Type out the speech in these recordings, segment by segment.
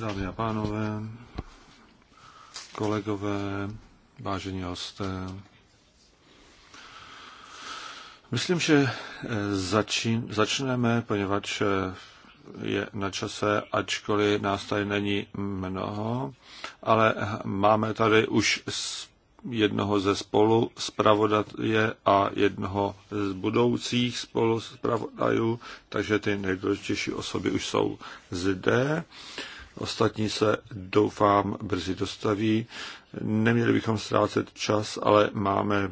Dámy a pánové, kolegové, vážení hosté, myslím, že eh, začín, začneme, poněvadž eh, je na čase, ačkoliv nás tady není mnoho, ale eh, máme tady už jednoho ze spolu zpravodaje a jednoho z budoucích spolu zpravodajů, takže ty nejdůležitější osoby už jsou zde. Ostatní se, doufám, brzy dostaví. Neměli bychom ztrácet čas, ale máme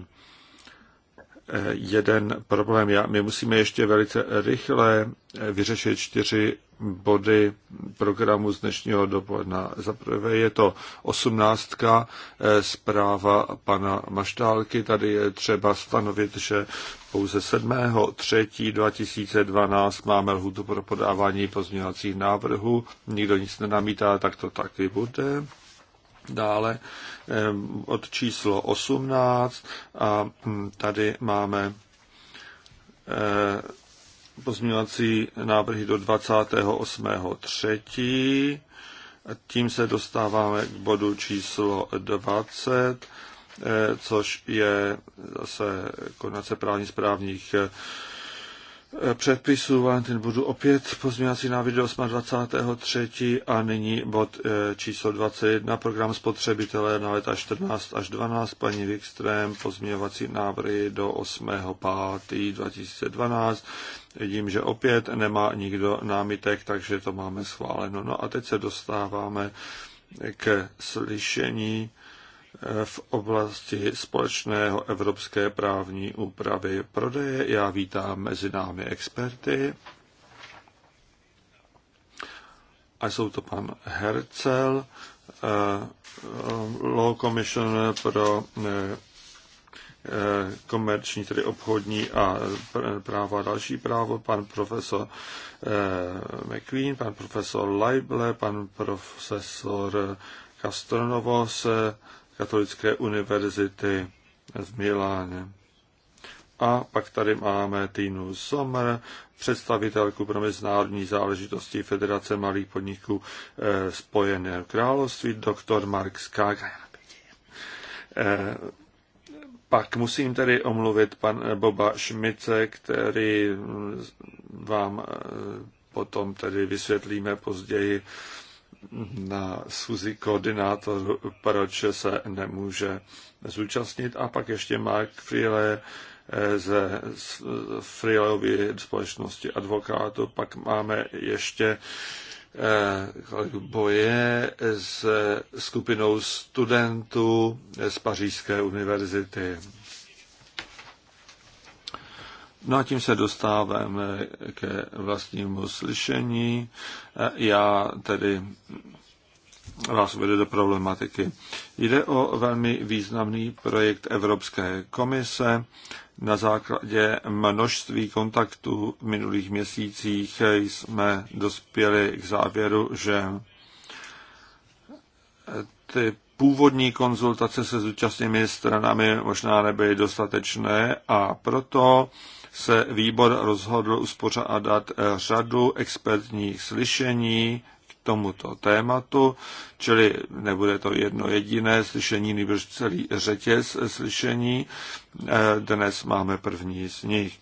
jeden problém. Já, my musíme ještě velice rychle vyřešit čtyři body programu z dnešního dopoledna. Za prvé je to osmnáctka eh, zpráva pana Maštálky. Tady je třeba stanovit, že pouze 7. 3. 2012 máme lhutu pro podávání pozměňovacích návrhů. Nikdo nic nenamítá, tak to taky bude. Dále eh, od číslo 18 a hm, tady máme eh, pozměňovací návrhy do 28.3. Tím se dostáváme k bodu číslo 20, eh, což je zase konace právních správních Eh, předpisů. Valentin budu opět pozměňovací návrh 23. a nyní bod eh, číslo 21, program spotřebitelé na leta 14 až 12, paní Wikström, pozměňovací návrhy do 8. 5. 2012. Vidím, že opět nemá nikdo námitek, takže to máme schváleno. No a teď se dostáváme ke slyšení v oblasti společného evropské právní úpravy prodeje. Já vítám mezi námi experty. A jsou to pan Hercel, eh, Law Commissioner pro eh, komerční, tedy obchodní a práva a další právo, pan profesor eh, McQueen, pan profesor Leible, pan profesor Castronovo katolické univerzity v Miláně. A pak tady máme Týnu Sommer, představitelku pro mezinárodní záležitosti Federace malých podniků eh, Spojeného království, doktor Mark Skák. Eh, pak musím tedy omluvit pan eh, Boba Šmice, který mm, vám potom tedy vysvětlíme později na schůzi koordinátor, proč se nemůže zúčastnit. A pak ještě Mark Freele eh, ze Freeleovy společnosti advokátů. Pak máme ještě eh, boje s skupinou studentů z Pařížské univerzity. No a tím se dostáváme ke vlastnímu slyšení. E, já tedy vás vede do problematiky. Jde o velmi významný projekt Evropské komise. Na základě množství kontaktů v minulých měsících jsme dospěli k závěru, že ty původní konzultace se zúčastněnými stranami možná nebyly dostatečné a proto se výbor rozhodl uspořádat eh, řadu expertních slyšení k tomuto tématu, čili nebude to jedno jediné slyšení, nebo celý řetěz slyšení. Eh, dnes máme první z nich.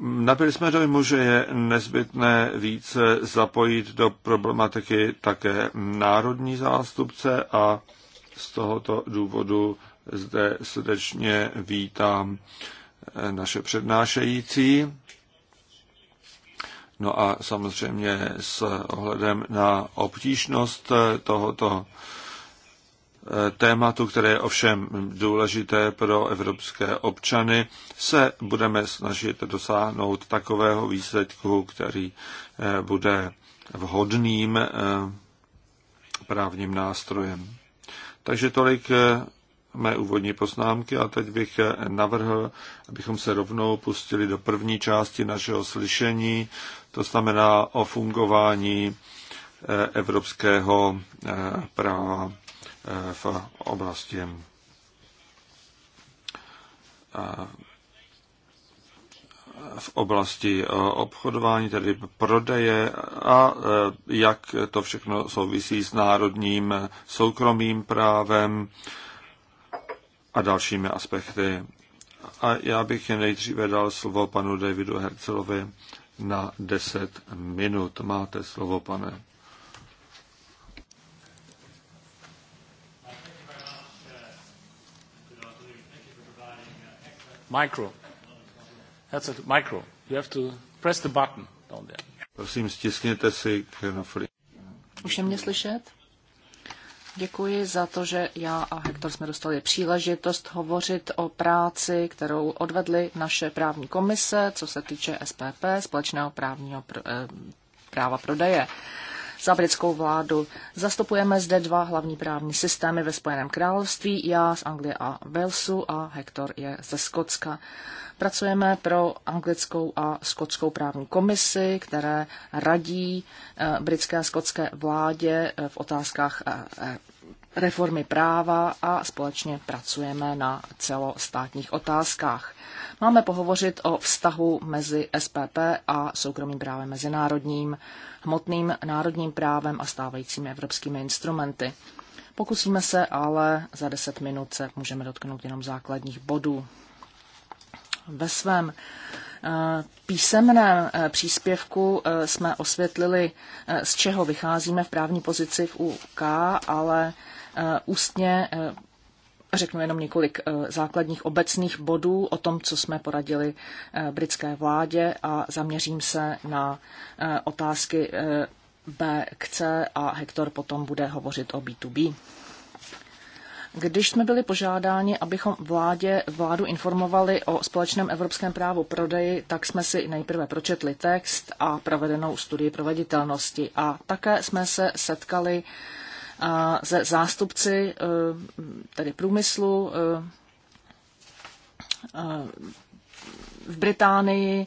Nabili jsme dojmu, že je nezbytné více zapojit do problematiky také národní zástupce a z tohoto důvodu zde srdečně vítám naše přednášející. No a samozřejmě s ohledem na obtížnost tohoto eh, tématu, které je ovšem důležité pro evropské občany, se budeme snažit dosáhnout takového výsledku, který eh, bude vhodným eh, právním nástrojem. Takže tolik mé úvodní poznámky a teď bych navrhl, abychom se rovnou pustili do první části našeho slyšení, to znamená o fungování eh, evropského eh, práva eh, v oblasti v oblasti obchodování, tedy prodeje a jak to všechno souvisí s národním soukromým právem, a dalšími aspekty. A já bych nejdříve dal slovo panu Davidu Hercelovi na 10 minut. Máte slovo, pane. Micro. That's a micro. You have to press the button down there. Prosím, stiskněte si knoflík. Už je mě slyšet? Děkuji za to, že já a Hektor jsme dostali příležitost hovořit o práci, kterou odvedly naše právní komise, co se týče SPP, společného právního eh, práva prodeje za britskou vládu. Zastupujeme zde dva hlavní právní systémy ve Spojeném království, já z Anglie a Walesu a Hektor je ze Skotska. Pracujeme pro anglickou a skotskou právní komisi, které radí eh, britské a skotské vládě eh, v otázkách eh, reformy práva a společně pracujeme na celostátních otázkách. Máme pohovořit o vztahu mezi SPP a soukromým právem mezinárodním, hmotným národním právem a stávajícími evropskými instrumenty. Pokusíme se ale za deset minut se můžeme dotknout jenom základních bodů. Ve svém eh, písemném eh, příspěvku eh, jsme osvětlili, z čeho vycházíme v právní pozici v UK, ale ústně řeknu jenom několik základních obecných bodů o tom, co jsme poradili britské vládě a zaměřím se na otázky B k C a Hektor potom bude hovořit o B2B. Když jsme byli požádáni, abychom vládě, vládu informovali o společném evropském právu prodeji, tak jsme si nejprve pročetli text a provedenou studii proveditelnosti. A také jsme se setkali eh, se zástupci eh, tedy průmyslu eh, v Británii,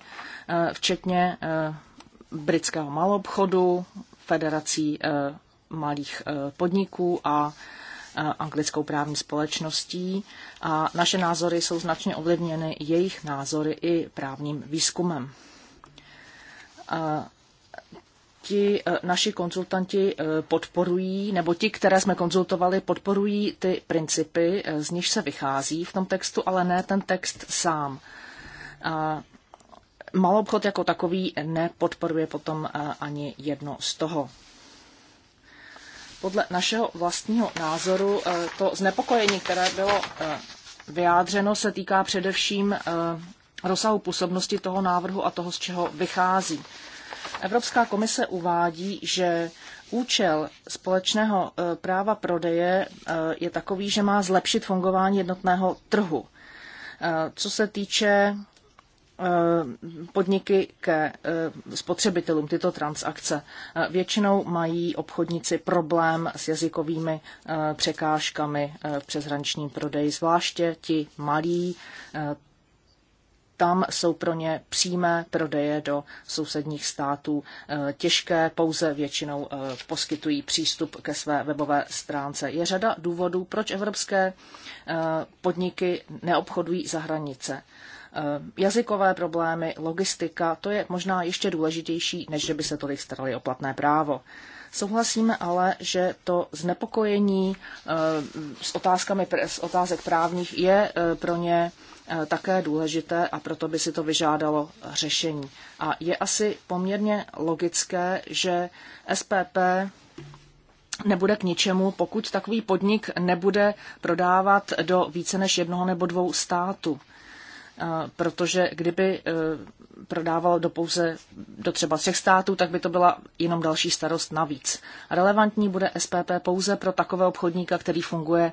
včetně britského malobchodu, federací malých podniků a E, anglickou právní společností a naše názory jsou značně ovlivněny jejich názory i právním výzkumem. E, ti e, naši konzultanti podporují, nebo ti, které jsme konzultovali, podporují ty principy, z nich se vychází v tom textu, ale ne ten text sám malobchod jako takový nepodporuje potom ani jedno z toho podle našeho vlastního názoru eh, to znepokojení, které bylo eh, vyjádřeno, se týká především eh, rozsahu působnosti toho návrhu a toho, z čeho vychází. Evropská komise uvádí, že účel společného práva prodeje je takový, že má zlepšit fungování jednotného trhu. Co se týče Eh, podniky ke eh, spotřebitelům tyto transakce. Eh, většinou mají obchodníci problém s jazykovými překážkami v přeshraničním prodeji, zvláště ti malí. Tam jsou pro ně přímé prodeje do sousedních států těžké, pouze většinou poskytují přístup ke své webové stránce. Je řada důvodů, proč evropské podniky neobchodují za hranice Eh, jazykové problémy, logistika, to je možná ještě důležitější, než že by se tolik starali o platné právo. Souhlasíme ale, že to znepokojení eh, s, otázkami, s otázek právních je eh, pro ně také důležité a proto by si to vyžádalo řešení. A je asi poměrně logické, že SPP nebude k ničemu, pokud takový podnik nebude prodávat do více než jednoho nebo dvou států protože kdyby e, prodával do pouze do třeba třech států, tak by to byla jenom další starost navíc. Relevantní bude SPP pouze pro takové obchodníka, který funguje e,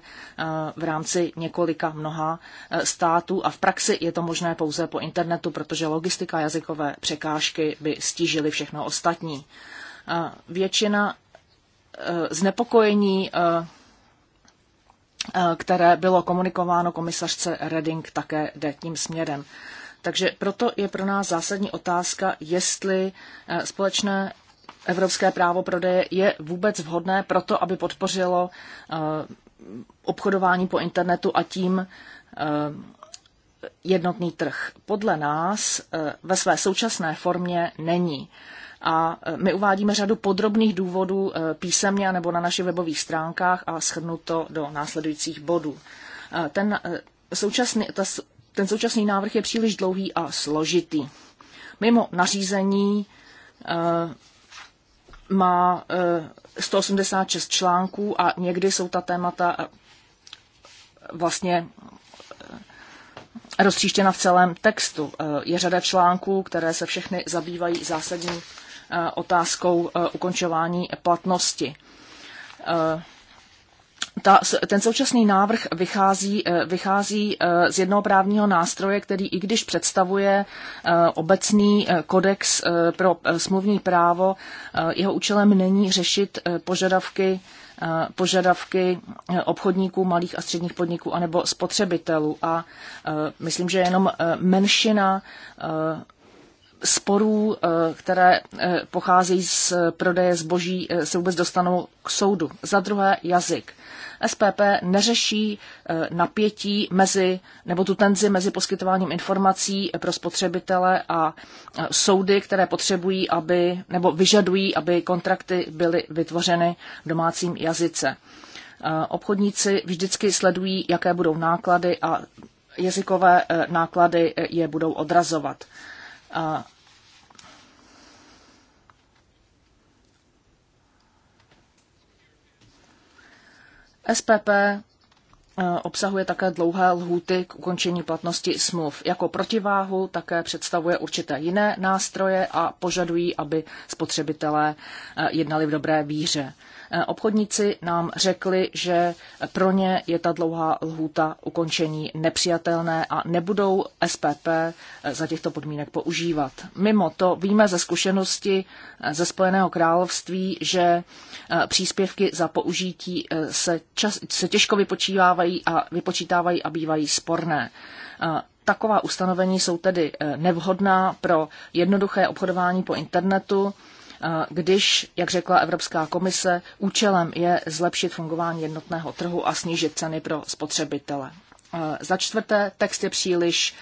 v rámci několika mnoha e, států a v praxi je to možné pouze po internetu, protože logistika jazykové překážky by stížily všechno ostatní. Většina znepokojení Eh, které bylo komunikováno komisařce Reding, také jde tím směrem. Takže proto je pro nás zásadní otázka, jestli eh, společné evropské právo prodeje je vůbec vhodné pro to, aby podpořilo eh, obchodování po internetu a tím jednotný trh. Podle nás ve své současné formě není a e, my uvádíme řadu podrobných důvodů e, písemně nebo na našich webových stránkách a shrnu to do následujících bodů. E, ten současný, ta, ten současný návrh je příliš dlouhý a složitý. Mimo nařízení má 186 článků a někdy jsou ta témata vlastně roztříštěna v celém textu. Je řada článků, které se všechny zabývají zásadní Eh, otázkou eh, ukončování platnosti. Eh, ta, ten současný návrh vychází, vychází z jednoho právního nástroje, který i když představuje obecný kodex pro smluvní právo, jeho účelem není řešit požadavky požadavky obchodníků, malých a středních podniků anebo spotřebitelů. A myslím, že jenom menšina sporů, eh, které eh, pocházejí z prodeje zboží, eh, se vůbec dostanou k soudu. Za druhé jazyk. SPP neřeší napětí mezi, nebo tu tenzi mezi poskytováním informací pro spotřebitele a soudy, které potřebují, aby, nebo vyžadují, aby kontrakty byly vytvořeny v domácím jazyce. Obchodníci vždycky sledují, jaké budou náklady a jazykové náklady je budou odrazovat. A SPP eh, obsahuje také dlouhé lhůty k ukončení platnosti smluv. Jako protiváhu také představuje určité jiné nástroje a požadují, aby spotřebitelé eh, jednali v dobré víře. Eh, obchodníci nám řekli, že pro ně je ta dlouhá lhůta ukončení nepřijatelné a nebudou SPP eh, za těchto podmínek používat. Mimo to víme ze zkušenosti eh, ze Spojeného království, že příspěvky za použití se, čas, se těžko vypočívávají a vypočítávají a bývají sporné. Taková ustanovení jsou tedy nevhodná pro jednoduché obchodování po internetu, když, jak řekla Evropská komise, účelem je zlepšit fungování jednotného trhu a snížit ceny pro spotřebitele. Za čtvrté, text je příliš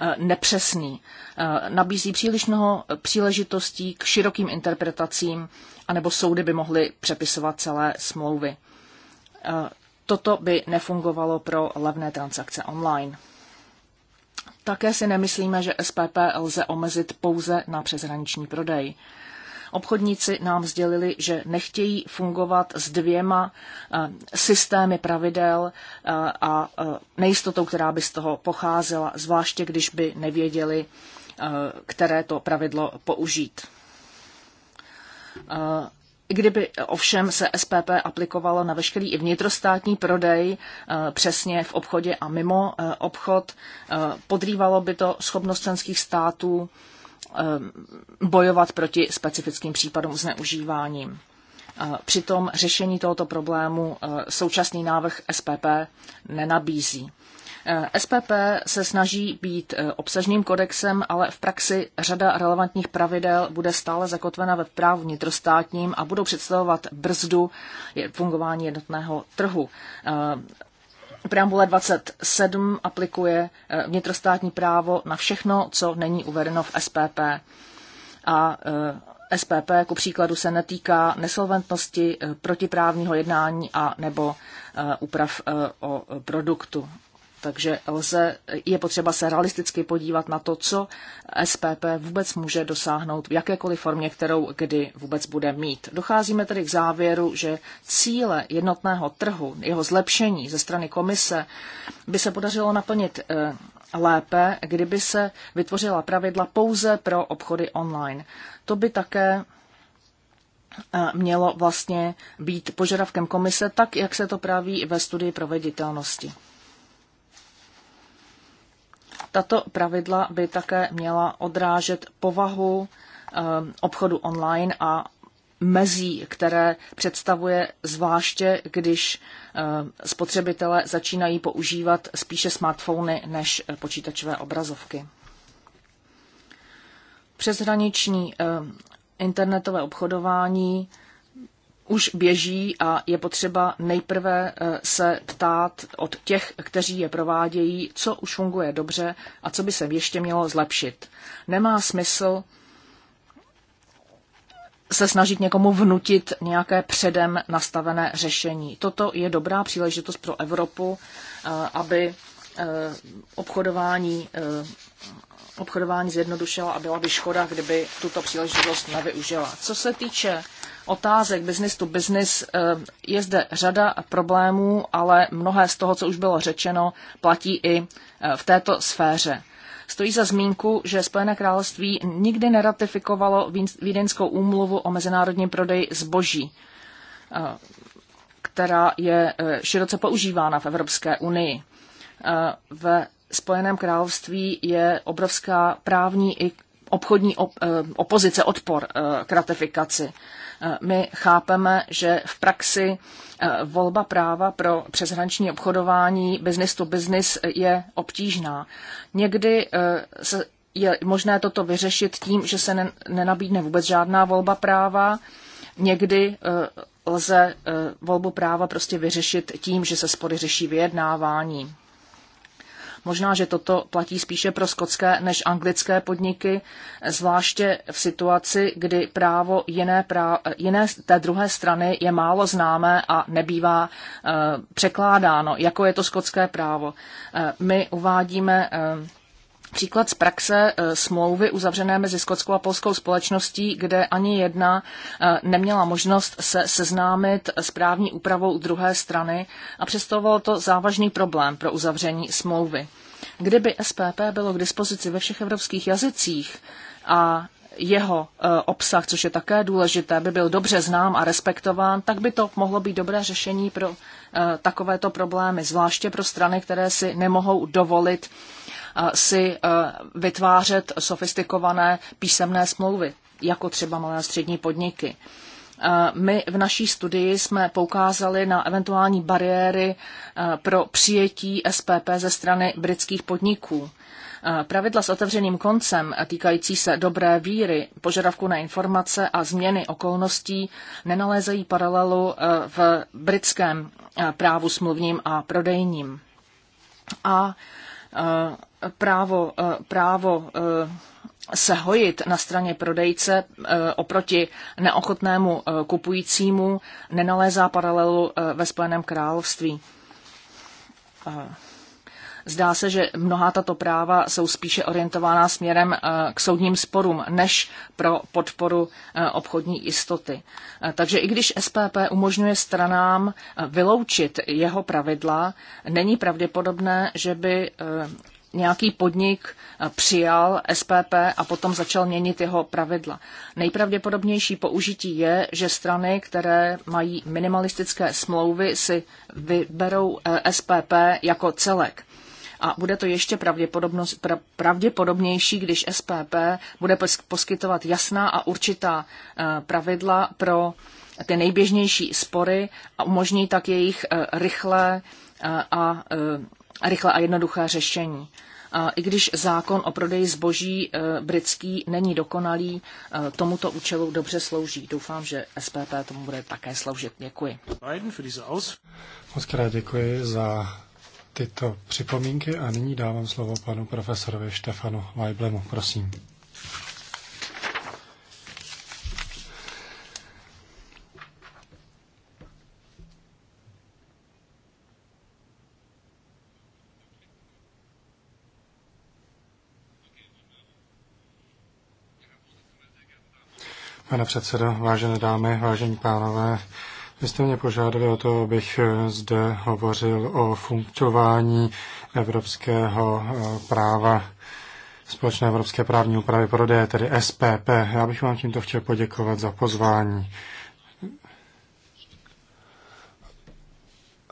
e, nepřesný. E, nabízí příliš mnoho příležitostí k širokým interpretacím, anebo soudy by mohly přepisovat celé smlouvy. E, toto by nefungovalo pro levné transakce online. Také si nemyslíme, že SPP lze omezit pouze na přeshraniční prodej. Obchodníci nám sdělili, že nechtějí fungovat s dvěma eh, systémy pravidel eh, a eh, nejistotou, která by z toho pocházela, zvláště když by nevěděli, které to pravidlo použít. Kdyby ovšem se SPP aplikovalo na veškerý i vnitrostátní prodej, přesně v obchodě a mimo obchod, podrývalo by to schopnost členských států Eh, bojovat proti specifickým případům zneužívání. Eh, přitom řešení tohoto problému eh, současný návrh SPP nenabízí. SPP se snaží být obsažným kodexem, ale v praxi řada relevantních pravidel bude stále zakotvena ve právu vnitrostátním a budou představovat brzdu fungování jednotného trhu. Preambule 27 aplikuje eh, vnitrostátní právo na všechno, co není uvedeno v SPP. A eh, SPP ku příkladu se netýká nesolventnosti, eh, protiprávního jednání a nebo úprav o produktu. Takže lze, je potřeba se realisticky podívat na to, co SPP vůbec může dosáhnout v jakékoliv formě, kterou kdy vůbec bude mít. Docházíme tedy k závěru, že cíle jednotného trhu, jeho zlepšení ze strany komise by se podařilo naplnit eh, lépe, kdyby se vytvořila pravidla pouze pro obchody online. To by také eh, mělo vlastně být požadavkem komise, tak jak se to praví ve studii proveditelnosti. Tato pravidla by také měla odrážet povahu ehm, obchodu online a mezí, které představuje zvláště, když ehm, spotřebitelé začínají používat spíše smartfony než počítačové obrazovky. Přeshraniční ehm, internetové obchodování už běží a je potřeba nejprve eh, se ptát od těch, kteří je provádějí, co už funguje dobře a co by se ještě mělo zlepšit. Nemá smysl se snažit někomu vnutit nějaké předem nastavené řešení. Toto je dobrá příležitost pro Evropu, eh, aby eh, obchodování obchodování zjednodušila a byla by škoda, kdyby tuto příležitost nevyužila. Co se týče otázek business to business, eh, je zde řada problémů, ale mnohé z toho, co už bylo řečeno, platí i eh, v této sféře. Stojí za zmínku, že Spojené království nikdy neratifikovalo Vídeňskou úmluvu o mezinárodním prodeji zboží, eh, která je široce používána v Evropské unii. Ve Spojeném království je obrovská právní i obchodní eh, opozice, odpor eh, k ratifikaci. Eh, my chápeme, že v praxi volba práva pro přeshraniční obchodování business to business je obtížná. Někdy se je možné toto vyřešit tím, že se nenabídne vůbec žádná volba práva. Někdy lze volbu práva prostě vyřešit tím, že se spory řeší vyjednávání. Možná, že toto platí spíše pro skotské než anglické podniky, zvláště v situaci, kdy právo jiné, právo, jiné té druhé strany je málo známé a nebývá eh, překládáno, jako je to skotské právo. Eh, my uvádíme eh, Příklad z praxe eh, smlouvy uzavřené mezi skotskou a polskou společností, kde ani jedna eh, neměla možnost se seznámit s právní úpravou druhé strany a představovalo to závažný problém pro uzavření smlouvy. Kdyby SPP bylo k dispozici ve všech evropských jazycích a jeho eh, obsah, což je také důležité, by byl dobře znám a respektován, tak by to mohlo být dobré řešení pro takovéto problémy, zvláště pro strany, které si nemohou dovolit si eh, vytvářet sofistikované písemné smlouvy, jako třeba malé a střední podniky. Eh, my v naší studii jsme poukázali na eventuální bariéry eh, pro přijetí SPP ze strany britských podniků. Pravidla s otevřeným koncem týkající se dobré víry, požadavku na informace a změny okolností nenalézají paralelu v britském právu smluvním a prodejním. A právo, eh, právo eh, se hojit na straně prodejce eh, oproti neochotnému kupujícímu nenalézá paralelu ve Spojeném království. Zdá se, že mnohá tato práva jsou spíše orientována směrem k soudním sporům než pro podporu obchodní jistoty. Takže i když SPP umožňuje stranám vyloučit jeho pravidla, není pravděpodobné, že by nějaký podnik eh, přijal SPP a potom začal měnit jeho pravidla. Nejpravděpodobnější použití je, že strany, které mají minimalistické smlouvy, si vyberou eh, SPP jako celek a bude to ještě pravděpodobnější, když SPP bude poskytovat jasná a určitá eh, pravidla pro ty nejběžnější spory a umožní tak jejich rychlé a rychlá a jednoduchá řešení. I když zákon o prodeji zboží e, britský není dokonalý, e, tomuto účelu dobře slouží. Doufám, že SPP tomu bude také sloužit. Děkuji. Moc krát děkuji za tyto připomínky a nyní dávám slovo panu profesorovi Štefanu Weiblemu. Prosím. pane předsedo, vážené dámy, vážení pánové. Vy jste mě požádali o to, abych eh, zde hovořil o funkčování evropského eh, práva, společné evropské právní úpravy prodeje, tedy SPP. Já bych vám tímto chtěl poděkovat za pozvání.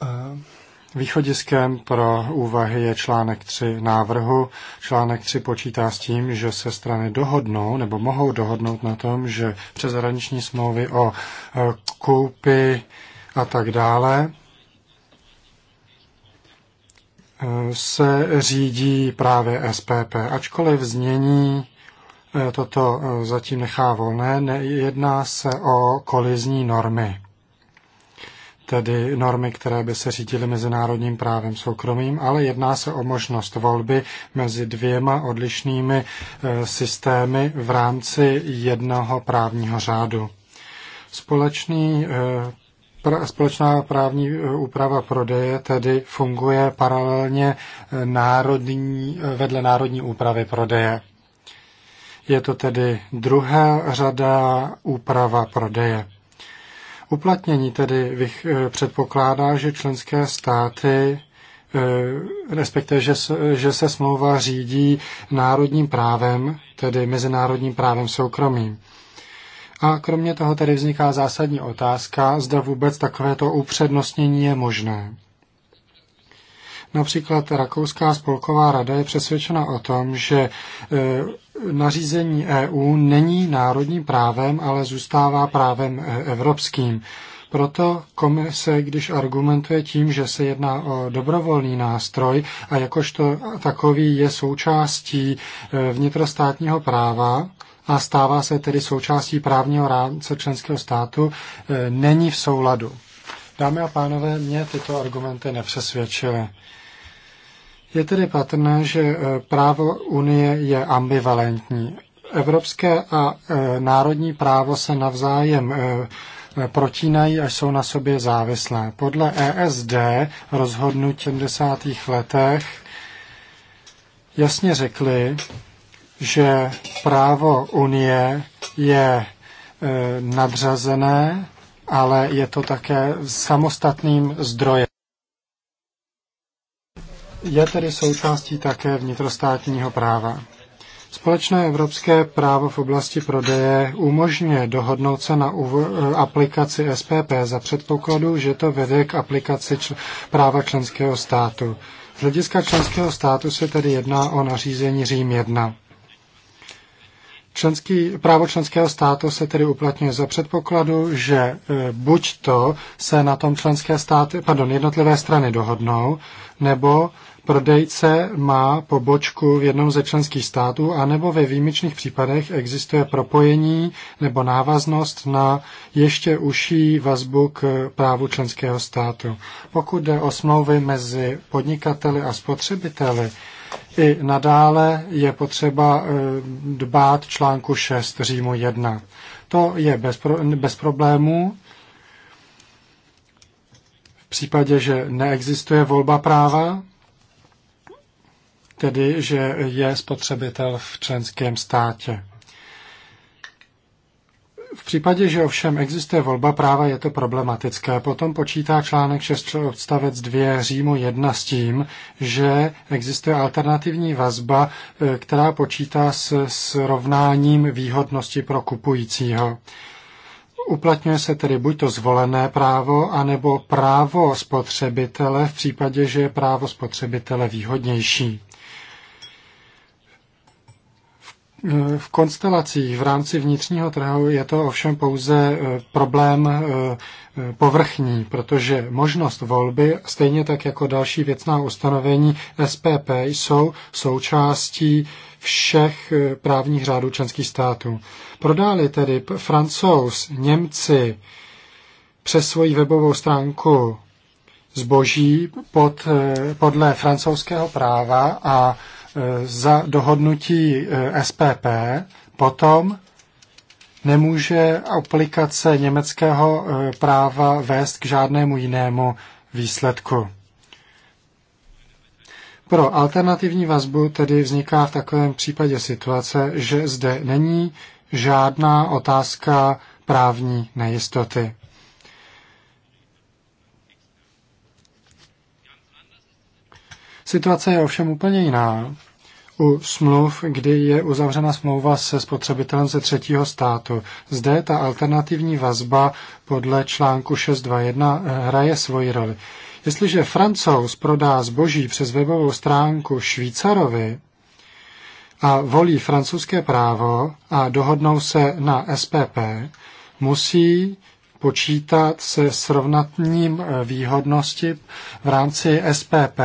Eh, Východiskem pro úvahy je článek 3 návrhu. Článek 3 počítá s tím, že se strany dohodnou nebo mohou dohodnout na tom, že přes hraniční smlouvy o e, koupi a tak dále e, se řídí právě SPP. Ačkoliv znění e, toto zatím nechá volné, jedná se o kolizní normy tedy normy, které by se řídily mezinárodním právem soukromým, ale jedná se o možnost volby mezi dvěma odlišnými eh, systémy v rámci jednoho právního řádu. Společný eh, společná právní eh, úprava prodeje tedy funguje paralelně národní, vedle národní úpravy prodeje. Je to tedy druhá řada úprava prodeje. Uplatnění tedy vych, eh, předpokládá, že členské státy eh, respektive, že se, že se smlouva řídí národním právem, tedy mezinárodním právem soukromým. A kromě toho tedy vzniká zásadní otázka, zda vůbec takovéto upřednostnění je možné. Například Rakouská spolková rada je přesvědčena o tom, že eh, nařízení EU není národním právem, ale zůstává právem e, evropským. Proto komise, když argumentuje tím, že se jedná o dobrovolný nástroj a jakožto takový je součástí e, vnitrostátního práva a stává se tedy součástí právního rámce členského státu, e, není v souladu. Dámy a pánové, mě tyto argumenty nepřesvědčily. Je tedy patrné, že eh, právo Unie je ambivalentní. Evropské a eh, národní právo se navzájem eh, protínají a jsou na sobě závislé. Podle ESD rozhodnutí 70. letech jasně řekli, že právo Unie je nadřazené, ale je to také samostatným zdrojem je tedy součástí také vnitrostátního práva. Společné evropské právo v oblasti prodeje umožňuje dohodnout se na aplikaci SPP za předpokladu, že to vede k aplikaci čl- práva členského státu. Z hlediska členského státu se tedy jedná o nařízení Řím 1. Členský, právo členského státu se tedy uplatňuje za předpokladu, že e, buď to se na tom členské státy, pardon, jednotlivé strany dohodnou, nebo Prodejce má pobočku v jednom ze členských států a nebo ve výjimečných případech existuje propojení nebo návaznost na ještě užší vazbu k právu členského státu. Pokud jde o smlouvy mezi podnikateli a spotřebiteli, i nadále je potřeba eh, dbát článku 6 Římu 1. To je bez, pro, bez problémů. V případě, že neexistuje volba práva, tedy že je spotřebitel v členském státě. V případě, že ovšem existuje volba práva, je to problematické. Potom počítá článek 6 odstavec 2 Římu 1 s tím, že existuje alternativní vazba, e, která počítá s srovnáním výhodnosti pro kupujícího. Uplatňuje se tedy buď to zvolené právo, anebo právo spotřebitele v případě, že je právo spotřebitele výhodnější. V konstelacích v rámci vnitřního trhu je to ovšem pouze e, problém e, e, povrchní, protože možnost volby, stejně tak jako další věcná ustanovení SPP, jsou součástí všech právních řádů členských států. Prodáli tedy francouz, Němci přes svoji webovou stránku zboží pod, podle francouzského práva a za dohodnutí eh, SPP, potom nemůže aplikace německého eh, práva vést k žádnému jinému výsledku. Pro alternativní vazbu tedy vzniká v takovém případě situace, že zde není žádná otázka právní nejistoty. Situace je ovšem úplně jiná. U smluv, kdy je uzavřena smlouva se spotřebitelem ze třetího státu. Zde ta alternativní vazba podle článku 621 eh, hraje svoji roli. Jestliže Francouz prodá zboží přes webovou stránku Švýcarovi a volí francouzské právo a dohodnou se na SPP, musí počítat se srovnatním eh, výhodnosti v rámci SPP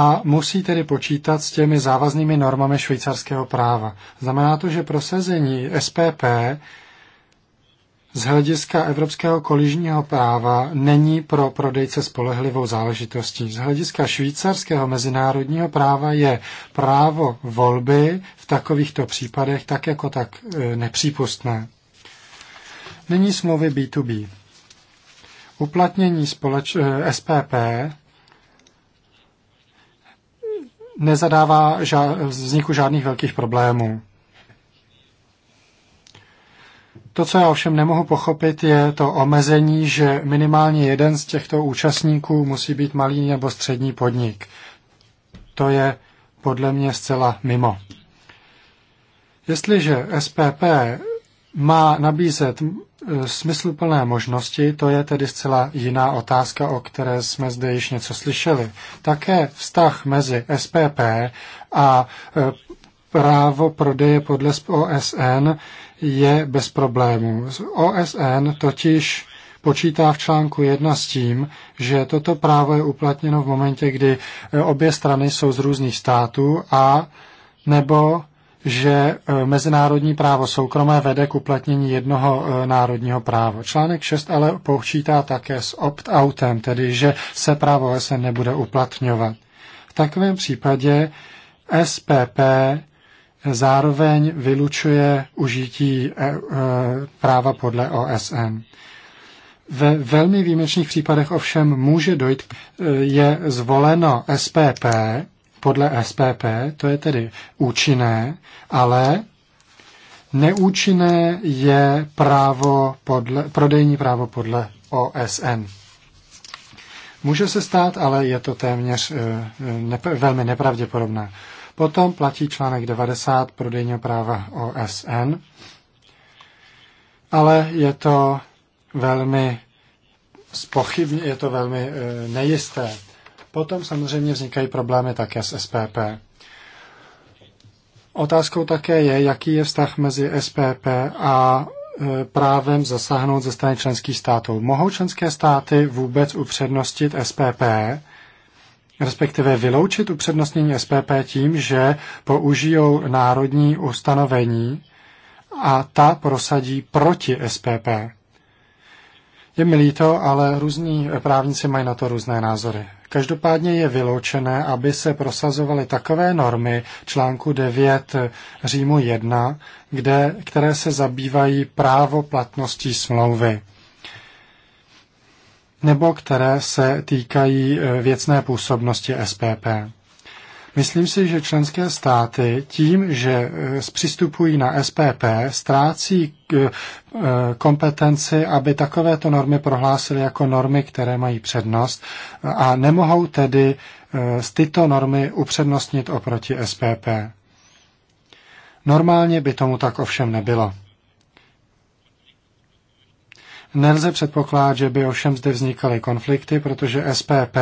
a musí tedy počítat s těmi závaznými normami švýcarského práva. Znamená to, že pro sezení SPP z hlediska evropského koližního práva není pro prodejce spolehlivou záležitostí. Z hlediska švýcarského mezinárodního práva je právo volby v takovýchto případech tak jako tak e, nepřípustné. Není smlouvy B2B. Uplatnění společ- e, SPP nezadává ža- vzniku žádných velkých problémů. To, co já ovšem nemohu pochopit, je to omezení, že minimálně jeden z těchto účastníků musí být malý nebo střední podnik. To je podle mě zcela mimo. Jestliže SPP má nabízet Eh, smysluplné možnosti, to je tedy zcela jiná otázka, o které jsme zde již něco slyšeli. Také vztah mezi SPP a eh, právo prodeje podle OSN je bez problémů. OSN totiž počítá v článku 1 s tím, že toto právo je uplatněno v momentě, kdy eh, obě strany jsou z různých států a nebo že e, mezinárodní právo soukromé vede k uplatnění jednoho e, národního práva. Článek 6 ale počítá také s opt-outem, tedy že se právo OSN nebude uplatňovat. V takovém případě SPP zároveň vylučuje užití e, práva podle OSN. Ve velmi výjimečných případech ovšem může dojít, je zvoleno SPP, podle SPP, to je tedy účinné, ale neúčinné je právo podle, prodejní právo podle OSN. Může se stát, ale je to téměř eh, ne, velmi nepravděpodobné. Potom platí článek 90 prodejního práva OSN, ale je to velmi spochybně, je to velmi eh, nejisté potom samozřejmě vznikají problémy také s SPP. Otázkou také je, jaký je vztah mezi SPP a e, právem zasáhnout ze strany členských států. Mohou členské státy vůbec upřednostit SPP, respektive vyloučit upřednostnění SPP tím, že použijou národní ustanovení a ta prosadí proti SPP. Je mi líto, ale různí právníci mají na to různé názory. Každopádně je vyloučené, aby se prosazovaly takové normy článku 9 Římu 1, kde, které se zabývají právo platností smlouvy nebo které se týkají e, věcné působnosti SPP. Myslím si, že členské státy tím, že eh, přistupují na SPP, ztrácí eh, eh, kompetenci, aby takovéto normy prohlásily jako normy, které mají přednost a nemohou tedy tyto normy upřednostnit oproti SPP. Normálně by tomu tak ovšem nebylo. Nelze předpokládat, že by ovšem zde vznikaly konflikty, protože SPP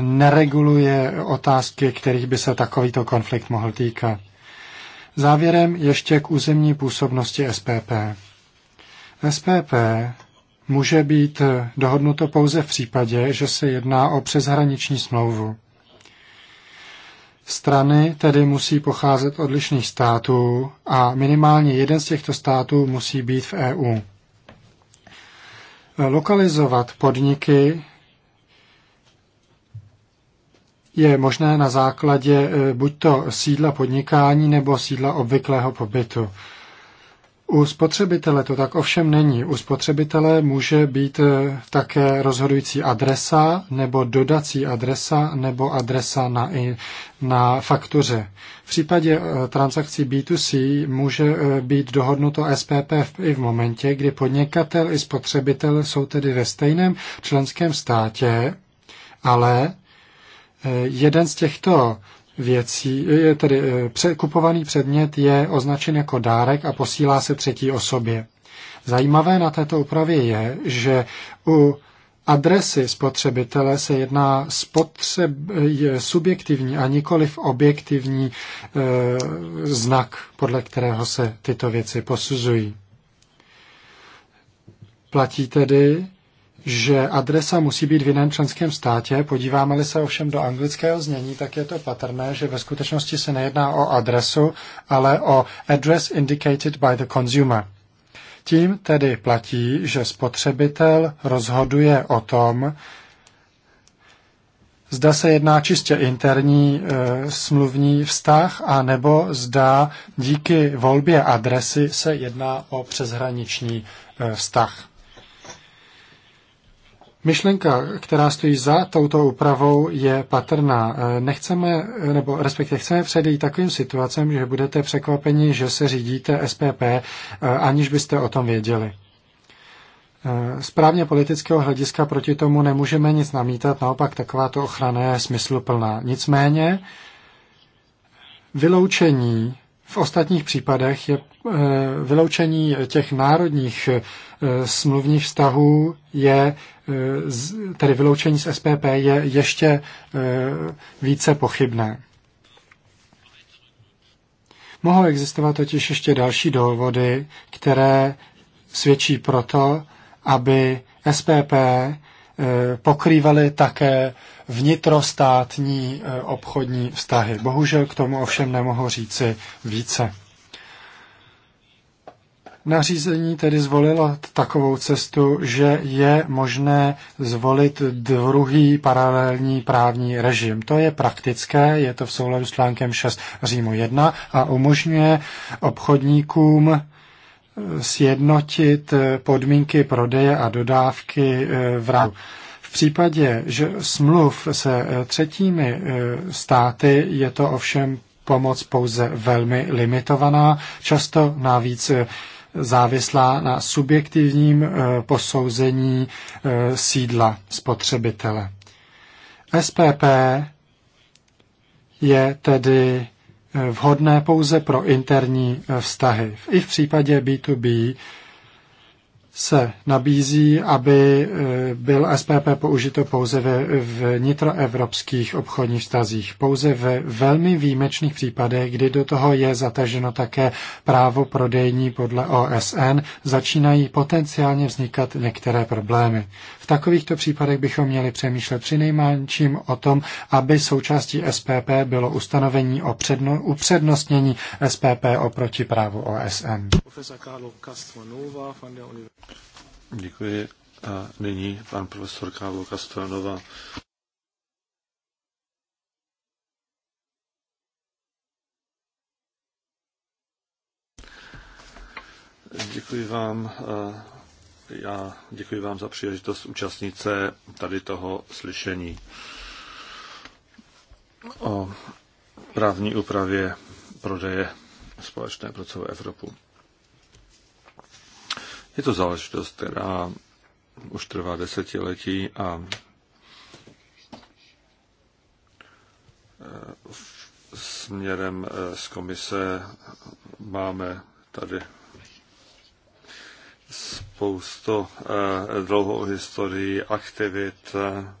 nereguluje otázky, kterých by se takovýto konflikt mohl týkat. Závěrem ještě k územní působnosti SPP. SPP může být dohodnuto pouze v případě, že se jedná o přeshraniční smlouvu. Strany tedy musí pocházet od lišných států a minimálně jeden z těchto států musí být v EU. Lokalizovat podniky je možné na základě eh, buď to sídla podnikání nebo sídla obvyklého pobytu. U spotřebitele to tak ovšem není. U spotřebitele může být eh, také rozhodující adresa nebo dodací adresa nebo adresa na, i na faktuře. V případě eh, transakcí B2C může být dohodnuto SPP i v momentě, kdy podnikatel i spotřebitel jsou tedy ve stejném členském státě, ale Eh, jeden z těchto věcí, eh, tedy eh, kupovaný předmět je označen jako dárek a posílá se třetí osobě. Zajímavé na této úpravě je, že u adresy spotřebitele se jedná spotřeb, je subjektivní a nikoliv objektivní e, znak, podle kterého se tyto věci posuzují. Platí tedy, že adresa musí být v jiném členském státě. Podíváme-li se ovšem do anglického znění, tak je to patrné, že ve skutečnosti se nejedná o adresu, ale o address indicated by the consumer. Tím tedy platí, že spotřebitel rozhoduje o tom, zda se jedná čistě interní e, smluvní vztah, nebo zda díky volbě adresy se jedná o přeshraniční e, vztah. Myšlenka, která stojí za touto úpravou, je patrná. E, nechceme, nebo respektive chceme předejít takovým situacím, že budete překvapeni, že se řídíte SPP, e, aniž byste o tom věděli. E, správně politického hlediska proti tomu nemůžeme nic namítat, naopak takováto ochrana je smysluplná. Nicméně vyloučení v ostatních případech je eh, vyloučení těch národních eh, smluvních vztahů je, eh, tedy vyloučení z SPP je ještě více pochybné. Mohou existovat totiž ještě další důvody, které svědčí proto, aby SPP pokrývaly také vnitrostátní e, obchodní vztahy. Bohužel k tomu ovšem nemohu říci více. Nařízení tedy zvolilo takovou cestu, že je možné zvolit druhý paralelní právní režim. To je praktické, je to v souladu s článkem 6 Římu 1 a umožňuje obchodníkům e, sjednotit e, podmínky prodeje a dodávky v rámci případě že smluv se eh, třetími eh, státy je to ovšem pomoc pouze velmi limitovaná, často navíc eh, závislá na subjektivním posouzení sídla spotřebitele. SPP je tedy vhodné pouze pro interní vztahy. I v případě B2B se nabízí, aby eh, byl SPP použito pouze ve vnitroevropských obchodních vztazích, pouze ve velmi výjimečných případech, kdy do toho je zataženo také právo prodejní podle OSN, začínají potenciálně vznikat některé problémy. V takovýchto případech bychom měli přemýšlet při nejmenším o tom, aby součástí SPP bylo ustanovení o předno, upřednostnění SPP oproti právu OSN. Děkuji. A nyní pan profesor Kálo Kastranova. Děkuji vám, já děkuji vám za příležitost účastnit se tady toho slyšení o právní úpravě prodeje společné pro celou Evropu. Je to záležitost, která už trvá desetiletí a e, směrem e, z komise máme tady spoustu eh, dlouhou historii, aktivit eh,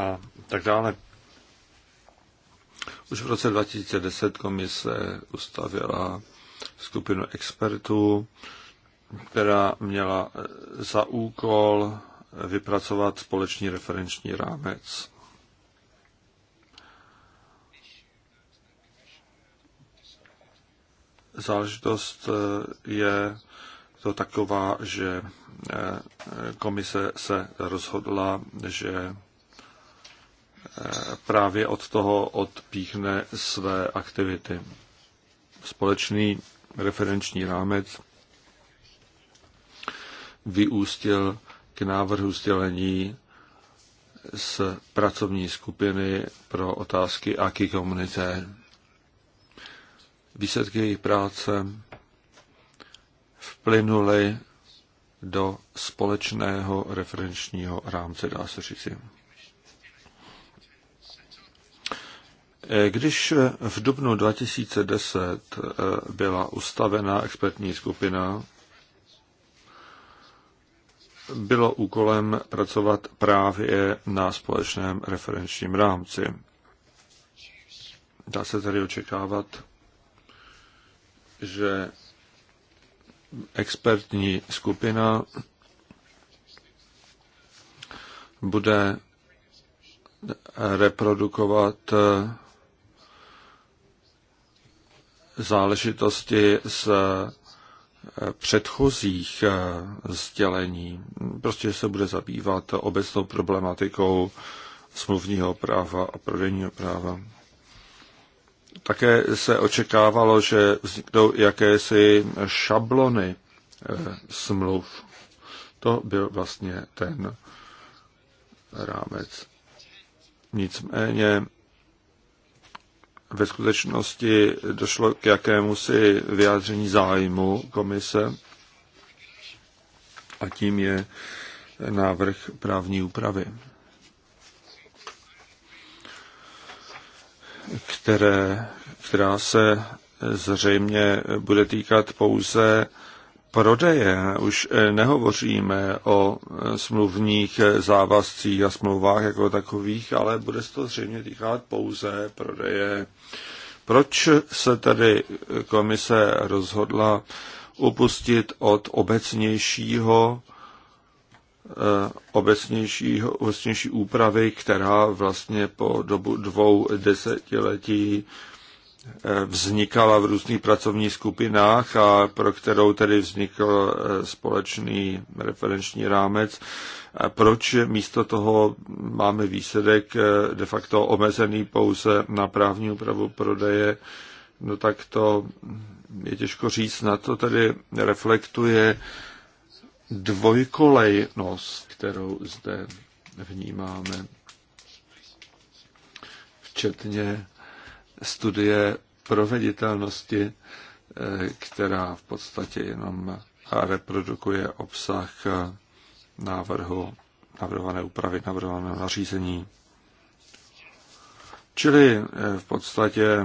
a tak dále. Už v roce 2010 komise ustavila skupinu expertů, která měla za úkol vypracovat společný referenční rámec. Záležitost eh, je to taková, že eh, komise se rozhodla, že eh, právě od toho odpíchne své aktivity. Společný referenční rámec vyústil k návrhu sdělení z pracovní skupiny pro otázky AKI Komunité. Výsledky jejich práce plynuly do společného referenčního rámce, dá se říci. Když v dubnu 2010 eh, byla ustavena expertní skupina, bylo úkolem pracovat právě na společném referenčním rámci. Dá se tedy očekávat, že expertní skupina bude reprodukovat záležitosti z předchozích sdělení. Prostě se bude zabývat obecnou problematikou smluvního práva a prodejního práva. Také se očekávalo, že vzniknou jakési šablony eh, smluv. To byl vlastně ten rámec. Nicméně ve skutečnosti došlo k jakému si vyjádření zájmu komise a tím je návrh právní úpravy, které která se zřejmě bude týkat pouze prodeje. Už nehovoříme o smluvních závazcích a smlouvách jako takových, ale bude se to zřejmě týkat pouze prodeje. Proč se tedy komise rozhodla upustit od obecnějšího eh, obecnějšího, obecnější úpravy, která vlastně po dobu dvou desetiletí vznikala v různých pracovních skupinách a pro kterou tedy vznikl eh, společný referenční rámec. Proč místo toho máme výsledek eh, de facto omezený pouze na právní úpravu prodeje? No tak to je těžko říct, na to tedy reflektuje dvojkolejnost, kterou zde vnímáme, včetně studie proveditelnosti, eh, která v podstatě jenom reprodukuje obsah eh, návrhu navrhované úpravy, navrhovaného nařízení. Čili eh, v podstatě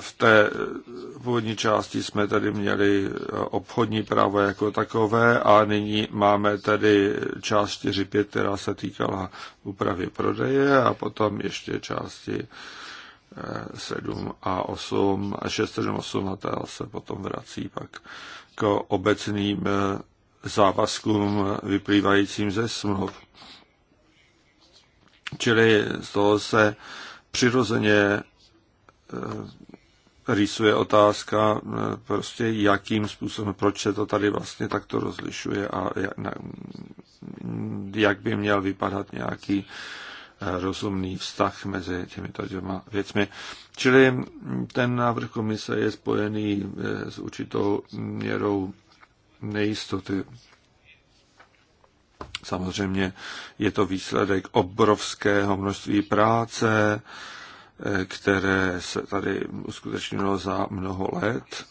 v té původní části jsme tady měli obchodní právo jako takové a nyní máme tady část 4.5, která se týkala úpravy prodeje a potom ještě části 7 eh, a 8 a 6, 7, 8 a ta se potom vrací pak k obecným eh, závazkům vyplývajícím ze smluv. Čili z toho se přirozeně eh, rýsuje otázka, eh, prostě jakým způsobem, proč se to tady vlastně takto rozlišuje a jak by měl vypadat nějaký eh, rozumný vztah mezi těmito dvěma věcmi. Čili ten návrh komise je spojený eh, s určitou měrou nejistoty. Samozřejmě je to výsledek obrovského množství práce, Eh, které se tady uskutečnilo za mnoho let.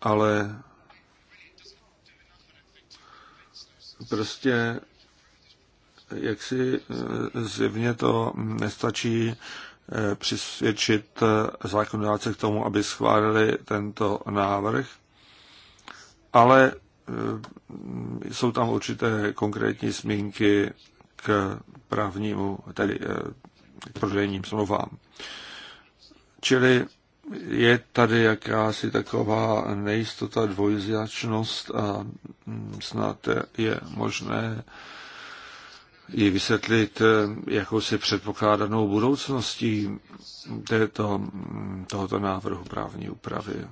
Ale prostě jak si eh, zjevně to nestačí eh, přisvědčit zákonodáce k tomu, aby schválili tento návrh, ale jsou tam určité konkrétní zmínky k právnímu, tedy eh, k prodejním smlouvám. Čili je tady jakási taková nejistota, dvojzjačnost a hm, snad je možné ji vysvětlit eh, jakousi předpokládanou budoucností této, hm, tohoto návrhu právní úpravy.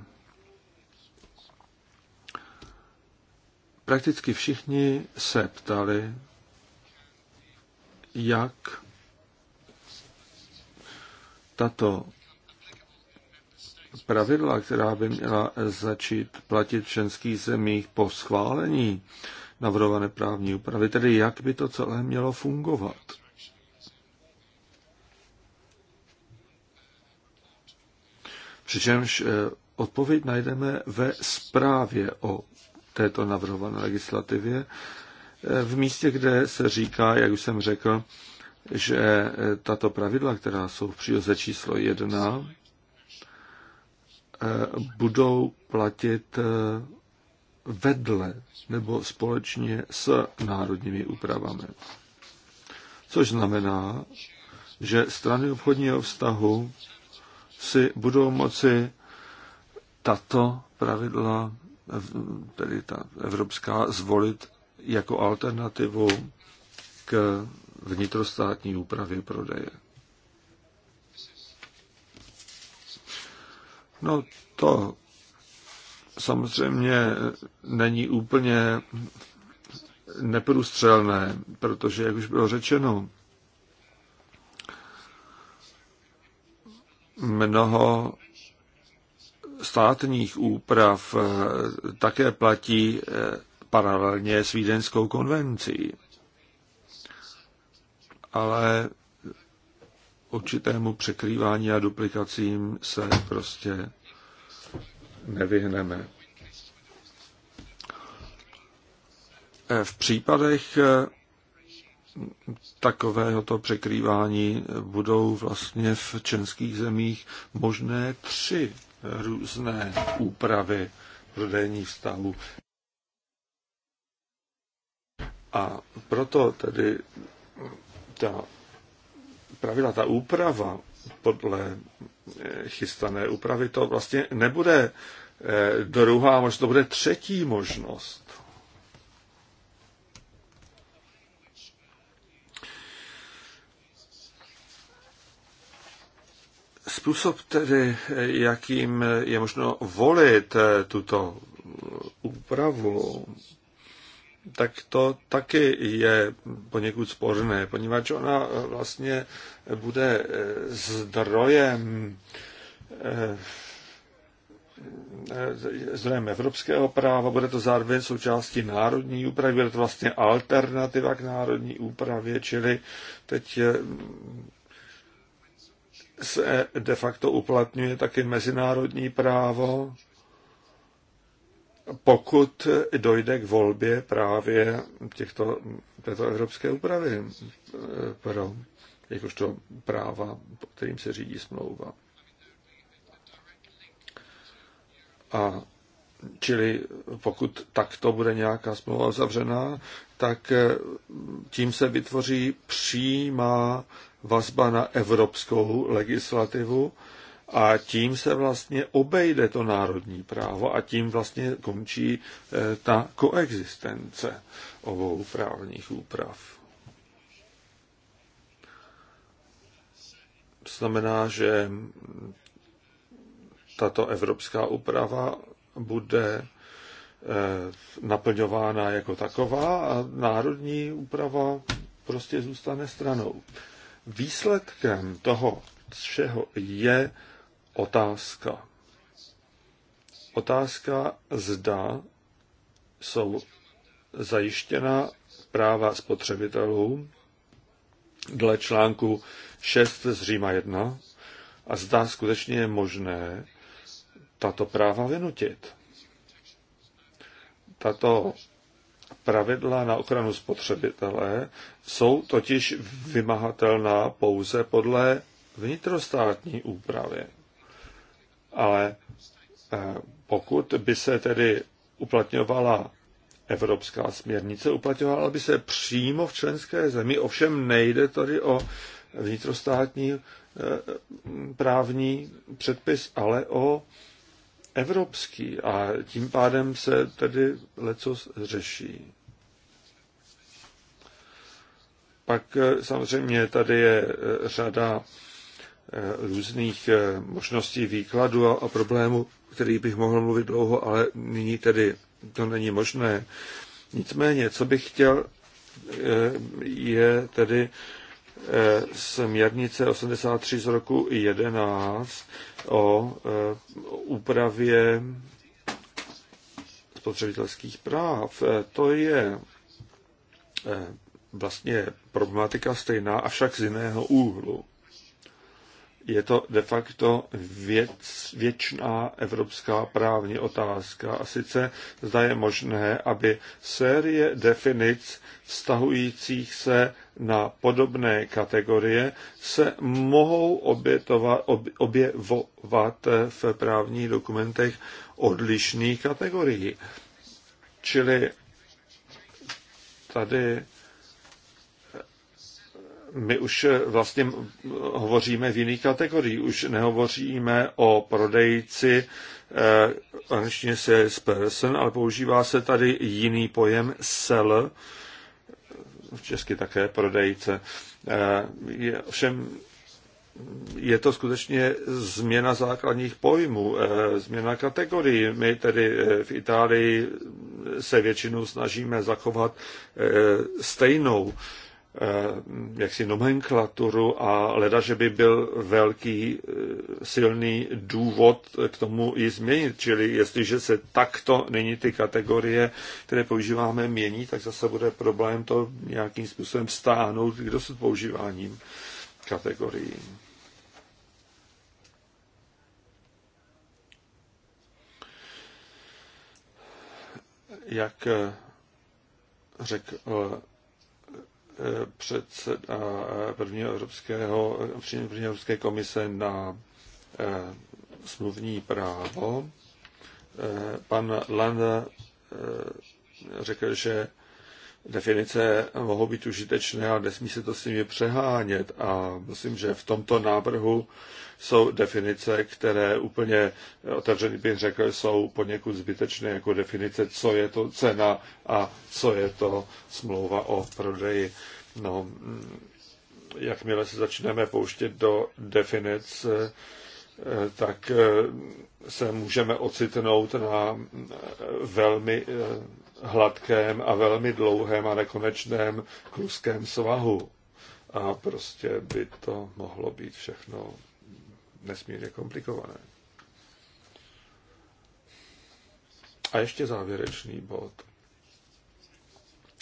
Prakticky všichni se ptali, jak tato pravidla, která by měla začít platit v členských zemích po schválení navrhované právní úpravy, tedy jak by to celé mělo fungovat. Přičemž eh, odpověď najdeme ve zprávě o této navrhované legislativě, v místě, kde se říká, jak už jsem řekl, že tato pravidla, která jsou v příloze číslo jedna, budou platit vedle nebo společně s národními úpravami. Což znamená, že strany obchodního vztahu si budou moci tato pravidla, tedy ta evropská, zvolit jako alternativu k vnitrostátní úpravě prodeje. No to samozřejmě není úplně neprůstřelné, protože, jak už bylo řečeno, mnoho státních úprav také platí eh, paralelně s Vídeňskou konvencí. Ale určitému překrývání a duplikacím se prostě nevyhneme. V případech takovéhoto překrývání budou vlastně v českých zemích možné tři různé úpravy prodejních vztahů. A proto tedy ta pravidla, ta úprava podle eh, chystané úpravy, to vlastně nebude eh, druhá možnost, to bude třetí možnost. Způsob tedy, eh, jakým je možno volit tuto úpravu, tak to taky je poněkud sporné, poněvadž ona vlastně bude zdrojem eh, zdrojem evropského práva, bude to zároveň součástí národní úpravy, bude to vlastně alternativa k národní úpravě, čili teď eh, se de facto uplatňuje taky mezinárodní právo pokud dojde k volbě právě těchto, této evropské úpravy eh, pro jakožto práva, kterým se řídí smlouva. A čili pokud takto bude nějaká smlouva zavřená, tak eh, tím se vytvoří přímá vazba na evropskou legislativu, a tím se vlastně obejde to národní právo a tím vlastně končí eh, ta koexistence obou právních úprav. Znamená, že tato evropská úprava bude eh, naplňována jako taková a národní úprava prostě zůstane stranou. Výsledkem toho všeho je otázka. Otázka, zda jsou zajištěna práva spotřebitelů dle článku 6 z Říma 1 a zda skutečně je možné tato práva vynutit. Tato pravidla na ochranu spotřebitele jsou totiž vymahatelná pouze podle vnitrostátní úpravy ale eh, pokud by se tedy uplatňovala evropská směrnice, uplatňovala by se přímo v členské zemi, ovšem nejde tady o vnitrostátní eh, právní předpis, ale o evropský a tím pádem se tedy leco řeší. Pak eh, samozřejmě tady je řada různých eh, možností výkladu a problémů, který bych mohl mluvit dlouho, ale nyní tedy to není možné. Nicméně, co bych chtěl, eh, je tedy eh, směrnice 83 z roku 11 o úpravě spotřebitelských práv. To je vlastně problematika stejná, avšak z jiného úhlu je to de facto věc, věčná evropská právní otázka. A sice zda je možné, aby série definic vztahujících se na podobné kategorie se mohou obětovat, ob, objevovat v právních dokumentech odlišných kategorií. Čili tady my už eh, vlastně eh, hovoříme v jiných kategoriích. Už nehovoříme o prodejci eh, angličtině person, ale používá se tady jiný pojem sell, v česky také prodejce. Eh, je, všem je to skutečně změna základních pojmů, eh, změna kategorií. My tedy v Itálii se většinou snažíme zachovat stejnou Eh, jaksi nomenklaturu a leda, že by byl velký eh, silný důvod k tomu ji změnit. Čili jestliže se takto není ty kategorie, které používáme, mění, tak zase bude problém to nějakým způsobem stáhnout k dosud používáním kategorií. Jak eh, řekl předseda eh, prvního evropského, eh, první evropské komise na eh, smluvní právo. Pan Landa řekl, že definice mohou být užitečné a nesmí se to s nimi přehánět. A myslím, že v tomto návrhu jsou definice, které úplně otevřeně bych řekl, jsou poněkud zbytečné jako definice, co je to cena a co je to smlouva o prodeji. No, jakmile se začneme pouštět do definic, tak se můžeme ocitnout na velmi hladkém a velmi dlouhém a nekonečném kluském svahu. A prostě by to mohlo být všechno nesmírně komplikované. A ještě závěrečný bod.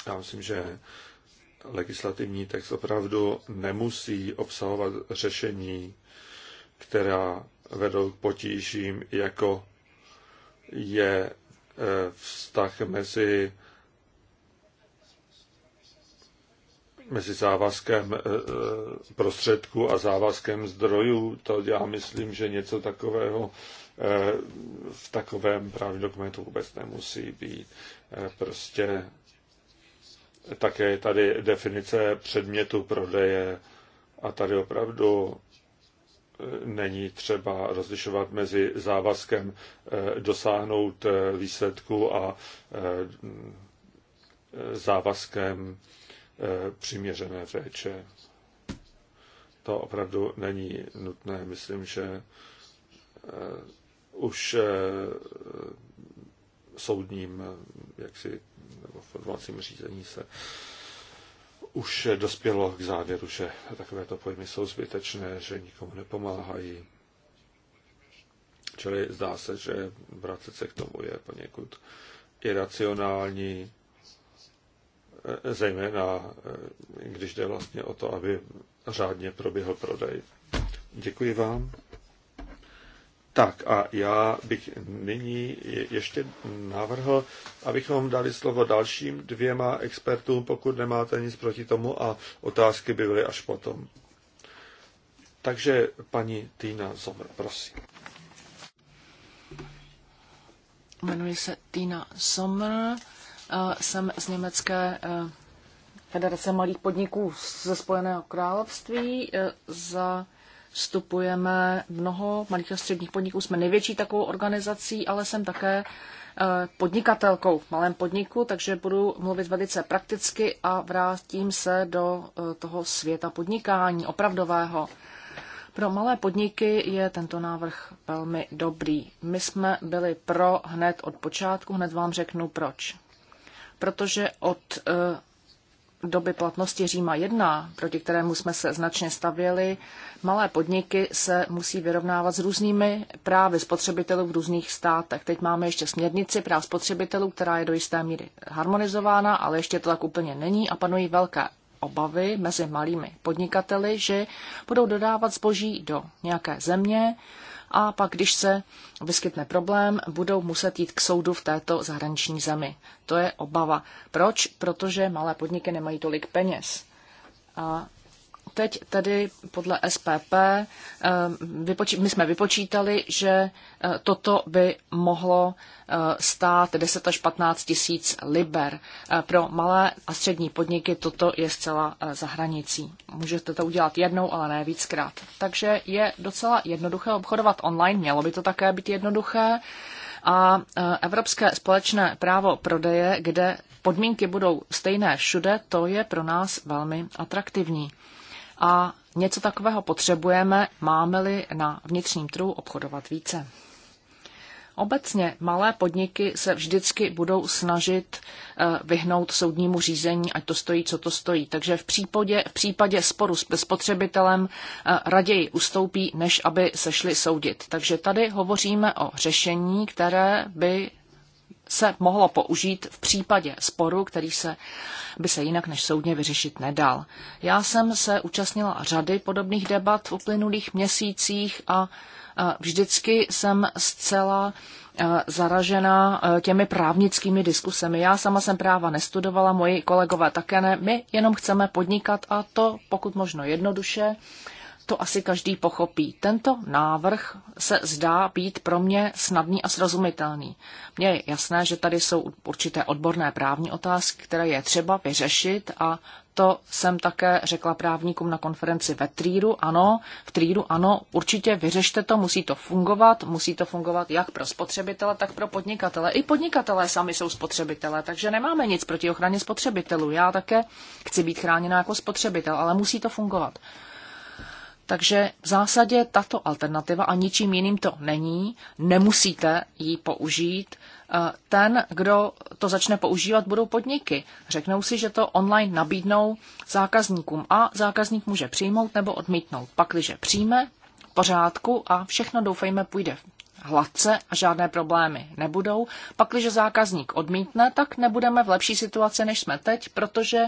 Já myslím, že legislativní text opravdu nemusí obsahovat řešení, která vedou k potížím, jako je vztah mezi mezi závazkem eh, prostředků a závazkem zdrojů. To já myslím, že něco takového eh, v takovém právním dokumentu vůbec nemusí být. Eh, prostě také je tady definice předmětu prodeje a tady opravdu není třeba rozlišovat mezi závazkem eh, dosáhnout eh, výsledku a eh, závazkem přiměřené péče. To opravdu není nutné. Myslím, že už soudním jaksi, nebo v odvolacím řízení se už dospělo k závěru, že takovéto pojmy jsou zbytečné, že nikomu nepomáhají. Čili zdá se, že vracet se k tomu je poněkud iracionální, zejména když jde vlastně o to, aby řádně proběhl prodej. Děkuji vám. Tak a já bych nyní ještě navrhl, abychom dali slovo dalším dvěma expertům, pokud nemáte nic proti tomu a otázky by byly až potom. Takže paní Týna Zomr, prosím. Jmenuji se Týna Sommer, eh, jsem z Německé eh, federace malých podniků ze Spojeného království. Eh, za vstupujeme mnoho malých a středních podniků. Jsme největší takovou organizací, ale jsem také eh, podnikatelkou v malém podniku, takže budu mluvit velice prakticky a vrátím se do eh, toho světa podnikání opravdového. Pro malé podniky je tento návrh velmi dobrý. My jsme byli pro hned od počátku, hned vám řeknu proč. Protože od eh, doby platnosti Říma 1, proti kterému jsme se značně stavěli, malé podniky se musí vyrovnávat s různými právy spotřebitelů v různých státech. Teď máme ještě směrnici práv spotřebitelů, která je do jisté míry harmonizována, ale ještě to tak úplně není a panují velké obavy mezi malými podnikateli, že budou dodávat zboží do nějaké země, a pak, když se vyskytne problém, budou muset jít k soudu v této zahraniční zemi. To je obava. Proč? Protože malé podniky nemají tolik peněz. A teď tedy podle SPP eh, my jsme vypočítali, že eh, toto by mohlo eh, stát 10 až 15 tisíc liber. Pro malé a střední podniky toto je zcela za hranicí. Můžete to udělat jednou, ale ne víckrát. Takže je docela jednoduché obchodovat online, mělo by to také být jednoduché a evropské společné právo prodeje, kde podmínky budou stejné všude, to je pro nás velmi atraktivní. A něco takového potřebujeme, máme-li na vnitřním trhu obchodovat více. Obecně malé podniky se vždycky budou snažit eh, vyhnout soudnímu řízení, ať to stojí, co to stojí. Takže v případě, v případě sporu s spotřebitelem eh, raději ustoupí, než aby se šli soudit. Takže tady hovoříme o řešení, které by se mohlo použít v případě sporu, který se, by se jinak než soudně vyřešit nedal. Já jsem se účastnila řady podobných debat v uplynulých měsících a vždycky jsem zcela zaražena těmi právnickými diskusemi. Já sama jsem práva nestudovala, moji kolegové také ne. My jenom chceme podnikat a to pokud možno jednoduše to asi každý pochopí. Tento návrh se zdá být pro mě snadný a srozumitelný. Mně je jasné, že tady jsou určité odborné právní otázky, které je třeba vyřešit a to jsem také řekla právníkům na konferenci ve Tríru. Ano, v Tríru ano, určitě vyřešte to, musí to fungovat, musí to fungovat jak pro spotřebitele, tak pro podnikatele. I podnikatelé sami jsou spotřebitele, takže nemáme nic proti ochraně spotřebitelů. Já také chci být chráněna jako spotřebitel, ale musí to fungovat. Takže v zásadě tato alternativa, a ničím jiným to není, nemusíte ji použít. Eh, ten, kdo to začne používat, budou podniky. Řeknou si, že to online nabídnou zákazníkům a zákazník může přijmout nebo odmítnout. Pak, když přijme, pořádku a všechno doufejme půjde hladce a žádné problémy nebudou. Pak, když zákazník odmítne, tak nebudeme v lepší situaci, než jsme teď, protože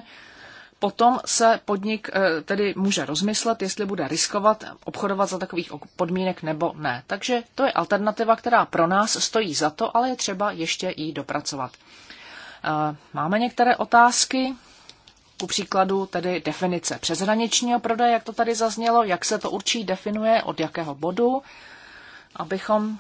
potom se podnik eh, tedy může rozmyslet, jestli bude riskovat obchodovat za takových podmínek nebo ne. Takže to je alternativa, která pro nás stojí za to, ale je třeba ještě ji dopracovat. Eh, máme některé otázky, ku příkladu tedy definice přeshraničního prodeje, jak to tady zaznělo, jak se to určí, definuje, od jakého bodu, abychom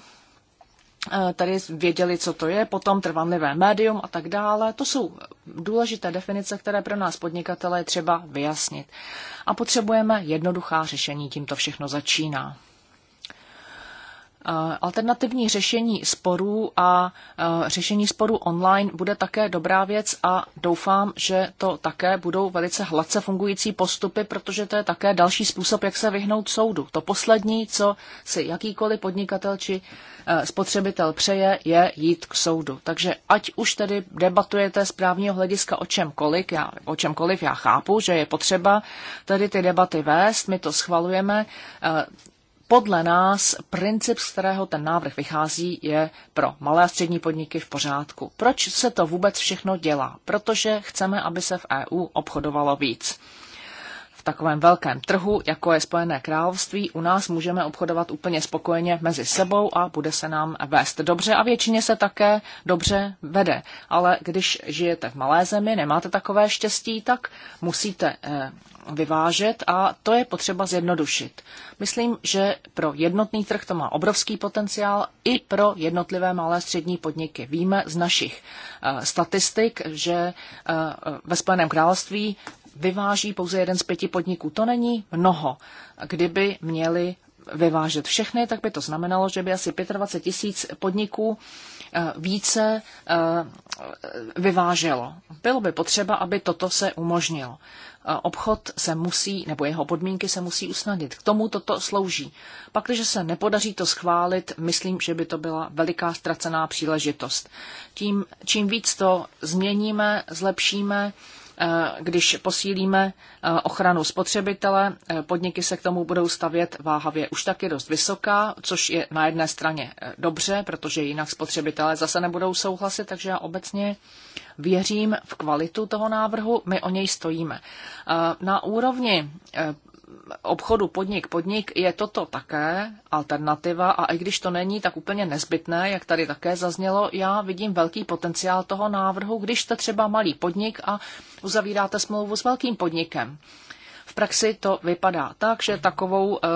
Eh, tady věděli, co to je, potom trvanlivé médium a tak dále. To jsou důležité definice, které pro nás podnikatele je třeba vyjasnit. A potřebujeme jednoduchá řešení, tím to všechno začíná. Eh, alternativní řešení sporů a eh, řešení sporů online bude také dobrá věc a doufám, že to také budou velice hladce fungující postupy, protože to je také další způsob, jak se vyhnout soudu. To poslední, co si jakýkoliv podnikatel či eh, spotřebitel přeje, je jít k soudu. Takže ať už tedy debatujete z právního hlediska o čemkoliv, já, o čemkoliv já chápu, že je potřeba tedy ty debaty vést, my to schvalujeme, podle nás princip, z kterého ten návrh vychází, je pro malé a střední podniky v pořádku. Proč se to vůbec všechno dělá? Protože chceme, aby se v EU obchodovalo víc takovém velkém trhu, jako je Spojené království, u nás můžeme obchodovat úplně spokojeně mezi sebou a bude se nám vést dobře a většině se také dobře vede. Ale když žijete v malé zemi, nemáte takové štěstí, tak musíte eh, vyvážet a to je potřeba zjednodušit. Myslím, že pro jednotný trh to má obrovský potenciál i pro jednotlivé malé střední podniky. Víme z našich eh, statistik, že eh, ve Spojeném království vyváží pouze jeden z pěti podniků. To není mnoho. Kdyby měli vyvážet všechny, tak by to znamenalo, že by asi 25 tisíc podniků eh, více eh, vyváželo. Bylo by potřeba, aby toto se umožnilo. Eh, obchod se musí, nebo jeho podmínky se musí usnadnit. K tomu toto slouží. Pak, když se nepodaří to schválit, myslím, že by to byla veliká ztracená příležitost. Tím, čím víc to změníme, zlepšíme, Eh, když posílíme eh, ochranu spotřebitele, eh, podniky se k tomu budou stavět váhavě už taky dost vysoká, což je na jedné straně dobře, protože jinak spotřebitelé zase nebudou souhlasit, takže já obecně věřím v kvalitu toho návrhu, my o něj stojíme. Na úrovni obchodu podnik podnik je toto také alternativa a i když to není tak úplně nezbytné, jak tady také zaznělo, já vidím velký potenciál toho návrhu, když jste třeba malý podnik a uzavíráte smlouvu s velkým podnikem. V praxi to vypadá tak, že takovou e,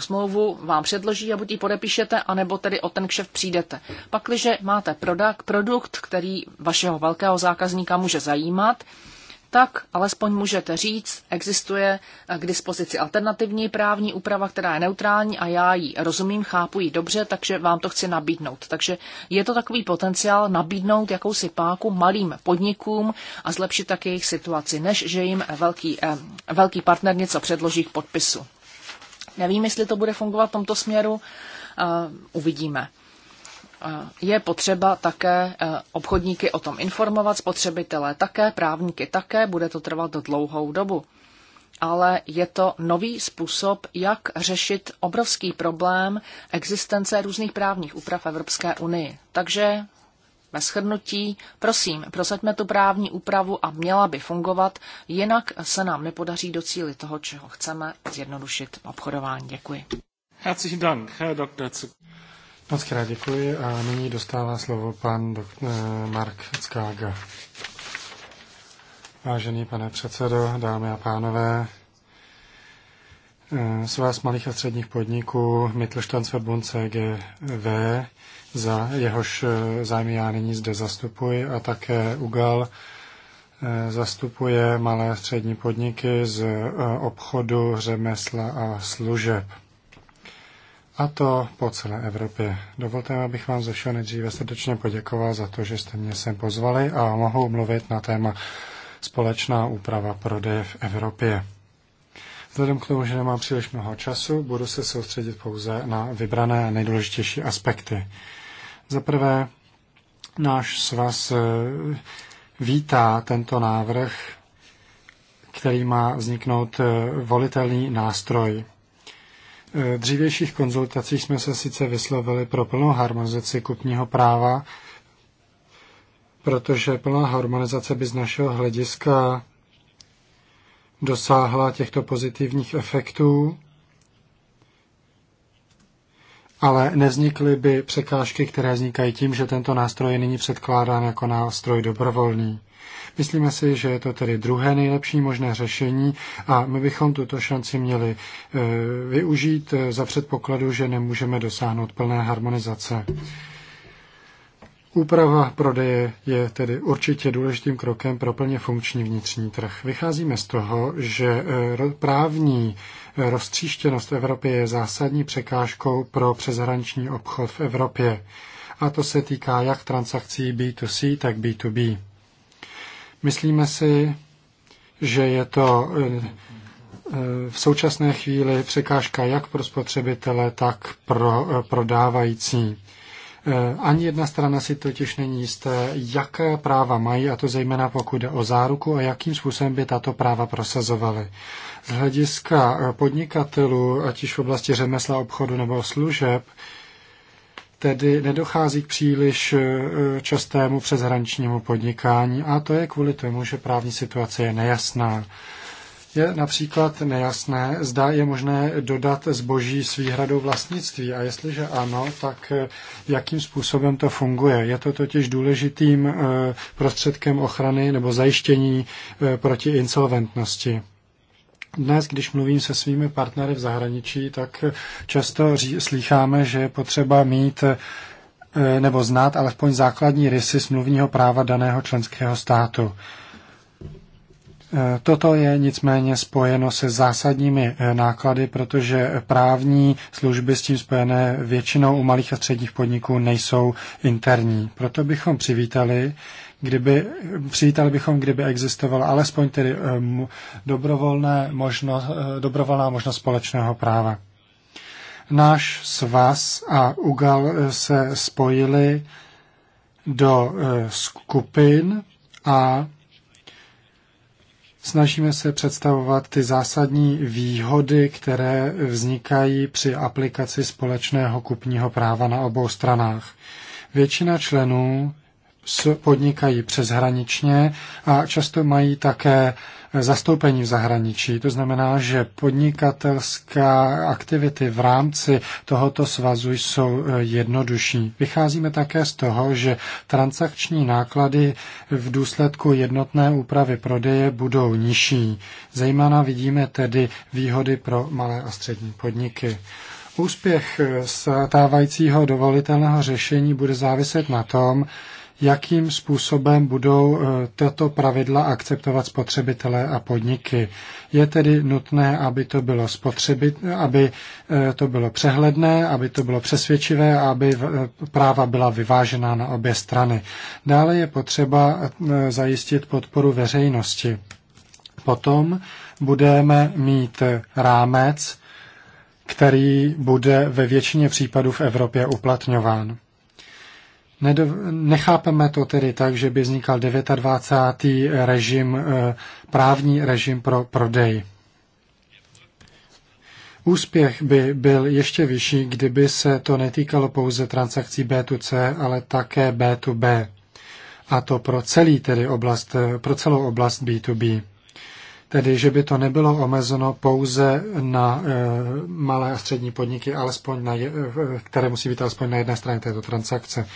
smlouvu vám předloží a buď ji podepíšete, anebo tedy o ten kšev přijdete. Pakliže máte produkt, produkt, který vašeho velkého zákazníka může zajímat, tak alespoň můžete říct, existuje eh, k dispozici alternativní právní úprava, která je neutrální a já ji rozumím, chápu ji dobře, takže vám to chci nabídnout. Takže je to takový potenciál nabídnout jakousi páku malým podnikům a zlepšit tak jejich situaci, než že jim velký, eh, velký partner něco předloží k podpisu. Nevím, jestli to bude fungovat v tomto směru, eh, uvidíme je potřeba také eh, obchodníky o tom informovat, spotřebitelé také, právníky také, bude to trvat dlouhou dobu. Ale je to nový způsob, jak řešit obrovský problém existence různých právních úprav Evropské unii. Takže ve shrnutí, prosím, prosaďme tu právní úpravu a měla by fungovat, jinak se nám nepodaří docílit toho, čeho chceme, zjednodušit obchodování. Děkuji. Herzlichen Dank, Herr Dr. Moc krát děkuji a nyní dostává slovo pan dok- eh, Mark Skága. Vážený pane předsedo, dámy a pánové, Svaz eh, malých a středních podniků Mittelstandsverbund CGV, za jehož eh, zájmy já nyní zde zastupuji, a také UGAL zastupuje malé a střední podniky z obchodu, řemesla a služeb a to po celé Evropě. Dovolte, mi, abych vám ze všeho nejdříve srdečně poděkoval za to, že jste mě sem pozvali a mohou mluvit na téma společná úprava prodeje v Evropě. Vzhledem k tomu, že nemám příliš mnoho času, budu se soustředit pouze na vybrané a nejdůležitější aspekty. Za prvé, náš svaz eh, vítá tento návrh, který má vzniknout eh, volitelný nástroj dřívějších konzultacích jsme se sice vyslovili pro plnou harmonizaci kupního práva, protože plná harmonizace by z našeho hlediska dosáhla těchto pozitivních efektů, ale nevznikly by překážky, které vznikají tím, že tento nástroj je nyní předkládán jako nástroj dobrovolný. Myslíme si, že je to tedy druhé nejlepší možné řešení a my bychom tuto šanci měli eh, využít eh, za předpokladu, že nemůžeme dosáhnout plné harmonizace. Úprava prodeje je tedy určitě důležitým krokem pro plně funkční vnitřní trh. Vycházíme z toho, že eh, právní roztříštěnost v Evropě je zásadní překážkou pro přeshraniční obchod v Evropě. A to se týká jak transakcí B2C, tak B2B. Myslíme si, že je to eh, v současné chvíli překážka jak pro spotřebitele, tak pro eh, prodávající. Eh, ani jedna strana si totiž není jisté, jaké práva mají, a to zejména pokud jde o záruku a jakým způsobem by tato práva prosazovaly. Z hlediska podnikatelů, ať již v oblasti řemesla, obchodu nebo služeb, tedy nedochází k příliš e, častému přeshraničnímu podnikání a to je kvůli tomu, že právní situace je nejasná. Je například nejasné, zda je možné dodat zboží s výhradou vlastnictví a jestliže ano, tak e, jakým způsobem to funguje. Je to totiž důležitým e, prostředkem ochrany nebo zajištění proti insolventnosti. Dnes, když mluvím se svými partnery v zahraničí, tak často ří, slýcháme, že je potřeba mít eh, nebo znát alespoň základní rysy smluvního práva daného členského státu. Eh, toto je nicméně spojeno se zásadními eh, náklady, protože právní služby s tím spojené většinou u malých a středních podniků nejsou interní. Proto bychom přivítali, kdyby, přivítali bychom, kdyby existovala alespoň tedy eh, dobrovolné možno, eh, dobrovolná možnost společného práva. Náš svaz a UGAL eh, se spojili do skupin a snažíme se představovat ty zásadní výhody, které vznikají při aplikaci společného kupního práva na obou stranách. Většina členů podnikají přeshraničně a často mají také zastoupení v zahraničí. To znamená, že podnikatelská aktivity v rámci tohoto svazu jsou e, jednodušší. Vycházíme také z toho, že transakční náklady v důsledku jednotné úpravy prodeje budou nižší. Zejména vidíme tedy výhody pro malé a střední podniky. Úspěch e, stávajícího dovolitelného řešení bude záviset na tom, jakým způsobem budou eh, tato pravidla akceptovat spotřebitelé a podniky. Je tedy nutné, aby to bylo, spotřebit, aby eh, to bylo přehledné, aby to bylo přesvědčivé a aby eh, práva byla vyvážená na obě strany. Dále je potřeba zajistit podporu veřejnosti. Potom budeme mít rámec, který bude ve většině případů v Evropě uplatňován. Nechápeme to tedy tak, že by vznikal 29. režim, eh, právní režim pro prodej. Úspěch by byl ještě vyšší, kdyby se to netýkalo pouze transakcí B2C, ale také B2B. A to pro, celý tedy oblast, eh, pro celou oblast B2B. Tedy, že by to nebylo omezeno pouze na e, malé a střední podniky, alespoň na je, které musí být alespoň na jedné straně této transakce.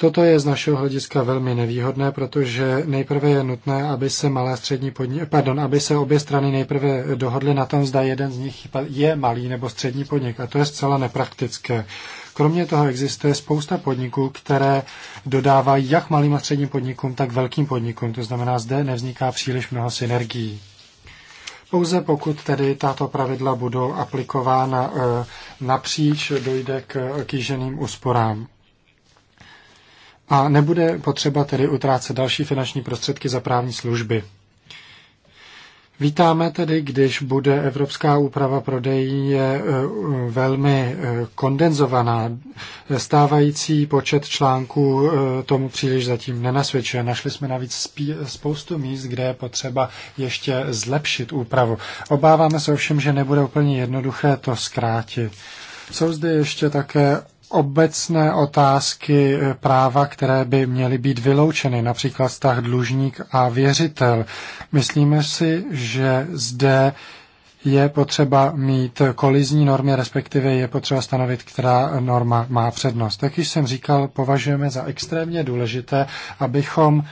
Toto je z našeho hlediska velmi nevýhodné, protože nejprve je nutné, aby se malé střední podnik, pardon, aby se obě strany nejprve dohodly na tom, zda jeden z nich je malý nebo střední podnik. A to je zcela nepraktické. Kromě toho existuje spousta podniků, které dodávají jak malým a středním podnikům, tak velkým podnikům. To znamená, zde nevzniká příliš mnoho synergií. Pouze pokud tedy tato pravidla budou aplikována eh, napříč, dojde k kýženým úsporám. A nebude potřeba tedy utrácet další finanční prostředky za právní služby. Vítáme tedy, když bude evropská úprava prodeje eh, velmi eh, kondenzovaná. Stávající počet článků eh, tomu příliš zatím nenasvědčuje. Našli jsme navíc spoustu míst, kde je potřeba ještě zlepšit úpravu. Obáváme se ovšem, že nebude úplně jednoduché to zkrátit. Jsou zde ještě také obecné otázky eh, práva, které by měly být vyloučeny, například vztah dlužník a věřitel. Myslíme si, že zde je potřeba mít kolizní normy, respektive je potřeba stanovit, která norma má přednost. Tak již jsem říkal, považujeme za extrémně důležité, abychom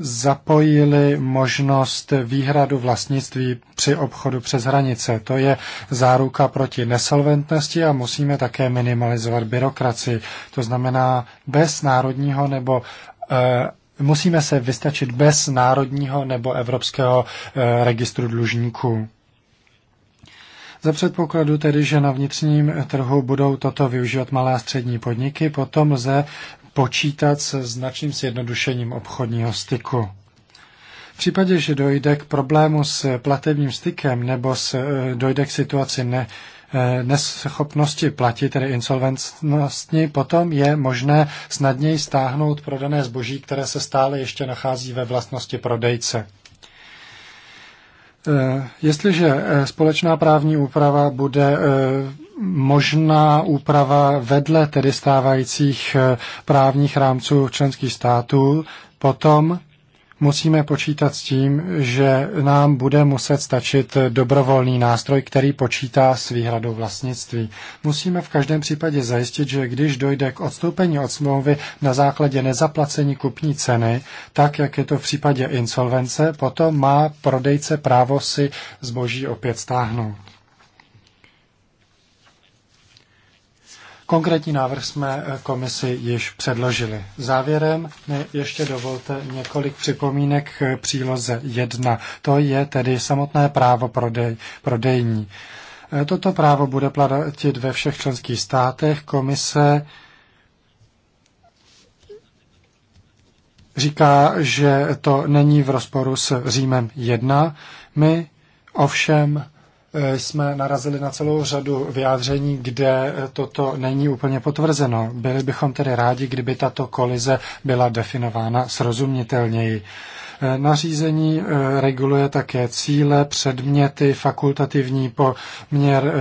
zapojili možnost výhradu vlastnictví při obchodu přes hranice. To je záruka proti nesolventnosti a musíme také minimalizovat byrokracii. To znamená, bez národního nebo e, musíme se vystačit bez národního nebo evropského e, registru dlužníků. Za předpokladu tedy, že na vnitřním trhu budou toto využívat malé a střední podniky, potom lze počítat se značným zjednodušením obchodního styku. V případě, že dojde k problému s platebním stykem nebo s, eh, dojde k situaci ne, eh, neschopnosti platit, tedy insolventnosti, potom je možné snadněji stáhnout prodané zboží, které se stále ještě nachází ve vlastnosti prodejce. Eh, jestliže eh, společná právní úprava bude eh, možná úprava vedle tedy stávajících právních rámců členských států, potom musíme počítat s tím, že nám bude muset stačit dobrovolný nástroj, který počítá s výhradou vlastnictví. Musíme v každém případě zajistit, že když dojde k odstoupení od smlouvy na základě nezaplacení kupní ceny, tak jak je to v případě insolvence, potom má prodejce právo si zboží opět stáhnout. Konkrétní návrh jsme eh, komisi již předložili. Závěrem mi ještě dovolte několik připomínek k příloze 1. To je tedy samotné právo prodej, prodejní. Eh, toto právo bude platit ve všech členských státech. Komise říká, že to není v rozporu s Římem 1. My ovšem Eh, jsme narazili na celou řadu vyjádření, kde eh, toto není úplně potvrzeno. Byli bychom tedy rádi, kdyby tato kolize byla definována srozumitelněji. Eh, nařízení reguluje také cíle, předměty, fakultativní poměr,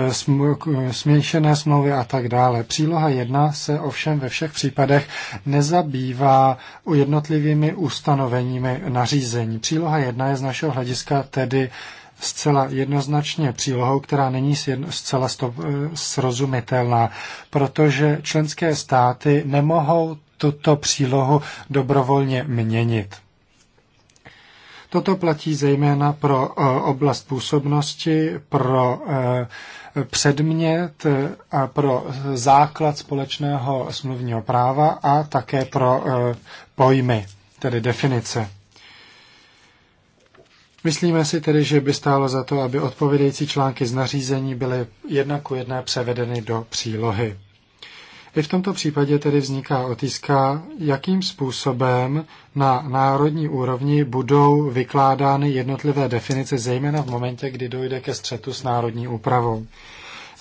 směšené smlouvy a tak dále. Příloha 1 se ovšem ve všech případech nezabývá jednotlivými ustanoveními nařízení. Příloha 1 je z našeho hlediska tedy zcela jednoznačně přílohou, která není zcela eh, srozumitelná, protože členské státy nemohou tuto přílohu dobrovolně měnit. Toto platí zejména pro eh, oblast působnosti, pro eh, předmět a pro základ společného smluvního práva a také pro pojmy, tedy definice. Myslíme si tedy, že by stálo za to, aby odpovědející články z nařízení byly jedna ku jedné převedeny do přílohy. I v tomto případě tedy vzniká otázka, jakým způsobem na národní úrovni budou vykládány jednotlivé definice, zejména v momentě, kdy dojde ke střetu s národní úpravou.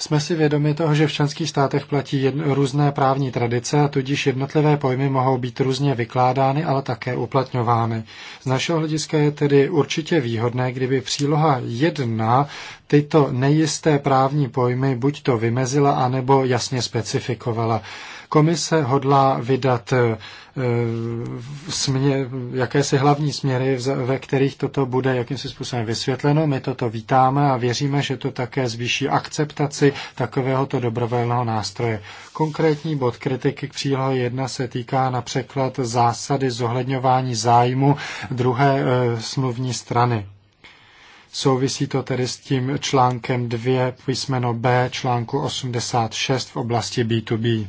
Jsme si vědomi toho, že v členských státech platí jedno, různé právní tradice a tudíž jednotlivé pojmy mohou být různě vykládány, ale také uplatňovány. Z našeho hlediska je tedy určitě výhodné, kdyby příloha 1 tyto nejisté právní pojmy buď to vymezila, anebo jasně specifikovala. Komise hodlá vydat eh, směr, jakési hlavní směry, ve kterých toto bude jakýmsi způsobem vysvětleno. My toto vítáme a věříme, že to také zvýší akceptaci takovéhoto dobrovolného nástroje. Konkrétní bod kritiky k přílohy 1 se týká například zásady zohledňování zájmu druhé eh, smluvní strany. Souvisí to tedy s tím článkem 2 písmeno B článku 86 v oblasti B2B.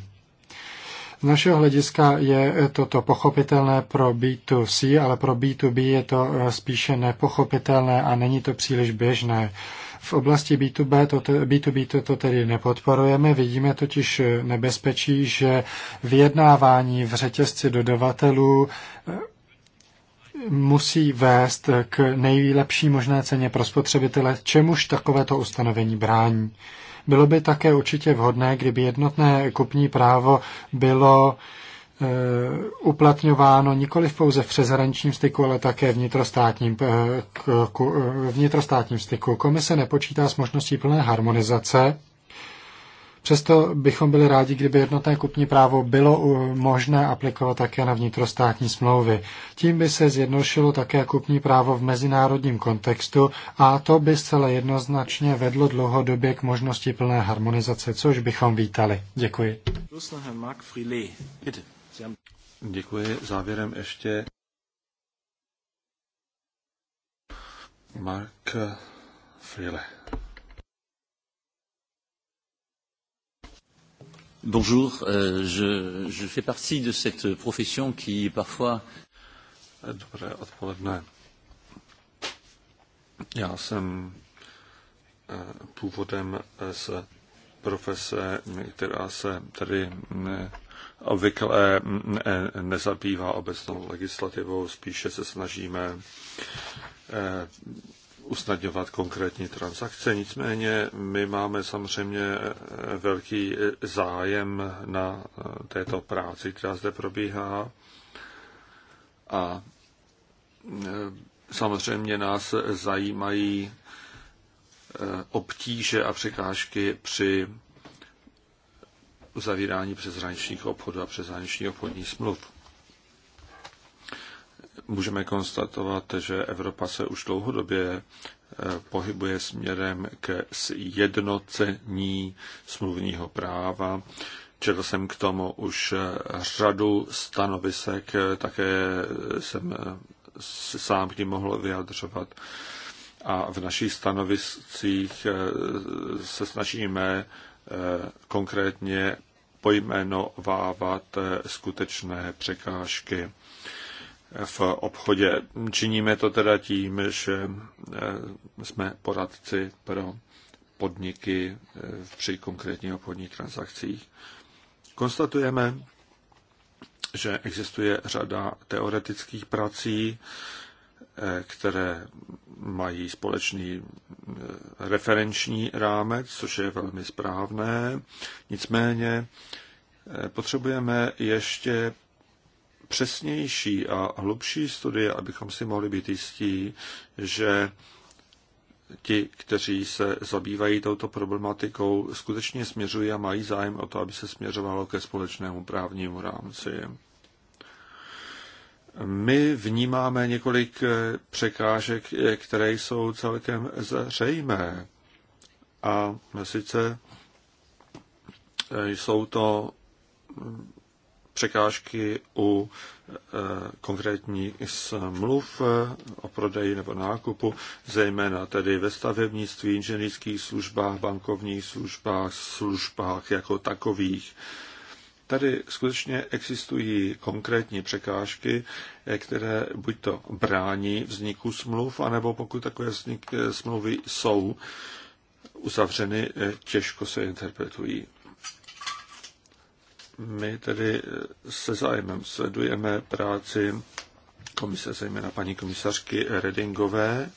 Z našeho hlediska je toto pochopitelné pro B2C, ale pro B2B je to eh, spíše nepochopitelné a není to příliš běžné. V oblasti B2B to, B2B toto tedy nepodporujeme, vidíme totiž eh, nebezpečí, že vyjednávání v řetězci dodavatelů eh, musí vést k nejlepší možné ceně pro spotřebitele, čemuž takovéto ustanovení brání. Bylo by také určitě vhodné, kdyby jednotné kupní právo bylo eh, uplatňováno nikoli pouze v přeshraničním styku, ale také vnitrostátním, eh, eh, vnitrostátním styku. Komise nepočítá s možností plné harmonizace Přesto bychom byli rádi, kdyby jednotné kupní právo bylo možné aplikovat také na vnitrostátní smlouvy. Tím by se zjednodušilo také kupní právo v mezinárodním kontextu a to by zcela jednoznačně vedlo dlouhodobě k možnosti plné harmonizace, což bychom vítali. Děkuji. Děkuji. Závěrem ještě Mark Frile. Bonjour, euh, je, je fais partie de cette profession qui parfois. Dobré odpoledne. Já jsem eh, původem eh, z profese, která se tedy eh, obvykle nezabývá obecnou legislativou, spíše se snažíme usnadňovat konkrétní transakce. Nicméně my máme samozřejmě velký zájem na této práci, která zde probíhá. A e, samozřejmě nás zajímají e, obtíže a překážky při zavírání přeshraničních obchodů a přeshraničních obchodních smluv můžeme konstatovat, že Evropa se už dlouhodobě eh, pohybuje směrem k sjednocení smluvního práva. Četl jsem k tomu už eh, řadu stanovisek, eh, také jsem sám k ním mohl vyjadřovat. A v našich stanoviscích se snažíme konkrétně pojmenovávat skutečné překážky v obchodě. Činíme to teda tím, že eh, jsme poradci pro podniky eh, při konkrétních obchodních transakcích. Konstatujeme, že existuje řada teoretických prací, eh, které mají společný referenční rámec, což je velmi správné. Nicméně potřebujeme ještě přesnější a hlubší studie, abychom si mohli být jistí, že ti, kteří se zabývají touto problematikou, skutečně směřují a mají zájem o to, aby se směřovalo ke společnému právnímu rámci. My vnímáme několik překážek, které jsou celkem zřejmé. A sice jsou to překážky u eh, konkrétních smluv eh, o prodeji nebo nákupu, zejména tedy ve stavebnictví, inženýrských službách, bankovních službách, službách jako takových. Tady skutečně existují konkrétní překážky, eh, které buď to brání vzniku smluv, anebo pokud takové vznik, smlouvy jsou uzavřeny, těžko se interpretují. My tedy eh, se zájmem sledujeme práci komise, zejména paní komisařky Redingové.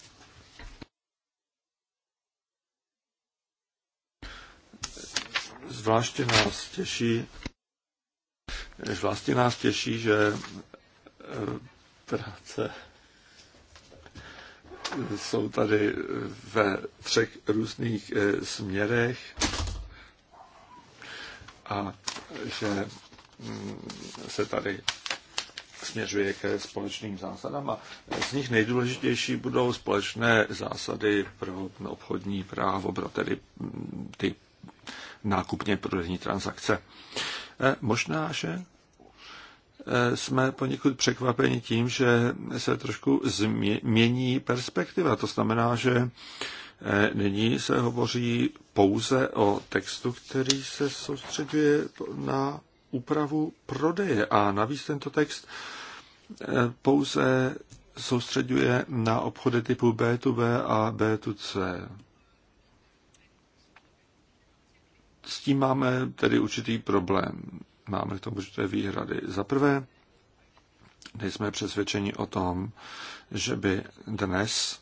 Zvláště nás těší, eh, zvláště nás těší, že eh, práce jsou tady ve třech různých směrech a že mm, se tady směřuje ke společným zásadám a z nich nejdůležitější budou společné zásady pro obchodní právo, pro tedy mm, ty nákupně prodejní transakce. E, možná, že e, jsme poněkud překvapeni tím, že se trošku změní perspektiva. To znamená, že e, nyní se hovoří pouze o textu, který se soustředuje na úpravu prodeje. A navíc tento text eh, pouze soustředuje na obchody typu B2B a B2C. S tím máme tedy určitý problém. Máme k tomu určité výhrady. Za prvé, nejsme přesvědčeni o tom, že by dnes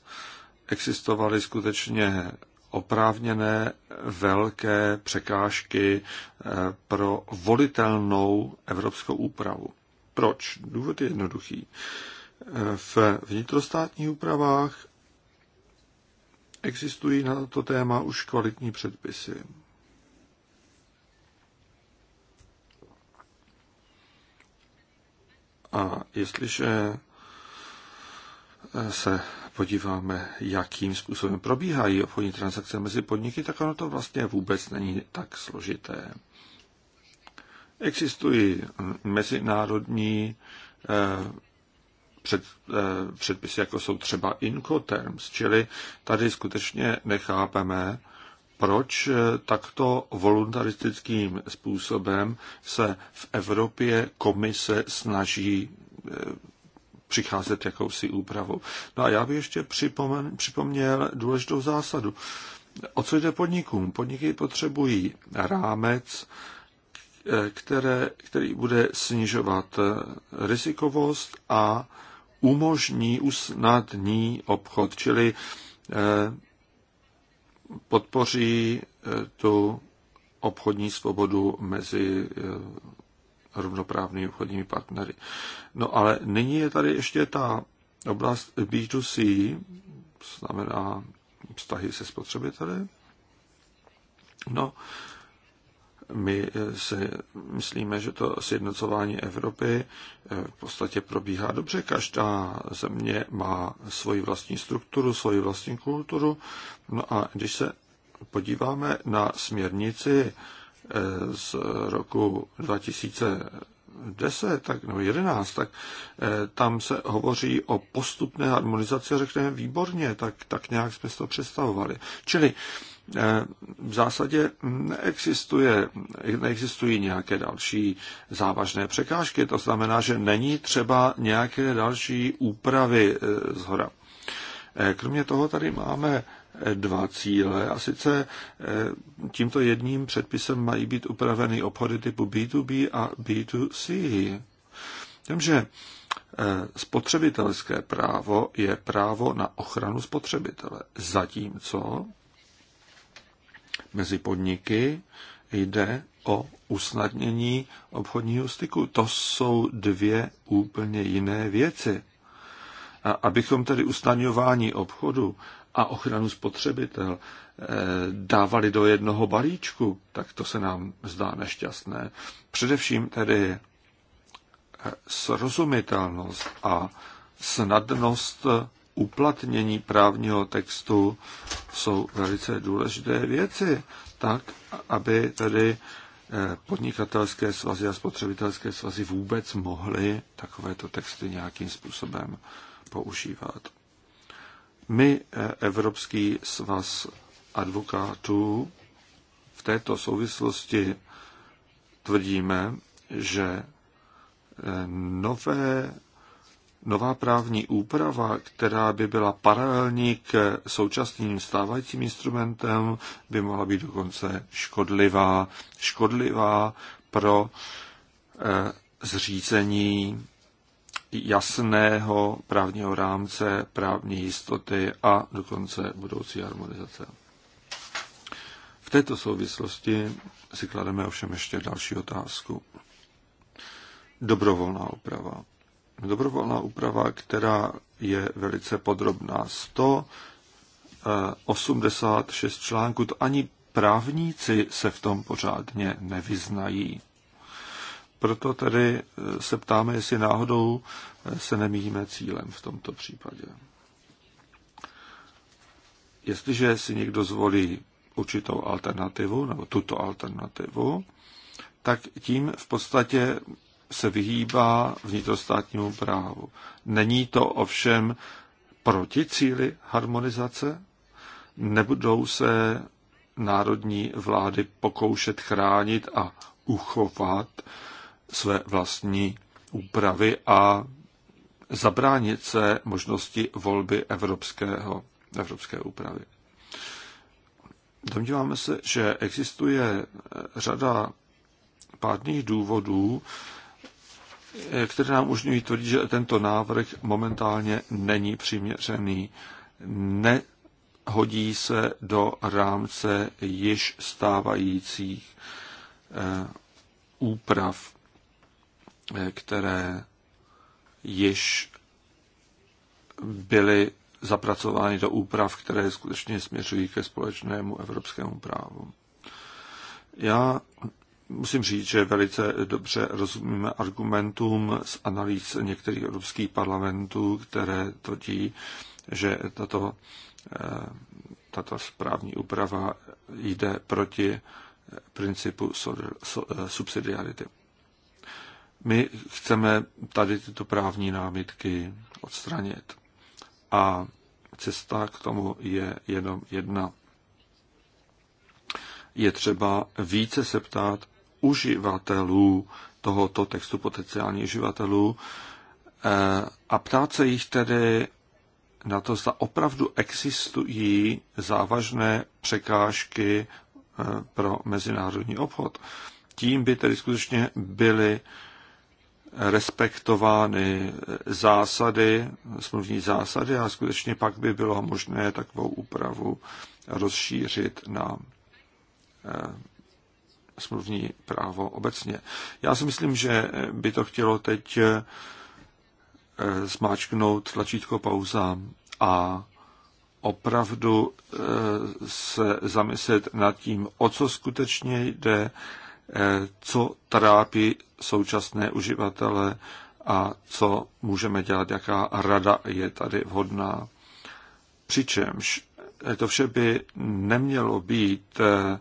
existovaly skutečně oprávněné velké překážky eh, pro volitelnou evropskou úpravu. Proč? Důvod je jednoduchý. Eh, v vnitrostátních úpravách existují na to téma už kvalitní předpisy. A jestliže se podíváme, jakým způsobem probíhají obchodní transakce mezi podniky, tak ono to vlastně vůbec není tak složité. Existují mezinárodní eh, před, eh, předpisy, jako jsou třeba Incoterms, čili tady skutečně nechápeme, proč eh, takto voluntaristickým způsobem se v Evropě komise snaží přicházet jakousi úpravou. No a já bych ještě připomen, připomněl důležitou zásadu. O co jde podnikům? Podniky potřebují rámec, eh, které, který bude snižovat eh, rizikovost a umožní, usnadní obchod, čili eh, podpoří tu obchodní svobodu mezi rovnoprávnými obchodními partnery. No ale nyní je tady ještě ta oblast B2C, znamená vztahy se spotřebiteli. No, my si myslíme, že to sjednocování Evropy eh, v podstatě probíhá dobře. Každá země má svoji vlastní strukturu, svoji vlastní kulturu. No a když se podíváme na směrnici Eh, z roku 2010 tak, nebo 11, tak eh, tam se hovoří o postupné harmonizaci a řekneme výborně, tak, tak nějak jsme si to představovali. Čili eh, v zásadě neexistuje, neexistují nějaké další závažné překážky. To znamená, že není třeba nějaké další úpravy zhora. Kromě toho tady máme dva cíle. A sice eh, tímto jedním předpisem mají být upraveny obchody typu B2B a B2C. Takže eh, spotřebitelské právo je právo na ochranu spotřebitele, zatímco mezi podniky jde o usnadnění obchodního styku. To jsou dvě úplně jiné věci. A abychom tedy usnadňování obchodu a ochranu spotřebitel eh, dávali do jednoho balíčku, tak to se nám zdá nešťastné. Především tedy eh, srozumitelnost a snadnost uplatnění právního textu jsou velice důležité věci, tak, aby tedy eh, podnikatelské svazy a spotřebitelské svazy vůbec mohly takovéto texty nějakým způsobem používat. My, eh, Evropský svaz advokátů, v této souvislosti tvrdíme, že eh, nové, nová právní úprava, která by byla paralelní k současným stávajícím instrumentem, by mohla být dokonce škodlivá, škodlivá pro eh, zřízení jasného právního rámce, právní jistoty a dokonce budoucí harmonizace. V této souvislosti si klademe ovšem ještě další otázku. Dobrovolná úprava. Dobrovolná úprava, která je velice podrobná. 186 eh, článků, to ani právníci se v tom pořádně nevyznají. Proto tedy eh, se ptáme, jestli náhodou eh, se nemíjíme cílem v tomto případě. Jestliže si někdo zvolí určitou alternativu, nebo tuto alternativu, tak tím v podstatě se vyhýbá vnitrostátnímu právu. Není to ovšem proti cíli harmonizace? Nebudou se národní vlády pokoušet chránit a uchovat své vlastní úpravy a zabránit se možnosti volby evropského, evropské úpravy. Domníváme se, že existuje řada pádných důvodů, které nám umožňují tvrdit, že tento návrh momentálně není přiměřený. Nehodí se do rámce již stávajících eh, úprav Eh, které již byly zapracovány do úprav, které skutečně směřují ke společnému evropskému právu. Já musím říct, že velice dobře rozumíme argumentům z analýz některých evropských parlamentů, které tvrdí, že tato, eh, tato správní úprava jde proti principu eh, subsidiarity. My chceme tady tyto právní námitky odstranit. A cesta k tomu je jenom jedna. Je třeba více se ptát uživatelů tohoto textu, potenciálních uživatelů, eh, a ptát se jich tedy na to, zda opravdu existují závažné překážky eh, pro mezinárodní obchod. Tím by tedy skutečně byly respektovány zásady, smluvní zásady a skutečně pak by bylo možné takovou úpravu rozšířit na eh, smluvní právo obecně. Já si myslím, že by to chtělo teď eh, zmáčknout tlačítko pauza a opravdu eh, se zamyslet nad tím, o co skutečně jde, Eh, co trápí současné uživatele a co můžeme dělat, jaká rada je tady vhodná. Přičemž eh, to vše by nemělo být eh,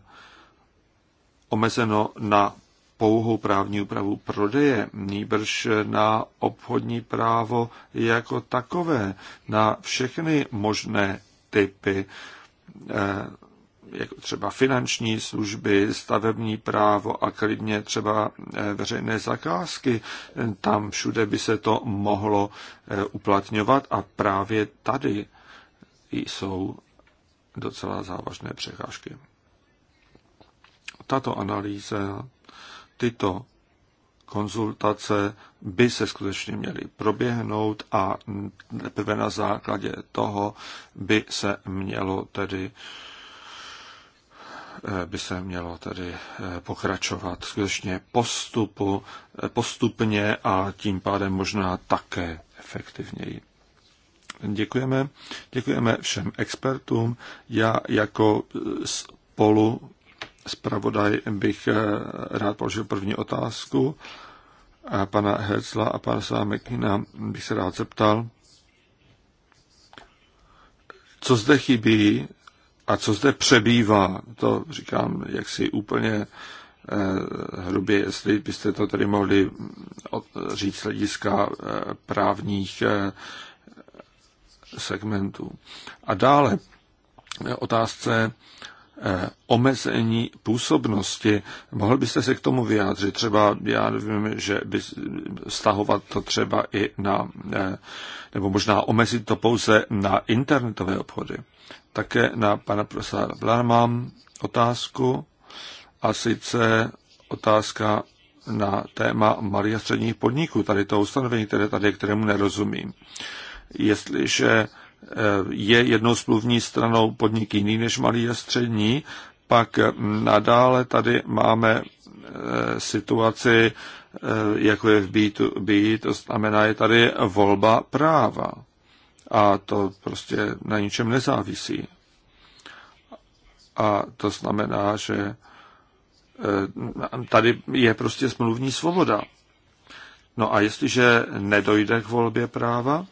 omezeno na pouhou právní úpravu prodeje, nýbrž na obchodní právo jako takové, na všechny možné typy jako třeba finanční služby, stavební právo a klidně třeba eh, veřejné zakázky. Tam všude by se to mohlo eh, uplatňovat a právě tady jsou docela závažné překážky. Tato analýza, tyto konzultace by se skutečně měly proběhnout a teprve na základě toho by se mělo tedy uh, by se mělo tedy eh, pokračovat skutečně postupu, eh, postupně a tím pádem možná také efektivněji. Děkujeme, děkujeme všem expertům. Já jako eh, spolu zpravodaj bych rád položil první otázku a pana Hercla a pana Sámekina bych se rád zeptal, co zde chybí a co zde přebývá, to říkám jaksi úplně eh, hrubě, jestli byste to tedy mohli mm, říct z hlediska eh, právních eh, segmentů. A dále otázce omezení působnosti. Mohl byste se k tomu vyjádřit? Třeba, já nevím, že by stahovat to třeba i na, nebo možná omezit to pouze na internetové obchody také na pana profesora Blana mám otázku a sice otázka na téma malých a středních podniků, tady to ustanovení, které tady, kterému nerozumím. Jestliže eh, je jednou smluvní stranou podnik jiný než malý a střední, pak nadále tady máme eh, situaci, eh, jako je v být, to znamená, je tady volba práva a to prostě na ničem nezávisí. A to znamená, že eh, tady je prostě smluvní svoboda. No a jestliže nedojde k volbě práva,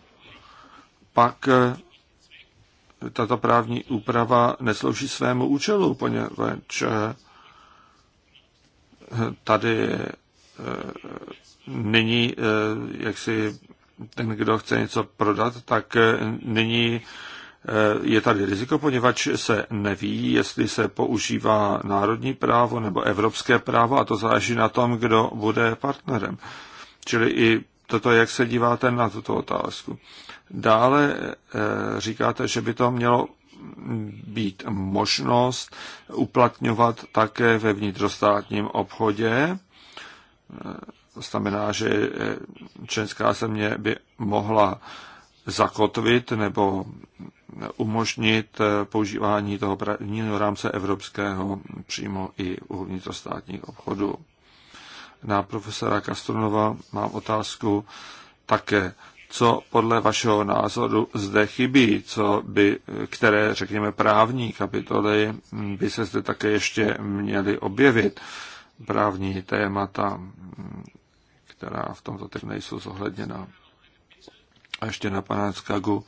pak eh, tato právní úprava neslouží svému účelu, poněvadž eh, tady není jaksi ten, kdo chce něco prodat, tak eh, nyní eh, je tady riziko, poněvadž se neví, jestli se používá národní právo nebo evropské právo a to záleží na tom, kdo bude partnerem. Čili i toto, jak se díváte na tuto otázku. Dále eh, říkáte, že by to mělo být možnost uplatňovat také ve vnitrostátním obchodě znamená, že eh, členská země by mohla zakotvit nebo umožnit eh, používání toho právního rámce evropského přímo i u vnitrostátních obchodů. Na profesora Kastronova mám otázku také, co podle vašeho názoru zde chybí, co by, které, řekněme, právní kapitoly by se zde také ještě měly objevit, právní témata, která v tomto textu nejsou zohledněna. A ještě na pana Skagu,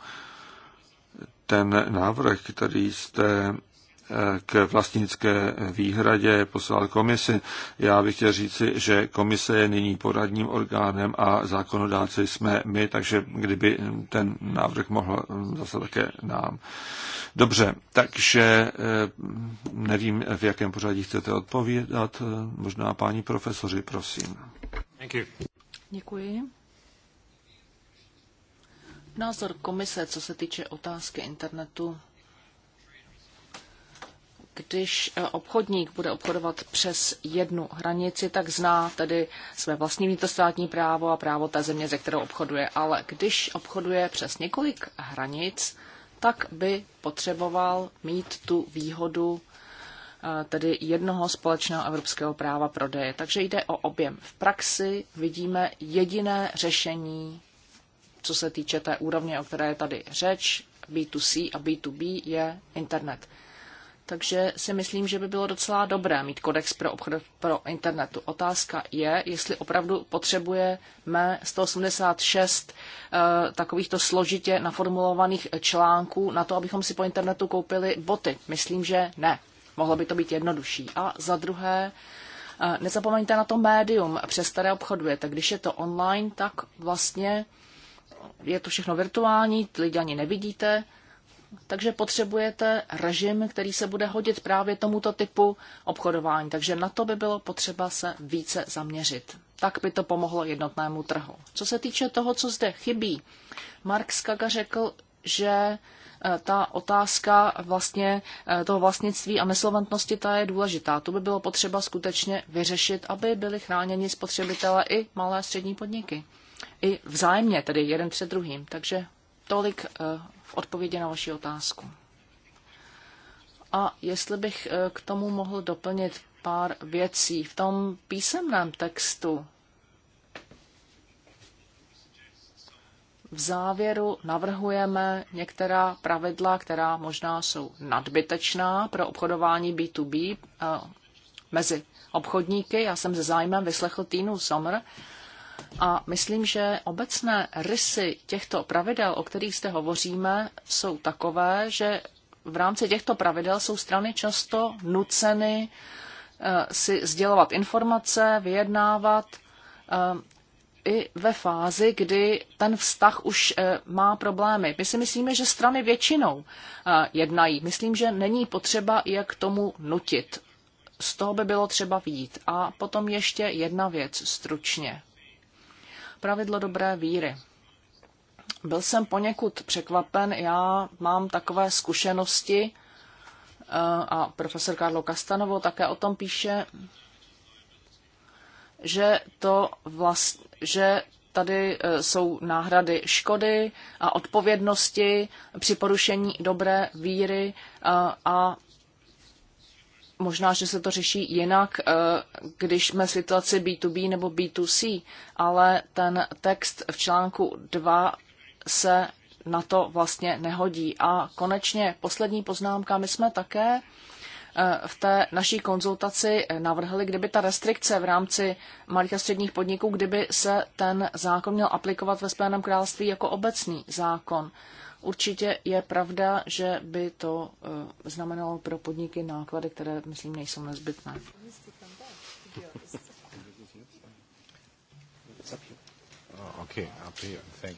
ten návrh, který jste eh, k vlastnické výhradě poslal komisi. Já bych chtěl říci, že komise je nyní poradním orgánem a zákonodáci jsme my, takže kdyby ten návrh mohl zase také nám. Dobře, takže eh, nevím, v jakém pořadí chcete odpovídat. Možná páni profesoři, prosím. Thank you. Děkuji. Názor komise, co se týče otázky internetu, když eh, obchodník bude obchodovat přes jednu hranici, tak zná tedy své vlastní vnitrostátní právo a právo té země, ze kterou obchoduje. Ale když obchoduje přes několik hranic, tak by potřeboval mít tu výhodu tedy jednoho společného evropského práva prodeje. Takže jde o objem. V praxi vidíme jediné řešení, co se týče té úrovně, o které je tady řeč, B2C a B2B, je internet. Takže si myslím, že by bylo docela dobré mít kodex pro obchod pro internetu. Otázka je, jestli opravdu potřebujeme 186 e, eh, takovýchto složitě naformulovaných článků na to, abychom si po internetu koupili boty. Myslím, že ne. Mohlo by to být jednodušší. A za druhé, eh, nezapomeňte na to médium, přes které obchodujete. Když je to online, tak vlastně je to všechno virtuální, lidi ani nevidíte, takže potřebujete režim, který se bude hodit právě tomuto typu obchodování. Takže na to by bylo potřeba se více zaměřit. Tak by to pomohlo jednotnému trhu. Co se týče toho, co zde chybí, Mark Skaga řekl, že Eh, ta otázka vlastně eh, toho vlastnictví a nesolventnosti, ta je důležitá. To by bylo potřeba skutečně vyřešit, aby byly chráněni spotřebitele i malé a střední podniky. I vzájemně, tedy jeden před druhým. Takže tolik eh, v odpovědi na vaši otázku. A jestli bych k tomu mohl doplnit pár věcí. V tom písemném textu v závěru navrhujeme některá pravidla, která možná jsou nadbytečná pro obchodování B2B eh, mezi obchodníky. Já jsem se zájmem vyslechl Týnu Sommer a myslím, že obecné rysy těchto pravidel, o kterých zde hovoříme, jsou takové, že v rámci těchto pravidel jsou strany často nuceny eh, si sdělovat informace, vyjednávat eh, i ve fázi, kdy ten vztah už e, má problémy. My si myslíme, že strany většinou e, jednají. Myslím, že není potřeba je k tomu nutit. Z toho by bylo třeba vidět. A potom ještě jedna věc, stručně. Pravidlo dobré víry. Byl jsem poněkud překvapen, já mám takové zkušenosti e, a profesor Karlo Kastanovo také o tom píše, že, to vlast, že tady e, jsou náhrady škody a odpovědnosti při porušení dobré víry a, e, a možná, že se to řeší jinak, e, když jsme v situaci B2B nebo B2C, ale ten text v článku 2 se na to vlastně nehodí. A konečně poslední poznámka, my jsme také Eh, v té naší konzultaci navrhli, kdyby ta restrikce v rámci malých a středních podniků, kdyby se ten zákon měl aplikovat ve Spojeném království jako obecný zákon. Určitě je pravda, že by to eh, znamenalo pro podniky náklady, které, myslím, nejsou nezbytné. Ah, ah, thank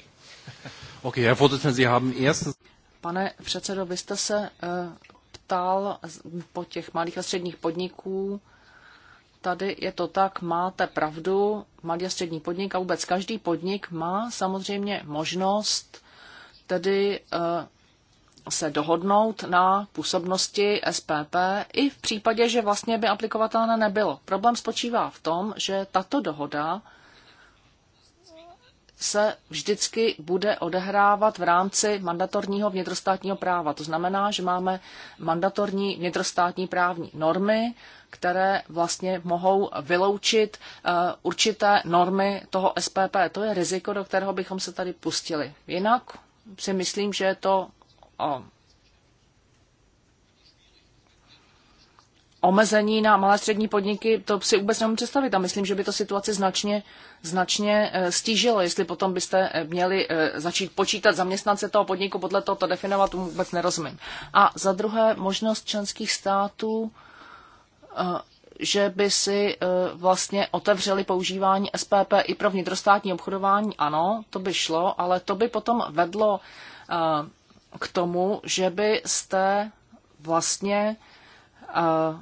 you. Herr Pane předsedo, vy jste se eh, ptal po těch malých a středních podniků. Tady je to tak, máte pravdu, malý a střední podnik a vůbec každý podnik má samozřejmě možnost tedy eh, se dohodnout na působnosti SPP i v případě, že vlastně by aplikovatelné nebylo. Problém spočívá v tom, že tato dohoda se vždycky bude odehrávat v rámci mandatorního vnitrostátního práva. To znamená, že máme mandatorní vnitrostátní právní normy, které vlastně mohou vyloučit eh, určité normy toho SPP. To je riziko, do kterého bychom se tady pustili. Jinak si myslím, že je to eh, omezení na malé střední podniky, to si vůbec nemůžu představit a myslím, že by to situaci značně, značně eh, stížilo, jestli potom byste eh, měli eh, začít počítat zaměstnance toho podniku, podle toho to definovat, tomu vůbec nerozumím. A za druhé, možnost členských států že by si vlastně otevřeli používání SPP i pro vnitrostátní obchodování. Ano, to by šlo, ale to by potom vedlo k tomu, že byste vlastně Eh,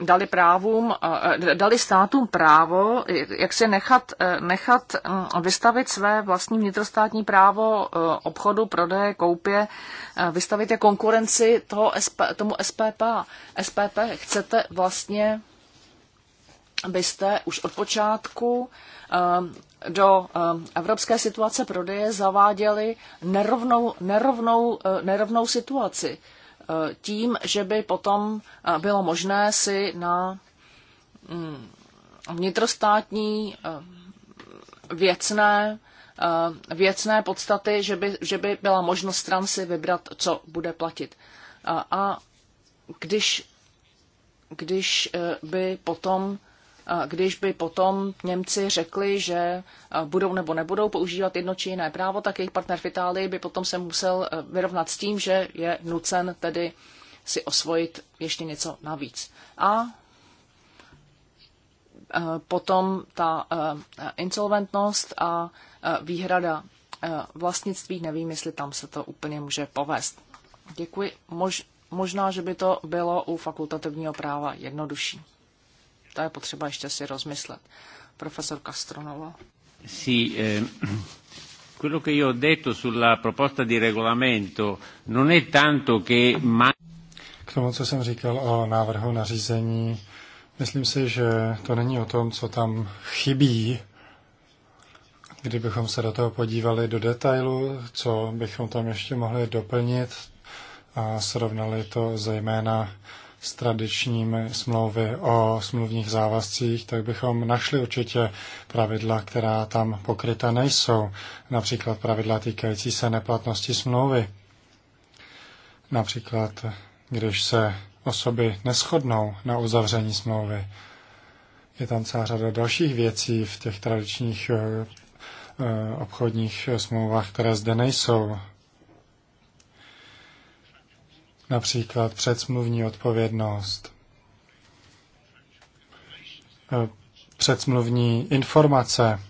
dali právům, eh, eh, dali státům právo, jak se nechat, nechat hm, vystavit své vlastní vnitrostátní právo obchodu, prodeje, koupě, vystavit je konkurenci toho SP, tomu SPP. SPP chcete vlastně, byste už od počátku do evropské situace prodeje zaváděli nerovnou, nerovnou, nerovnou situaci tím, že by potom bylo možné si na mm, vnitrostátní věcné, věcné podstaty, že by, že by byla možnost stran si vybrat, co bude platit. A když, když e, by potom když by potom Němci řekli, že budou nebo nebudou používat jedno či jiné právo, tak jejich partner v Itálii by potom se musel e, vyrovnat s tím, že je nucen tedy si osvojit ještě něco navíc. A e, potom ta e, insolventnost a výhrada vlastnictví, nevím, jestli tam se to úplně může povést. Děkuji. Mož, možná, že by to bylo u fakultativního práva jednodušší. To je potřeba ještě si rozmyslet. Profesor Castronova. Sí, eh, quello che io ho detto sulla proposta di regolamento non è tanto che... Ma... K tomu, co jsem říkal o návrhu nařízení, myslím si, že to není o tom, co tam chybí, Kdybychom se do toho podívali do detailu, co bychom tam ještě mohli doplnit a srovnali to zejména s tradičními smlouvy o smluvních závazcích, tak bychom našli určitě pravidla, která tam pokryta nejsou, například pravidla týkající se neplatnosti smlouvy. Například, když se osoby neschodnou na uzavření smlouvy. Je tam celá řada dalších věcí v těch tradičních eh, obchodních smlouvách, které zde nejsou například předsmluvní odpovědnost, eh, předsmluvní informace.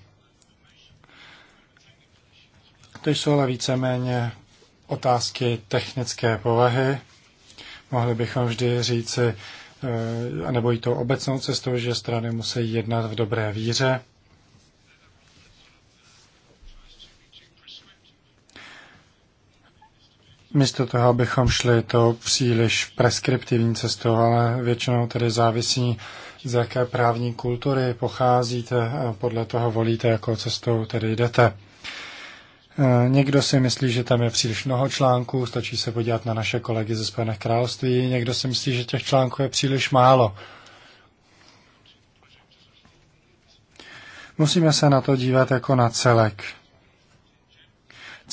To jsou ale víceméně otázky technické povahy. Mohli bychom vždy říci, eh, nebo i tou obecnou cestou, že strany musí jednat v dobré víře. místo toho, abychom šli to příliš preskriptivní cestou, ale většinou tedy závisí, z jaké právní kultury pocházíte a podle toho volíte, jakou cestou tedy jdete. E, někdo si myslí, že tam je příliš mnoho článků, stačí se podívat na naše kolegy ze Spojených království, někdo si myslí, že těch článků je příliš málo. Musíme se na to dívat jako na celek.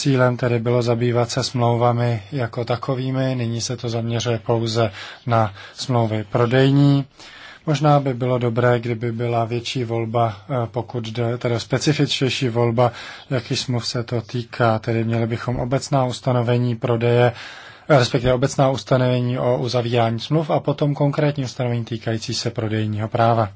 Cílem tedy bylo zabývat se smlouvami jako takovými, nyní se to zaměřuje pouze na smlouvy prodejní. Možná by bylo dobré, kdyby byla větší volba, eh, pokud jde, tedy specifičtější volba, jaký smluv se to týká. Tedy měli bychom obecná ustanovení prodeje, eh, respektive obecná ustanovení o uzavírání smluv a potom konkrétní ustanovení týkající se prodejního práva.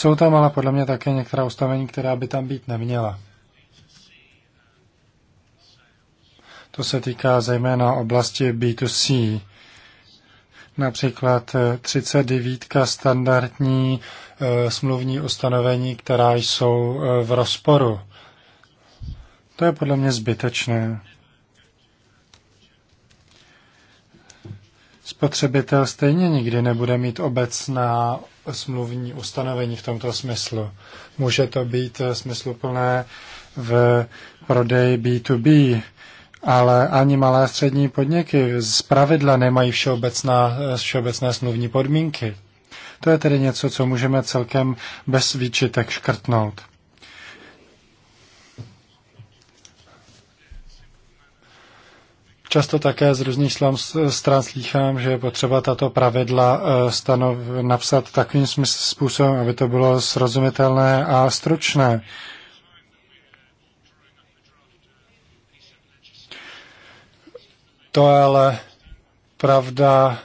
Jsou tam ale podle mě také některá ustavení, která by tam být neměla. To se týká zejména oblasti B2C. Například 39 eh, standardní e, smluvní ustanovení, která jsou e, v rozporu. To je podle mě zbytečné. Spotřebitel stejně nikdy nebude mít obecná smluvní ustanovení v tomto smyslu. Může to být eh, smysluplné v prodeji B2B, ale ani malé a střední podniky z pravidla nemají všeobecná, eh, všeobecné smluvní podmínky. To je tedy něco, co můžeme celkem bez výčitek škrtnout. Často také z různých stran slýchám, že je potřeba tato pravidla eh, stanov, napsat takovým způsobem, aby to bylo srozumitelné a stručné. To je ale pravda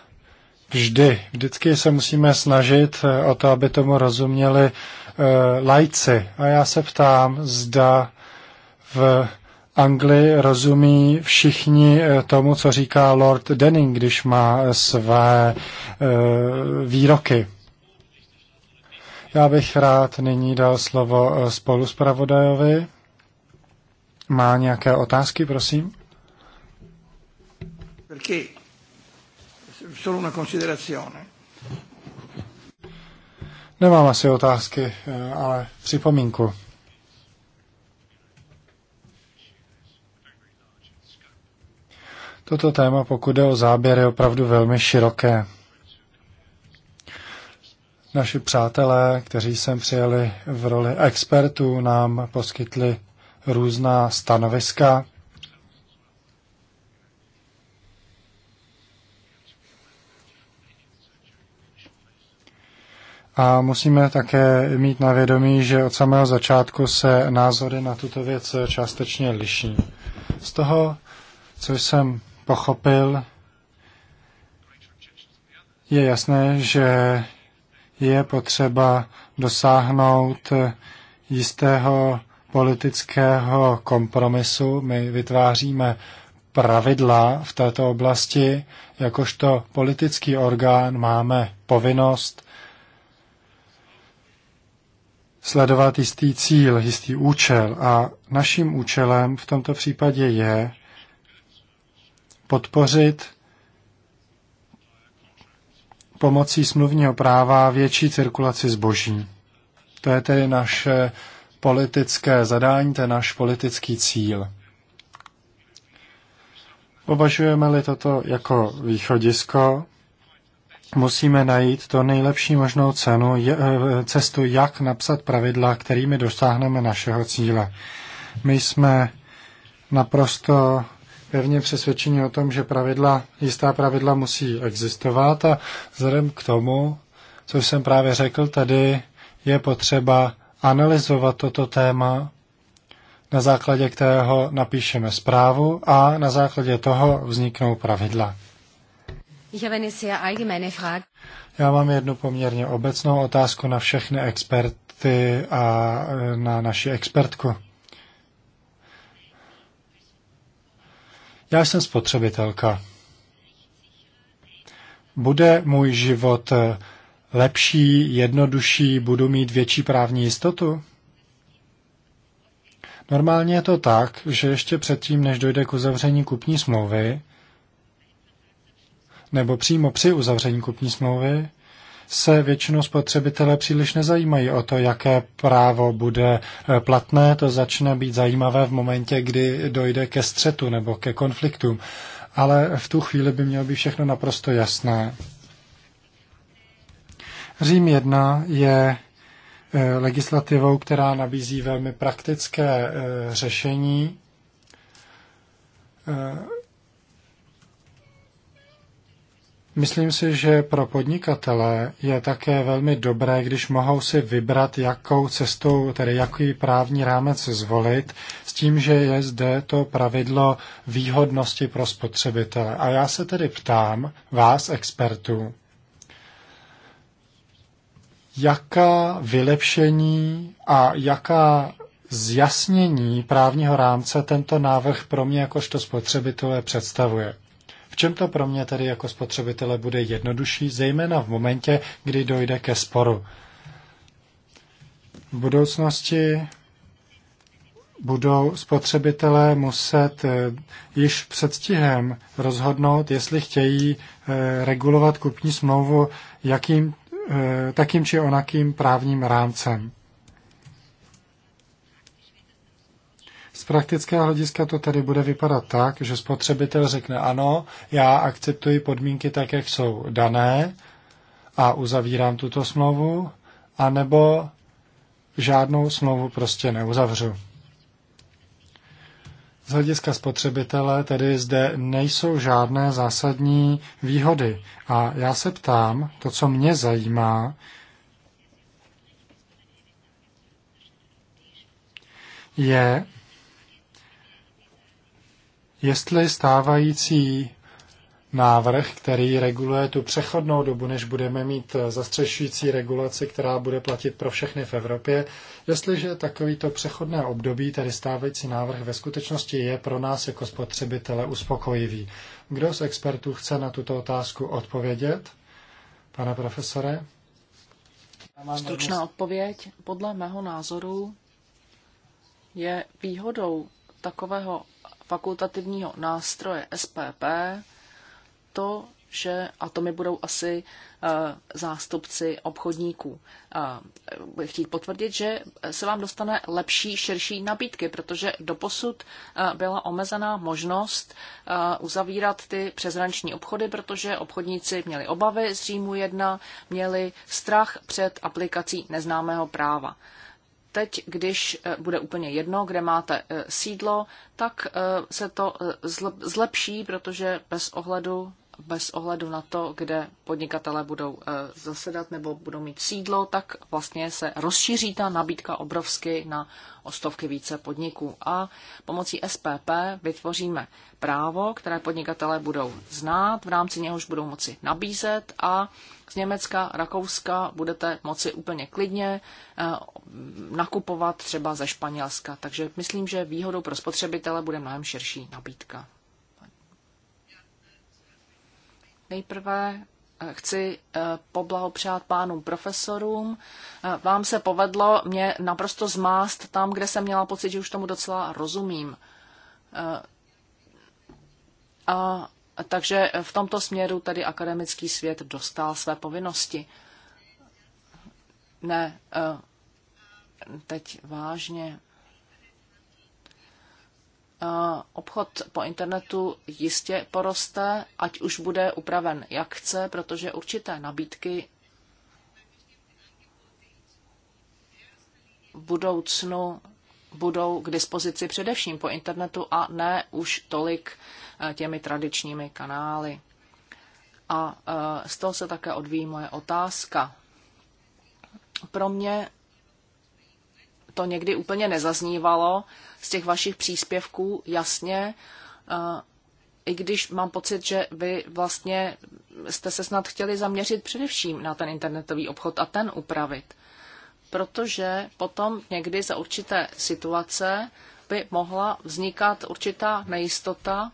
vždy. Vždycky se musíme snažit eh, o to, aby tomu rozuměli e, eh, lajci. A já se ptám, zda v Anglii rozumí všichni eh, tomu, co říká Lord Denning, když má své eh, výroky. Já bych rád nyní dal slovo eh, spolu zpravodajovi. Má nějaké otázky, prosím? Nemám asi otázky, ale připomínku. Toto téma, pokud je o záběr, je opravdu velmi široké. Naši přátelé, kteří sem přijeli v roli expertů, nám poskytli různá stanoviska. A musíme také mít na vědomí, že od samého začátku se názory na tuto věc částečně liší. Z toho, co jsem pochopil, je jasné, že je potřeba dosáhnout jistého politického kompromisu. My vytváříme pravidla v této oblasti. Jakožto politický orgán máme povinnost sledovat jistý cíl, jistý účel. A naším účelem v tomto případě je podpořit pomocí smluvního práva větší cirkulaci zboží. To je tedy naše politické zadání, to je náš politický cíl. Považujeme-li toto jako východisko, musíme najít to nejlepší možnou cenu, eh, cestu, jak napsat pravidla, kterými dosáhneme našeho cíle. My jsme naprosto pevně přesvědčení o tom, že pravidla, jistá pravidla musí existovat a vzhledem k tomu, co jsem právě řekl, tady je potřeba analyzovat toto téma, na základě kterého napíšeme zprávu a na základě toho vzniknou pravidla. Já mám jednu poměrně obecnou otázku na všechny experty a na naši expertku. Já jsem spotřebitelka. Bude můj život eh, lepší, jednodušší, budu mít větší právní jistotu? Normálně je to tak, že ještě předtím, než dojde k uzavření kupní smlouvy, nebo přímo při uzavření kupní smlouvy, se většinou spotřebitelé příliš nezajímají o to, jaké právo bude eh, platné. To začne být zajímavé v momentě, kdy dojde ke střetu nebo ke konfliktům. Ale v tu chvíli by mělo být všechno naprosto jasné. Řím 1 je eh, legislativou, která nabízí velmi praktické eh, řešení Myslím si, že pro podnikatele je také velmi dobré, když mohou si vybrat, jakou cestou, tedy jaký právní rámec zvolit, s tím, že je zde to pravidlo výhodnosti pro spotřebitele. A já se tedy ptám vás, expertů, jaká vylepšení a jaká zjasnění právního rámce tento návrh pro mě jakožto spotřebitele představuje. V čem to pro mě tedy jako spotřebitele bude jednodušší, zejména v momentě, kdy dojde ke sporu? V budoucnosti budou spotřebitelé muset eh, již předstihem rozhodnout, jestli chtějí eh, regulovat kupní smlouvu jakým, eh, takým či onakým právním rámcem. Z praktického hlediska to tedy bude vypadat tak, že spotřebitel řekne ano, já akceptuji podmínky tak, jak jsou dané a uzavírám tuto smlouvu, anebo žádnou smlouvu prostě neuzavřu. Z hlediska spotřebitele tedy zde nejsou žádné zásadní výhody. A já se ptám, to, co mě zajímá, je, jestli stávající návrh, který reguluje tu přechodnou dobu, než budeme mít eh, zastřešující regulaci, která bude platit pro všechny v Evropě, jestliže takovýto přechodné období, tedy stávající návrh ve skutečnosti je pro nás jako spotřebitele uspokojivý. Kdo z expertů chce na tuto otázku odpovědět? Pane profesore? Stručná odpověď. Podle mého názoru je výhodou takového fakultativního nástroje SPP to, že, a to mi budou asi eh, zástupci obchodníků eh, chtít potvrdit, že se vám dostane lepší, širší nabídky, protože doposud eh, byla omezená možnost uzavírat ty přezranční obchody, protože obchodníci měli obavy z Římu 1, měli strach před aplikací neznámého práva teď, když eh, bude úplně jedno, kde máte eh, sídlo, tak eh, se to zlepší, protože bez ohledu, bez ohledu na to, kde podnikatele budou zasedat nebo budou mít sídlo, tak vlastně se rozšíří ta nabídka obrovsky na o stovky více podniků. A pomocí SPP vytvoříme právo, které podnikatele budou znát, v rámci něhož budou moci nabízet a z Německa, Rakouska budete moci úplně klidně eh, nakupovat třeba ze Španělska. Takže myslím, že výhodou pro spotřebitele bude mnohem širší nabídka. Nejprve eh, chci eh, poblahopřát pánům profesorům. Vám se povedlo mě naprosto zmást tam, kde jsem měla pocit, že už tomu docela rozumím. A takže v tomto směru tedy akademický svět dostal své povinnosti. Ne, eh, teď vážně. Eh, obchod po internetu jistě poroste, ať už bude upraven jak chce, protože určité nabídky v budoucnu budou k dispozici především po internetu a ne už tolik eh, těmi tradičními kanály. A eh, z toho se také odvíjí moje otázka. Pro mě to někdy úplně nezaznívalo z těch vašich příspěvků jasně, eh, i když mám pocit, že vy vlastně jste se snad chtěli zaměřit především na ten internetový obchod a ten upravit protože potom někdy za určité situace by mohla vznikat určitá nejistota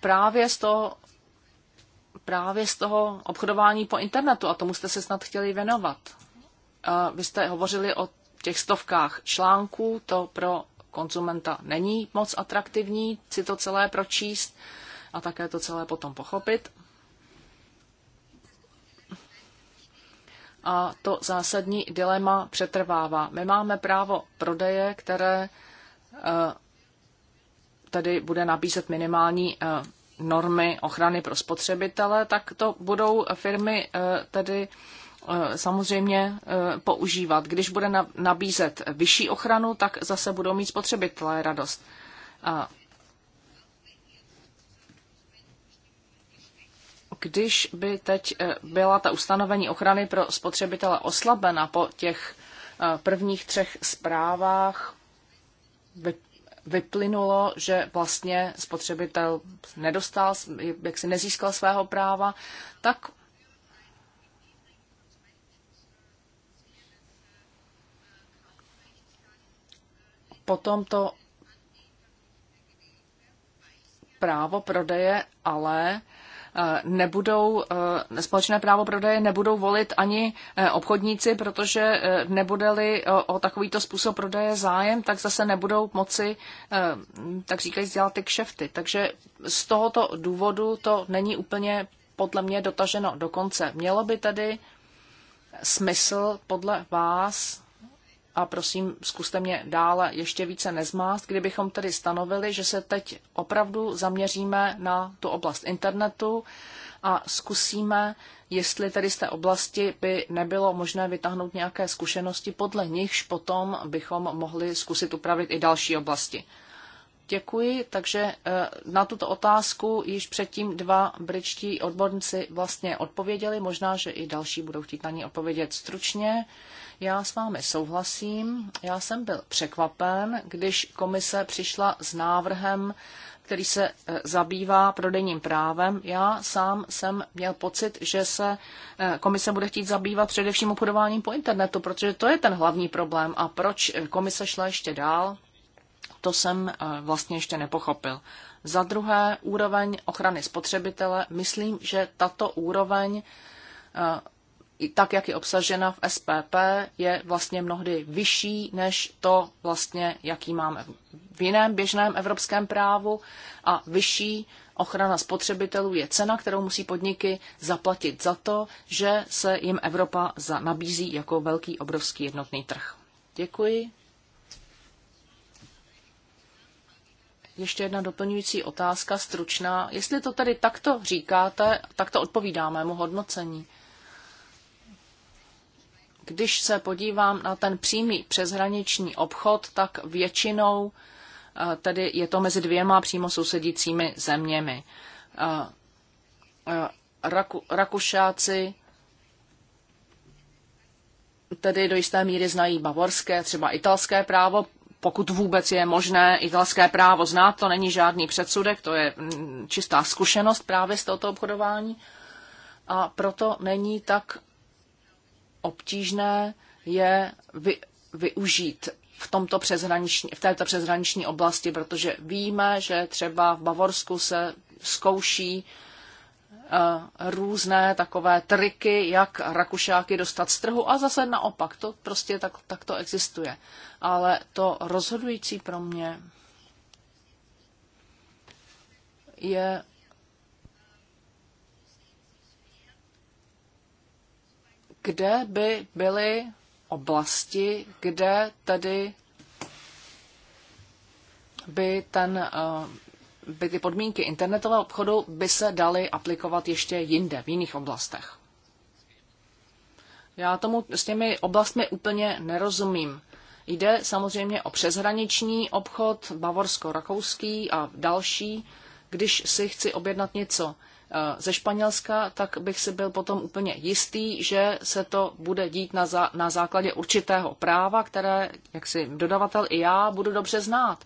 právě z toho, právě z toho obchodování po internetu a tomu jste se snad chtěli věnovat. Vy jste hovořili o těch stovkách článků, to pro konzumenta není moc atraktivní si to celé pročíst a také to celé potom pochopit. a to zásadní dilema přetrvává. My máme právo prodeje, které eh, tedy bude nabízet minimální eh, normy ochrany pro spotřebitele, tak to budou firmy eh, tedy samozřejmě používat. Když bude nabízet vyšší ochranu, tak zase budou mít spotřebitelé radost. když by teď eh, byla ta ustanovení ochrany pro spotřebitele oslabena po těch eh, prvních třech zprávách, vyplynulo, že vlastně spotřebitel nedostal, jak si nezískal svého práva, tak potom to právo prodeje ale Eh, nebudou, eh, společné právo prodeje nebudou volit ani eh, obchodníci, protože nebude-li o takovýto způsob prodeje zájem, tak zase nebudou moci, tak říkají, dělat ty kšefty. Takže z tohoto důvodu to není úplně podle mě dotaženo do konce. Mělo by tedy smysl podle vás a prosím, zkuste mě dále ještě více nezmást, kdybychom tedy stanovili, že se teď opravdu zaměříme na tu oblast internetu a zkusíme, jestli tedy z té oblasti by nebylo možné vytáhnout nějaké zkušenosti, podle nichž potom bychom mohli zkusit upravit i další oblasti. Děkuji, takže eh, na tuto otázku již předtím dva britští odborníci vlastně odpověděli, možná, že i další budou chtít na ní odpovědět stručně. Já s vámi souhlasím. Já jsem byl překvapen, když komise přišla s návrhem, který se eh, zabývá prodejním právem. Já sám jsem měl pocit, že se eh, komise bude chtít zabývat především obchodováním po internetu, protože to je ten hlavní problém. A proč komise šla ještě dál? to jsem eh, vlastně ještě nepochopil. Za druhé, úroveň ochrany spotřebitele. Myslím, že tato úroveň, eh, tak jak je obsažena v SPP, je vlastně mnohdy vyšší než to, vlastně, jaký máme v jiném běžném evropském právu a vyšší ochrana spotřebitelů je cena, kterou musí podniky zaplatit za to, že se jim Evropa nabízí jako velký, obrovský jednotný trh. Děkuji. Ještě jedna doplňující otázka, stručná. Jestli to tedy takto říkáte, tak to odpovídá mému hodnocení. Když se podívám na ten přímý přeshraniční obchod, tak většinou eh, tedy je to mezi dvěma přímo sousedícími zeměmi. Eh, eh, Raku, Rakušáci tedy do jisté míry znají bavorské, třeba italské právo, pokud vůbec je možné, italské právo znát, to není žádný předsudek, to je mm, čistá zkušenost právě z tohoto obchodování. A proto není tak obtížné je vy, využít v, tomto přeshraniční, v této přeshraniční oblasti, protože víme, že třeba v Bavorsku se zkouší Eh, různé takové triky, jak rakušáky dostat z trhu a zase naopak. To prostě tak, tak to existuje. Ale to rozhodující pro mě je kde by byly oblasti, kde tedy by ten eh, by ty podmínky internetového obchodu by se daly aplikovat ještě jinde, v jiných oblastech. Já tomu s těmi oblastmi úplně nerozumím. Jde samozřejmě o přeshraniční obchod, bavorsko-rakouský a další. Když si chci objednat něco eh, ze Španělska, tak bych si byl potom úplně jistý, že se to bude dít na, zá, na základě určitého práva, které, jak si dodavatel i já, budu dobře znát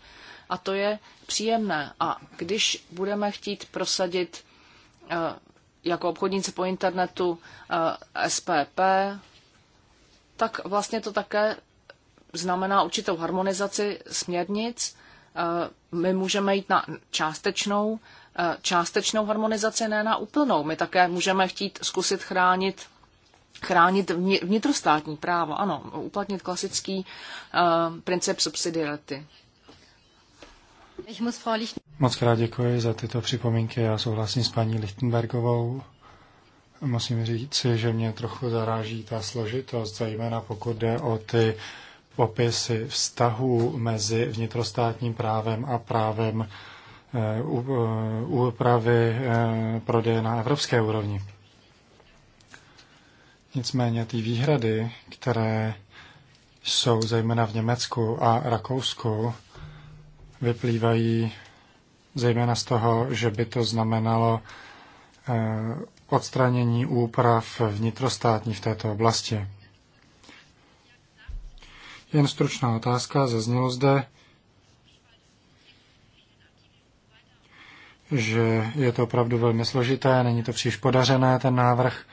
a to je příjemné. A když budeme chtít prosadit eh, jako obchodníci po internetu eh, SPP, tak vlastně to také znamená určitou harmonizaci směrnic. Eh, my můžeme jít na částečnou, částečnou harmonizaci, ne na úplnou. My také můžeme chtít zkusit chránit chránit vnitrostátní právo, ano, uplatnit klasický princip subsidiarity. Moc krát děkuji za tyto připomínky. Já souhlasím s paní Lichtenbergovou. Musím říct, že mě trochu zaráží ta složitost, zejména pokud jde o ty popisy vztahů mezi vnitrostátním právem a právem eh, eh, úpravy eh, prodeje na evropské úrovni. Nicméně ty výhrady, které jsou zejména v Německu a Rakousku, vyplývají zejména z toho, že by to znamenalo eh, odstranění úprav vnitrostátní v této oblasti. Jen stručná otázka zaznělo zde, že je to opravdu velmi složité, není to příliš podařené, ten návrh.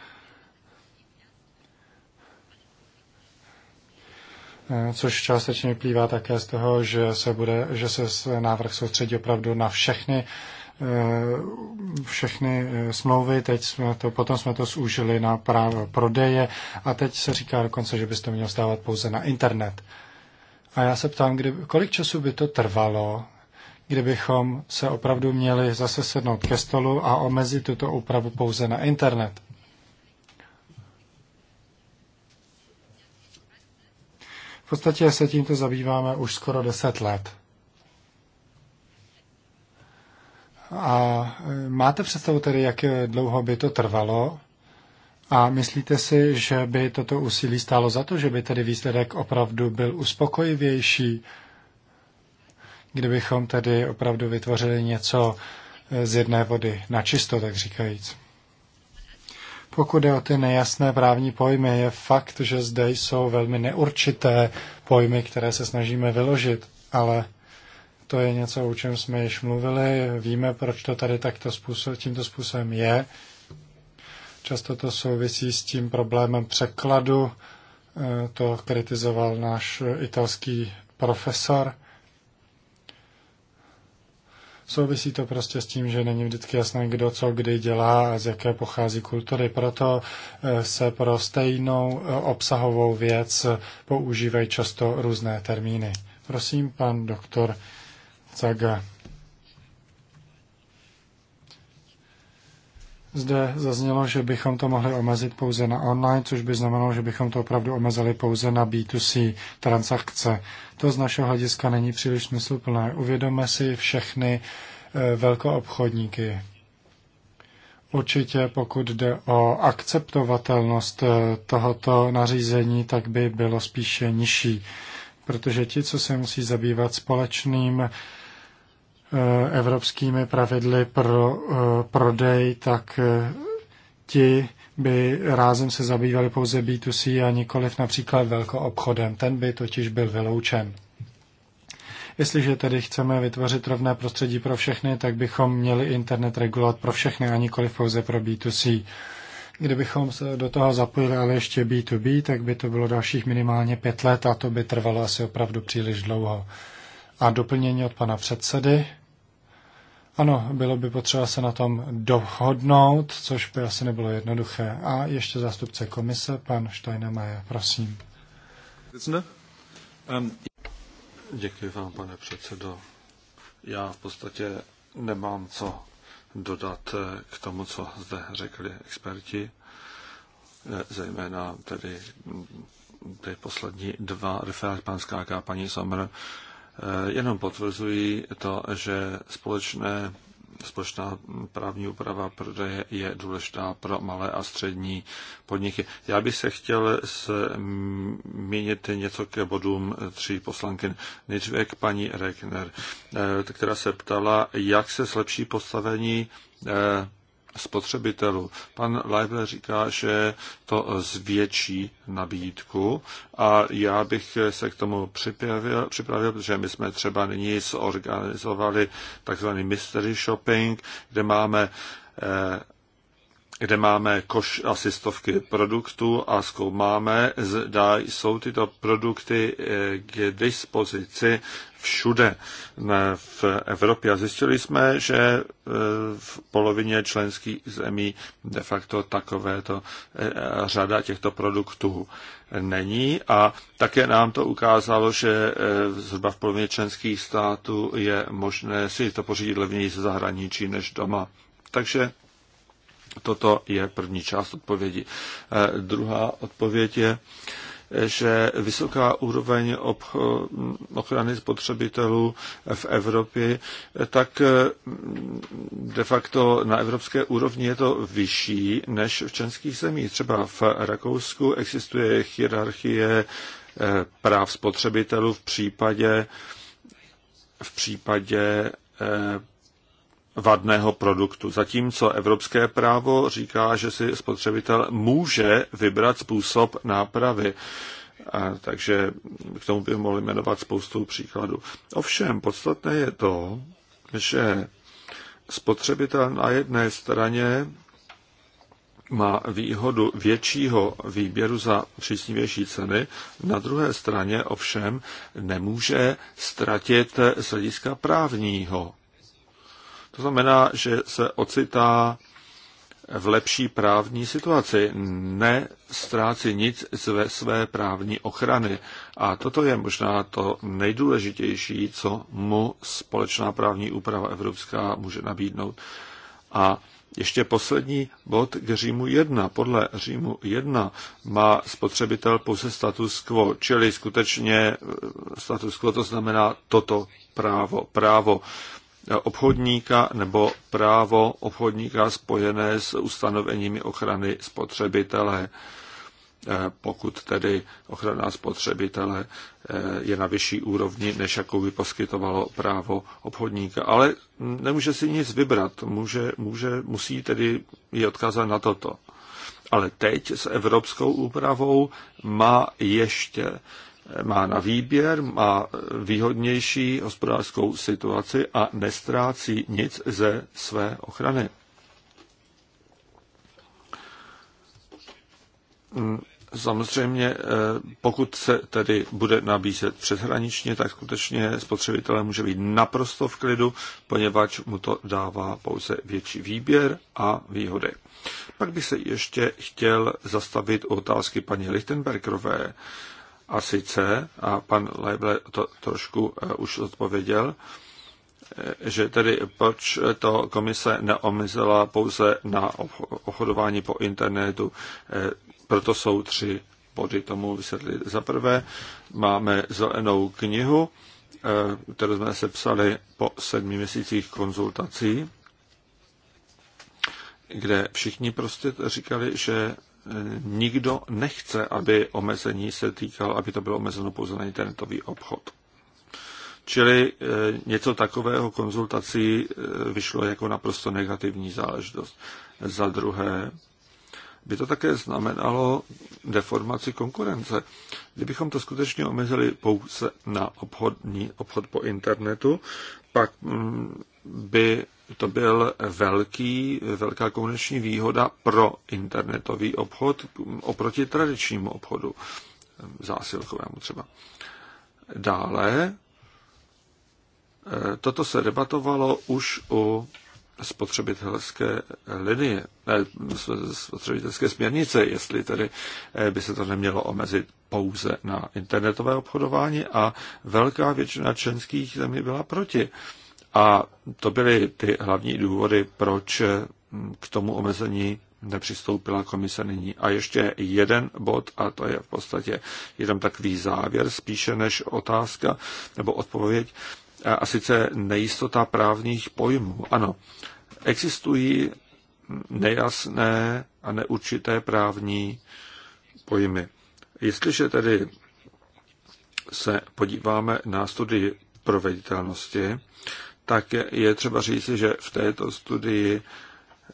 Eh, což částečně vyplývá také z toho, že se, bude, že se návrh soustředí opravdu na všechny eh, všechny eh, smlouvy, teď jsme to, potom jsme to zúžili na právo prodeje a teď se říká dokonce, že byste měl stávat pouze na internet. A já se ptám, kdy, kolik času by to trvalo, kdybychom se opravdu měli zase sednout ke stolu a omezit tuto úpravu pouze na internet. V podstatě se tímto zabýváme už skoro 10 let. A e, máte představu tedy, jak dlouho by to trvalo? A myslíte si, že by toto úsilí stálo za to, že by tedy výsledek opravdu byl uspokojivější, kdybychom tedy opravdu vytvořili něco e, z jedné vody na čisto, tak říkajíc? Pokud je o ty nejasné právní pojmy, je fakt, že zde jsou velmi neurčité pojmy, které se snažíme vyložit, ale to je něco, o čem jsme již mluvili. Víme, proč to tady takto způsob, tímto způsobem je. Často to souvisí s tím problémem překladu. Eh, to kritizoval náš italský profesor. Souvisí to prostě s tím, že není vždycky jasné, kdo co kdy dělá a z jaké pochází kultury. Proto eh, se pro stejnou eh, obsahovou věc eh, používají často různé termíny. Prosím, pan doktor Zaga, Zde zaznělo, že bychom to mohli omezit pouze na online, což by znamenalo, že bychom to opravdu omezili pouze na B2C transakce. To z našeho hlediska není příliš smysluplné. Uvědomme si všechny eh, velkoobchodníky. Určitě pokud jde o akceptovatelnost eh, tohoto nařízení, tak by bylo spíše nižší, protože ti, co se musí zabývat společným eh, evropskými pravidly pro prodej, tak ti by rázem se zabývali pouze B2C a nikoliv například velkoobchodem. Ten by totiž byl vyloučen. Jestliže tedy chceme vytvořit rovné prostředí pro všechny, tak bychom měli internet regulovat pro všechny a nikoli pouze pro B2C. Kdybychom se do toho zapojili ale ještě B2B, tak by to bylo dalších minimálně pět let a to by trvalo asi opravdu příliš dlouho. A doplnění od pana předsedy. Ano, bylo by potřeba se na tom dohodnout, což by asi nebylo jednoduché. A ještě zástupce komise, pan Steinemeier, prosím. Děkuji vám, pane předsedo. Já v podstatě nemám co dodat eh, k tomu, co zde řekli experti, eh, zejména tedy mm, ty poslední dva referát pan Skáka a paní Sommer Eh, jenom potvrzují to, že společné, společná právní úprava prodeje je důležitá pro malé a střední podniky. Já bych se chtěl zmínit něco ke bodům tří poslanky. Nejdříve k paní Regner, eh, která se ptala, jak se zlepší postavení eh, spotřebitelů. Pan Leibler říká, že to zvětší nabídku a já bych se k tomu připravil, připravil protože my jsme třeba nyní zorganizovali takzvaný mystery shopping, kde máme eh, kde máme koš asi stovky produktů a zkoumáme, zda jsou tyto produkty eh, k dispozici všude v Evropě. A zjistili jsme, že eh, v polovině členských zemí de facto takovéto eh, řada těchto produktů není. A také nám to ukázalo, že zhruba v polovině členských států je možné si to pořídit levněji ze zahraničí než doma. Takže Toto je první část odpovědi. Eh, druhá odpověď je, že vysoká úroveň mm, ochrany spotřebitelů v Evropě, eh, tak eh, mm, de facto na evropské úrovni je to vyšší než v českých zemích. Třeba v Rakousku existuje hierarchie práv spotřebitelů v případě v případě vadného produktu. Zatímco evropské právo říká, že si spotřebitel může vybrat způsob nápravy. A, takže k tomu bych mohl jmenovat spoustu příkladů. Ovšem, podstatné je to, že spotřebitel na jedné straně má výhodu většího výběru za příznivější ceny, na druhé straně ovšem nemůže ztratit z hlediska právního. To znamená, že se ocitá v lepší právní situaci, nestrácí nic ze své právní ochrany. A toto je možná to nejdůležitější, co mu společná právní úprava evropská může nabídnout. A ještě poslední bod k Římu 1. Podle Římu 1 má spotřebitel pouze status quo, čili skutečně eh, status quo to znamená toto právo. Právo obchodníka nebo právo obchodníka spojené s ustanoveními ochrany spotřebitele, eh, pokud tedy ochrana spotřebitele eh, je na vyšší úrovni, než jakou by poskytovalo právo obchodníka. Ale nemůže si nic vybrat, může, může, musí tedy je odkázat na toto. Ale teď s evropskou úpravou má ještě má na výběr, má výhodnější hospodářskou situaci a nestrácí nic ze své ochrany. Mm, samozřejmě, eh, pokud se tedy bude nabízet přeshraničně, tak skutečně spotřebitelé může být naprosto v klidu, poněvadž mu to dává pouze větší výběr a výhody. Pak bych se ještě chtěl zastavit u otázky paní Lichtenbergerové a sice, a pan Leible to trošku eh, už odpověděl, eh, že tedy proč to komise neomezila pouze na obchodování po internetu. Eh, proto jsou tři body tomu vysvětlit. Za prvé máme zelenou knihu, kterou jsme se psali po sedmi měsících konzultací, kde všichni prostě říkali, že nikdo nechce, aby omezení se týkalo, aby to bylo omezeno pouze na internetový obchod. Čili e, něco takového konzultací e, vyšlo jako naprosto negativní záležitost. Za druhé, by to také znamenalo deformaci konkurence. Kdybychom to skutečně omezili pouze na obchodní, obchod po internetu, pak mm, by to byl velký, velká komerční výhoda pro internetový obchod oproti tradičnímu obchodu, zásilkovému třeba. Dále, eh, toto se debatovalo už u spotřebitelské linie, ne, eh, spotřebitelské směrnice, jestli tedy eh, by se to nemělo omezit pouze na internetové obchodování a velká většina členských zemí byla proti. A to byly ty hlavní důvody, proč k tomu omezení nepřistoupila komise nyní. A ještě jeden bod, a to je v podstatě jenom takový závěr, spíše než otázka nebo odpověď, a sice nejistota právních pojmů. Ano, existují nejasné a neurčité právní pojmy. Jestliže tedy se podíváme na studii proveditelnosti, tak je třeba říct, že v této studii eh,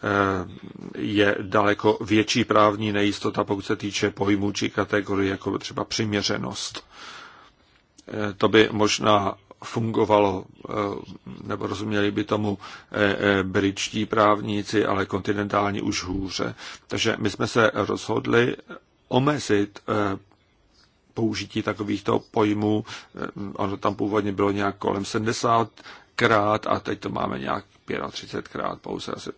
je daleko větší právní nejistota, pokud se týče pojmů či kategorii, jako třeba přiměřenost. Eh, to by možná fungovalo, eh, nebo rozuměli by tomu britští právníci, ale kontinentální už hůře. Takže my jsme se rozhodli omezit použití takovýchto pojmů. Ono tam původně bylo nějak kolem 70, krát a teď to máme nějak 35 krát pouze asi.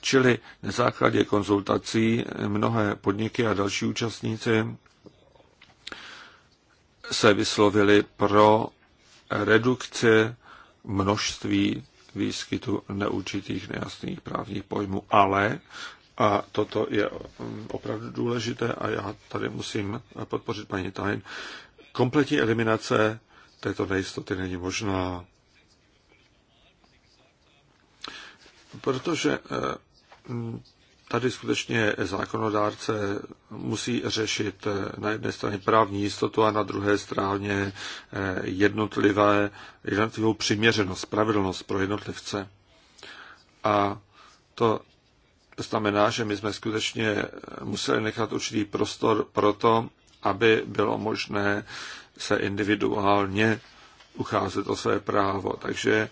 Čili na základě konzultací mnohé podniky a další účastníci se vyslovili pro redukci množství výskytu neurčitých nejasných právních pojmů, ale a toto je opravdu důležité a já tady musím podpořit paní Tajn. Kompletní eliminace této nejistoty není možná. protože eh, tady skutečně zákonodárce musí řešit eh, na jedné straně právní jistotu a na druhé straně eh, jednotlivé, jednotlivou přiměřenost, spravedlnost pro jednotlivce. A to znamená, že my jsme skutečně museli nechat určitý prostor pro to, aby bylo možné se individuálně ucházet o své právo. Takže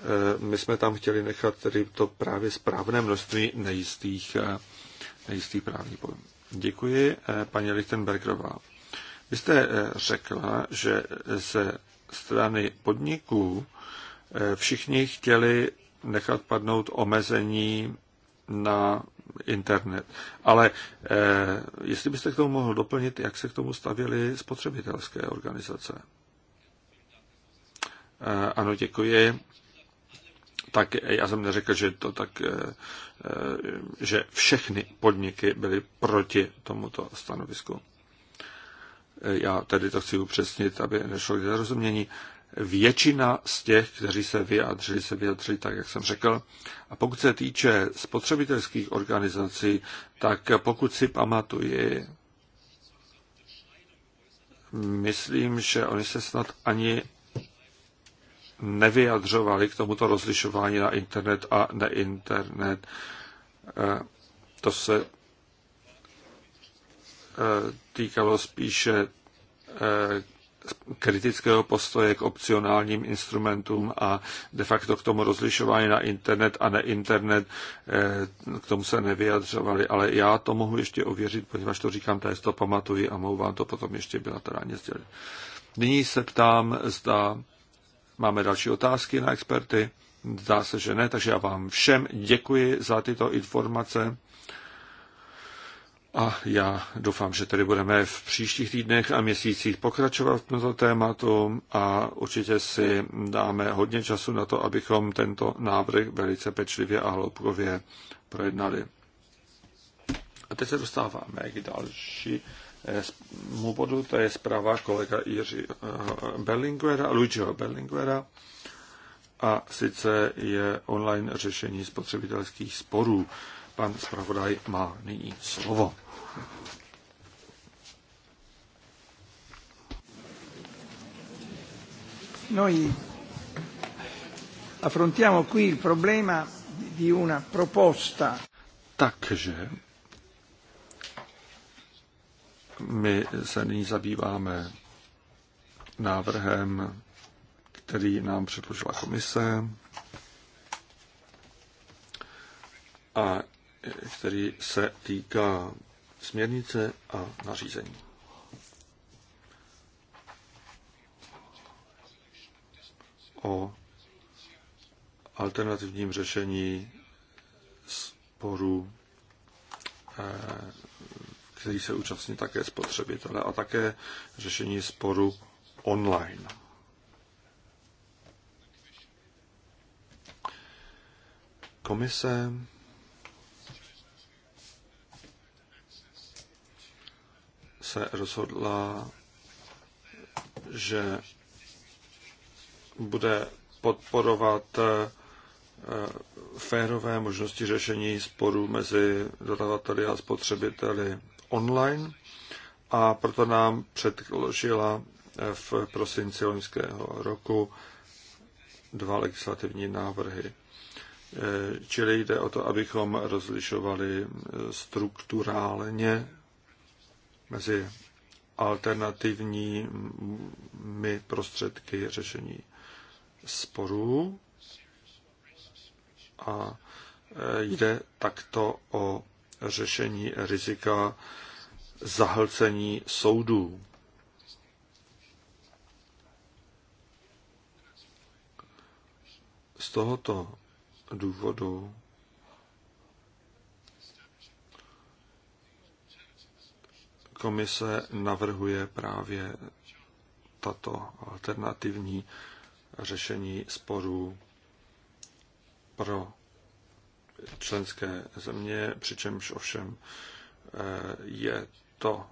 Eh, my jsme tam chtěli nechat tedy to právě správné množství nejistých, eh, nejistých právních pojmů. Děkuji, eh, paní Lichtenbergerová. Vy jste řekla, že ze strany podniků všichni chtěli nechat padnout omezení na internet. Ale jestli byste k tomu mohl doplnit, jak se k tomu stavěly spotřebitelské organizace? ano, děkuji tak eh, já jsem neřekl, že to tak, eh, eh, že všechny podniky byly proti tomuto stanovisku. Já tady to chci upřesnit, aby nešlo k zarozumění. Většina z těch, kteří se vyjádřili, se vyjádřili tak, jak jsem řekl. A pokud se týče spotřebitelských organizací, tak pokud si pamatuji, myslím, že oni se snad ani nevyjadřovali k tomuto rozlišování na internet a neinternet. Eh, to se eh, týkalo spíše eh, kritického postoje k opcionálním instrumentům a de facto k tomu rozlišování na internet a neinternet, k tomu se nevyjadřovali, ale já to mohu ještě ověřit, poněvadž to říkám, tady to pamatuji a mohu vám to potom ještě bilaterálně sdělit. Nyní se ptám, zda Máme další otázky na experty? Zdá se, že ne, takže já vám všem děkuji za tyto informace. A já doufám, že tady budeme v příštích týdnech a měsících pokračovat v tomto tématu a určitě si dáme hodně času na to, abychom tento návrh velice pečlivě a hloubkově projednali. A teď se dostáváme k další Eh, mu bodu, to je zpráva kolega Jiří eh, Bellinguera, Luigiho Bellinguera, a sice je online řešení spotřebitelských sporů. Pan zpravodaj má nyní slovo. Noi affrontiamo qui il problema di una proposta. Takže my se nyní zabýváme návrhem, který nám předložila komise a který se týká směrnice a nařízení. O alternativním řešení sporu eh, který se účastní také spotřebitele a také řešení sporu online. Komise se rozhodla, že bude podporovat eh, férové možnosti řešení sporů mezi dodavateli a spotřebiteli online a proto nám předložila eh, v prosinci loňského roku dva legislativní návrhy. Eh, čili jde o to, abychom rozlišovali eh, strukturálně mezi alternativními prostředky řešení sporů a jde takto o řešení rizika zahlcení soudů. Z tohoto důvodu komise navrhuje právě tato alternativní řešení sporů pro členské země, přičemž ovšem eh, je to.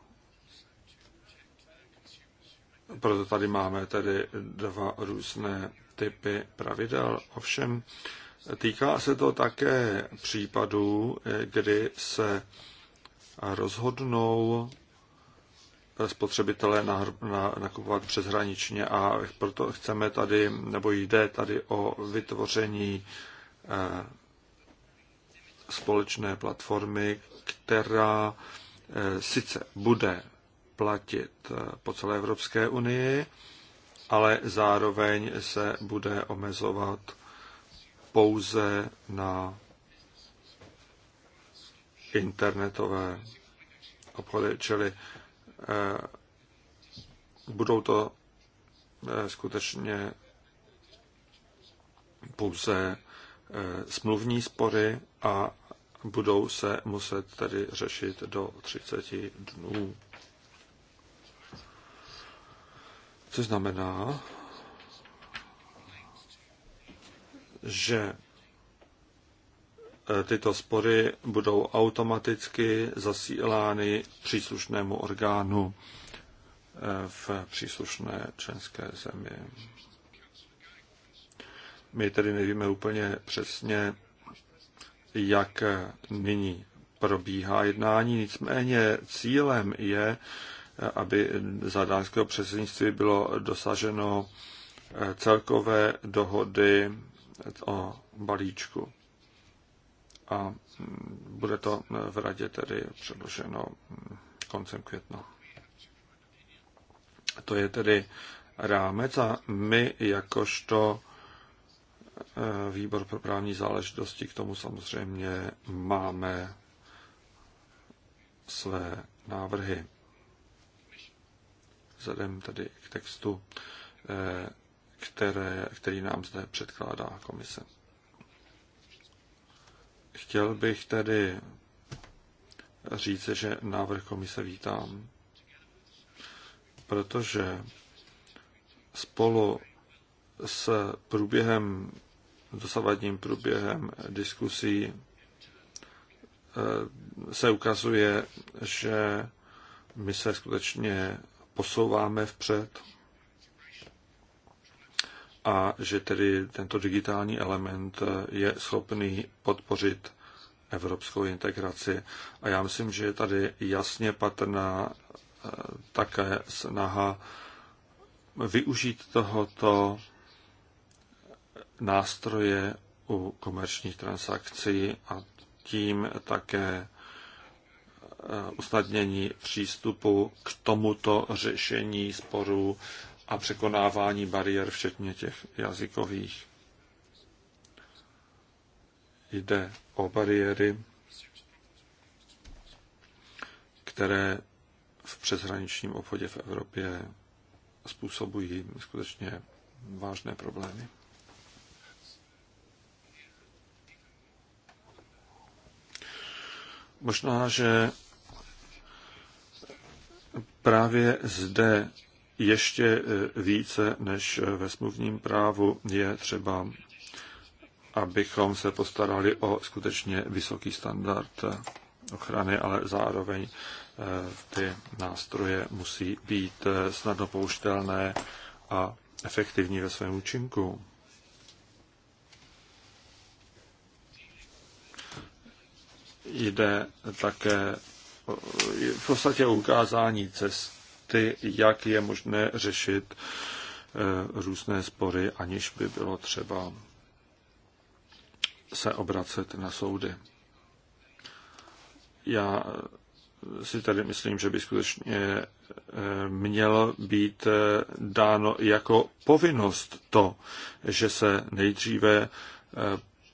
Proto tady máme tedy dva různé typy pravidel. Ovšem týká se to také případů, eh, kdy se rozhodnou eh, spotřebitelé nakupovat přeshraničně a proto chceme tady, nebo jde tady o vytvoření společné platformy, která eh, sice bude platit eh, po celé Evropské unii, ale zároveň se bude omezovat pouze na internetové obchody, čili eh, budou to skutečně pouze smluvní spory a budou se muset tedy řešit do 30 dnů. Co znamená, že eh, tyto spory budou automaticky zasílány příslušnému orgánu eh, v příslušné členské zemi. My tedy nevíme úplně přesně, jak nyní probíhá jednání. Nicméně cílem je, aby za dánského předsednictví bylo dosaženo eh, celkové dohody o balíčku. A mm, bude to eh, v radě tedy předloženo mm, koncem května. To je tedy rámec a my jakožto Eh, výbor pro právní záležitosti, k tomu samozřejmě máme své návrhy. Vzhledem tedy k textu, eh, které, který nám zde předkládá komise. Chtěl bych tedy říct, že návrh komise vítám, protože spolu s průběhem, dosavadním průběhem diskusí eh, se ukazuje, že my se skutečně posouváme vpřed a že tedy tento digitální element eh, je schopný podpořit evropskou integraci. A já myslím, že je tady jasně patrná eh, také snaha využít tohoto nástroje u komerčních transakcí a tím také eh, usnadnění přístupu k tomuto řešení sporů a překonávání bariér, včetně těch jazykových. Jde o bariéry, které v přeshraničním obchodě v Evropě způsobují skutečně vážné problémy. Možná, že právě zde ještě eh, více než ve smluvním právu je třeba, abychom se postarali o skutečně vysoký standard ochrany, ale zároveň eh, ty nástroje musí být eh, snadno pouštelné a efektivní ve svém účinku. jde také v podstatě o ukázání cesty, jak je možné řešit e, různé spory, aniž by bylo třeba se obracet na soudy. Já si tady myslím, že by skutečně e, mělo být e, dáno jako povinnost to, že se nejdříve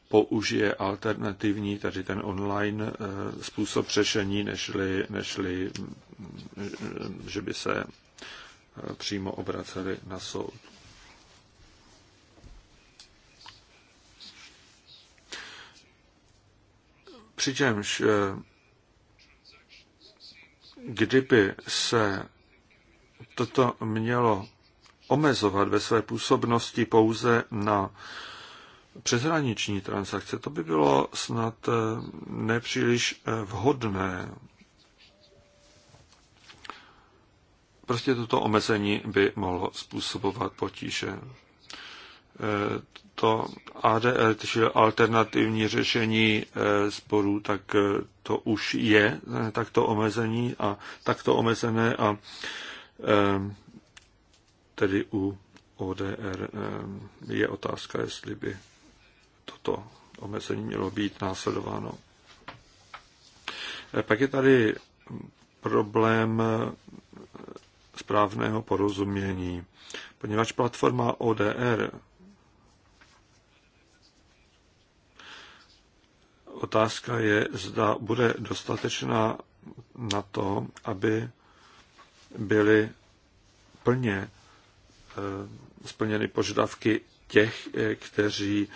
použije alternativní, tedy ten online eh, způsob řešení, nežli, nežli mm, že by se eh, přímo obraceli na soud. Přičemž, eh, kdyby se toto mělo omezovat ve své působnosti pouze na přeshraniční transakce, to by bylo snad eh, nepříliš eh, vhodné. Prostě toto omezení by mohlo způsobovat potíže. Eh, to ADR, čili e, alternativní řešení sporů, tak to už je takto omezení a takto omezené a tedy u ODR je otázka, jestli by toto omezení mělo být následováno. Eh, pak je tady problém eh, správného porozumění, poněvadž platforma ODR otázka je, zda bude dostatečná na to, aby byly plně eh, splněny požadavky těch, kteří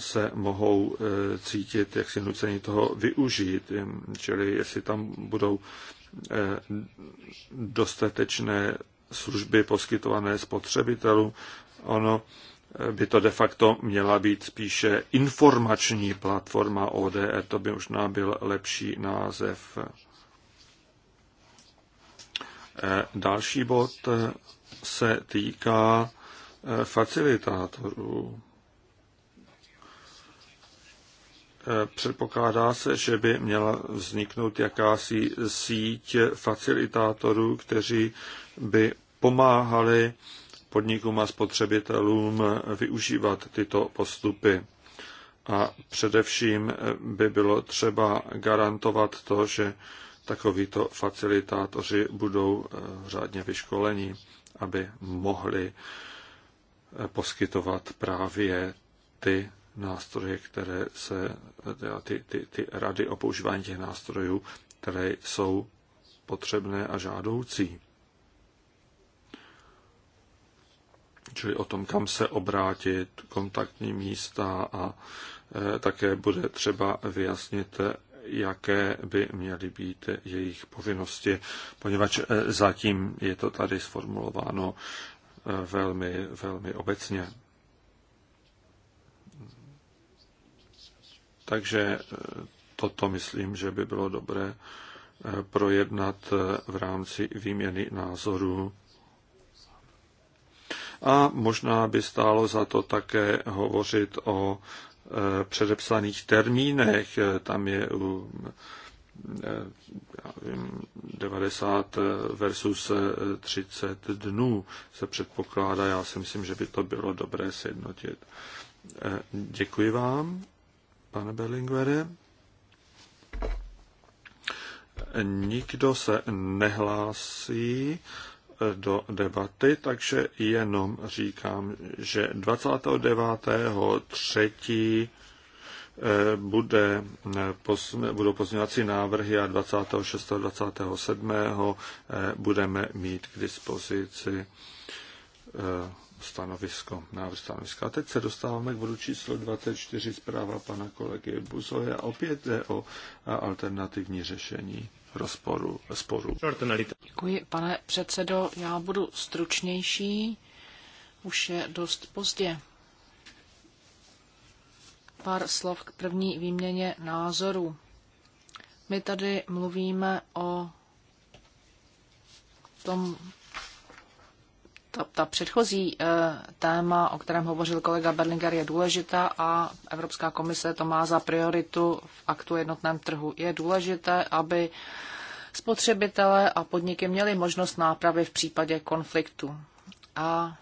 se mohou eh, cítit jak si nuceni toho využít. Čili jestli tam budou eh, dostatečné služby poskytované spotřebitelům, ono eh, by to de facto měla být spíše informační platforma ODE, to by nám byl lepší název. Další bod se týká facilitátorů. E, předpokládá se, že by měla vzniknout jakási síť facilitátorů, kteří by pomáhali podnikům a spotřebitelům využívat tyto postupy. A především by bylo třeba garantovat to, že takovýto facilitátoři budou e, řádně vyškoleni, aby mohli e, poskytovat právě ty nástroje, které se, teda ty, ty, ty rady o používání těch nástrojů, které jsou potřebné a žádoucí. Čili o tom, kam se obrátit, kontaktní místa a e, také bude třeba vyjasnit, jaké by měly být jejich povinnosti, poněvadž e, zatím je to tady sformulováno e, velmi, velmi obecně. Takže e, toto myslím, že by bylo dobré e, projednat e, v rámci výměny názorů. A možná by stálo za to také hovořit o předepsaných termínech. Tam je u 90 versus 30 dnů se předpokládá. Já si myslím, že by to bylo dobré sjednotit. Děkuji vám pane Berlinguere. Nikdo se nehlásí eh, do debaty, takže jenom říkám, že 29.3. Eh, bude, eh, budou pozměňovací návrhy a 26. a 27. budeme mít k dispozici stanovisko, návrh stanoviska. A teď se dostáváme k bodu číslo 24, zpráva pana kolegy Buzoje. A opět jde o alternativní řešení rozporu, sporu. Děkuji, pane předsedo. Já budu stručnější. Už je dost pozdě. Pár slov k první výměně názorů. My tady mluvíme o tom ta, ta předchozí eh, téma, o kterém hovořil kolega Berlinger, je důležitá a Evropská komise to má za prioritu v aktu jednotném trhu. Je důležité, aby spotřebitelé a podniky měli možnost nápravy v případě konfliktu. A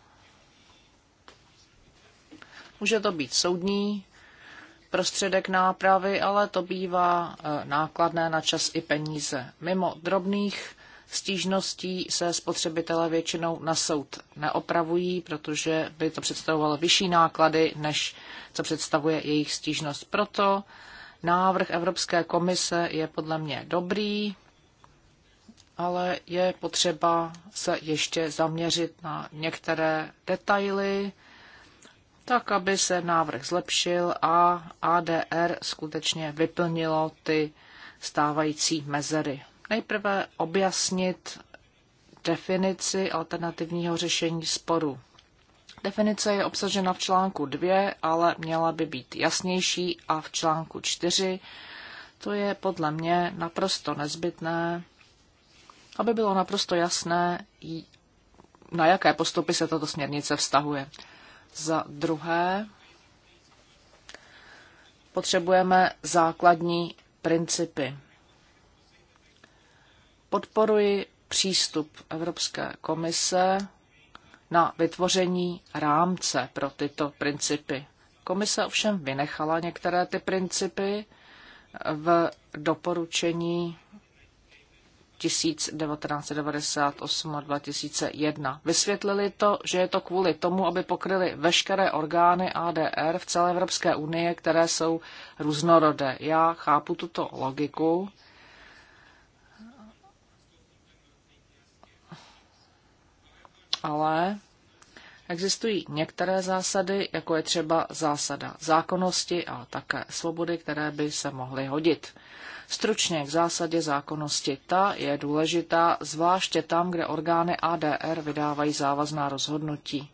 může to být soudní prostředek nápravy, ale to bývá eh, nákladné na čas i peníze. Mimo drobných Stížností se spotřebitelé většinou na soud neopravují, protože by to představovalo vyšší náklady, než co představuje jejich stížnost. Proto návrh Evropské komise je podle mě dobrý, ale je potřeba se ještě zaměřit na některé detaily, tak aby se návrh zlepšil a ADR skutečně vyplnilo ty stávající mezery. Nejprve objasnit definici alternativního řešení sporu. Definice je obsažena v článku 2, ale měla by být jasnější a v článku 4. To je podle mě naprosto nezbytné, aby bylo naprosto jasné, na jaké postupy se tato směrnice vztahuje. Za druhé, potřebujeme základní principy. Podporuji přístup Evropské komise na vytvoření rámce pro tyto principy. Komise ovšem vynechala některé ty principy v doporučení 1998 a 2001. Vysvětlili to, že je to kvůli tomu, aby pokryli veškeré orgány ADR v celé Evropské unii, které jsou různorodé. Já chápu tuto logiku, ale existují některé zásady, jako je třeba zásada zákonnosti, a také svobody, které by se mohly hodit. Stručně k zásadě zákonnosti. Ta je důležitá, zvláště tam, kde orgány ADR vydávají závazná rozhodnutí.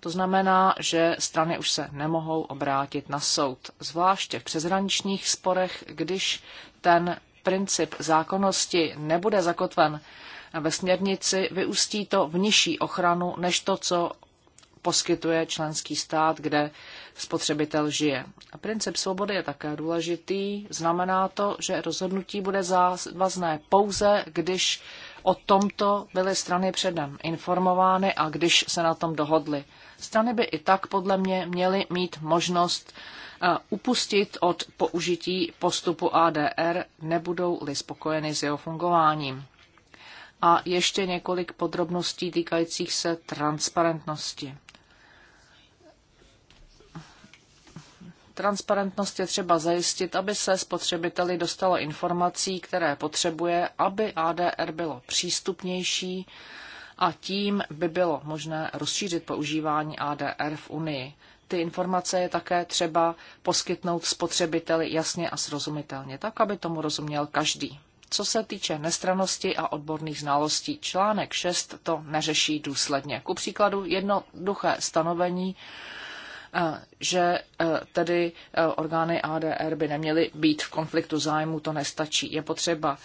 To znamená, že strany už se nemohou obrátit na soud, zvláště v přezraničních sporech, když ten princip zákonnosti nebude zakotven ve směrnici, vyústí to v nižší ochranu než to, co poskytuje členský stát, kde spotřebitel žije. A princip svobody je také důležitý. Znamená to, že rozhodnutí bude závazné pouze, když o tomto byly strany předem informovány a když se na tom dohodly. Strany by i tak podle mě měly mít možnost eh, upustit od použití postupu ADR, nebudou-li spokojeny s jeho fungováním a ještě několik podrobností týkajících se transparentnosti. Transparentnost je třeba zajistit, aby se spotřebiteli dostalo informací, které potřebuje, aby ADR bylo přístupnější a tím by bylo možné rozšířit používání ADR v Unii. Ty informace je také třeba poskytnout spotřebiteli jasně a srozumitelně, tak aby tomu rozuměl každý. Co se týče nestranosti a odborných znalostí, článek 6 to neřeší důsledně. Ku příkladu jednoduché stanovení, eh, že eh, tedy eh, orgány ADR by neměly být v konfliktu zájmu, to nestačí. Je potřeba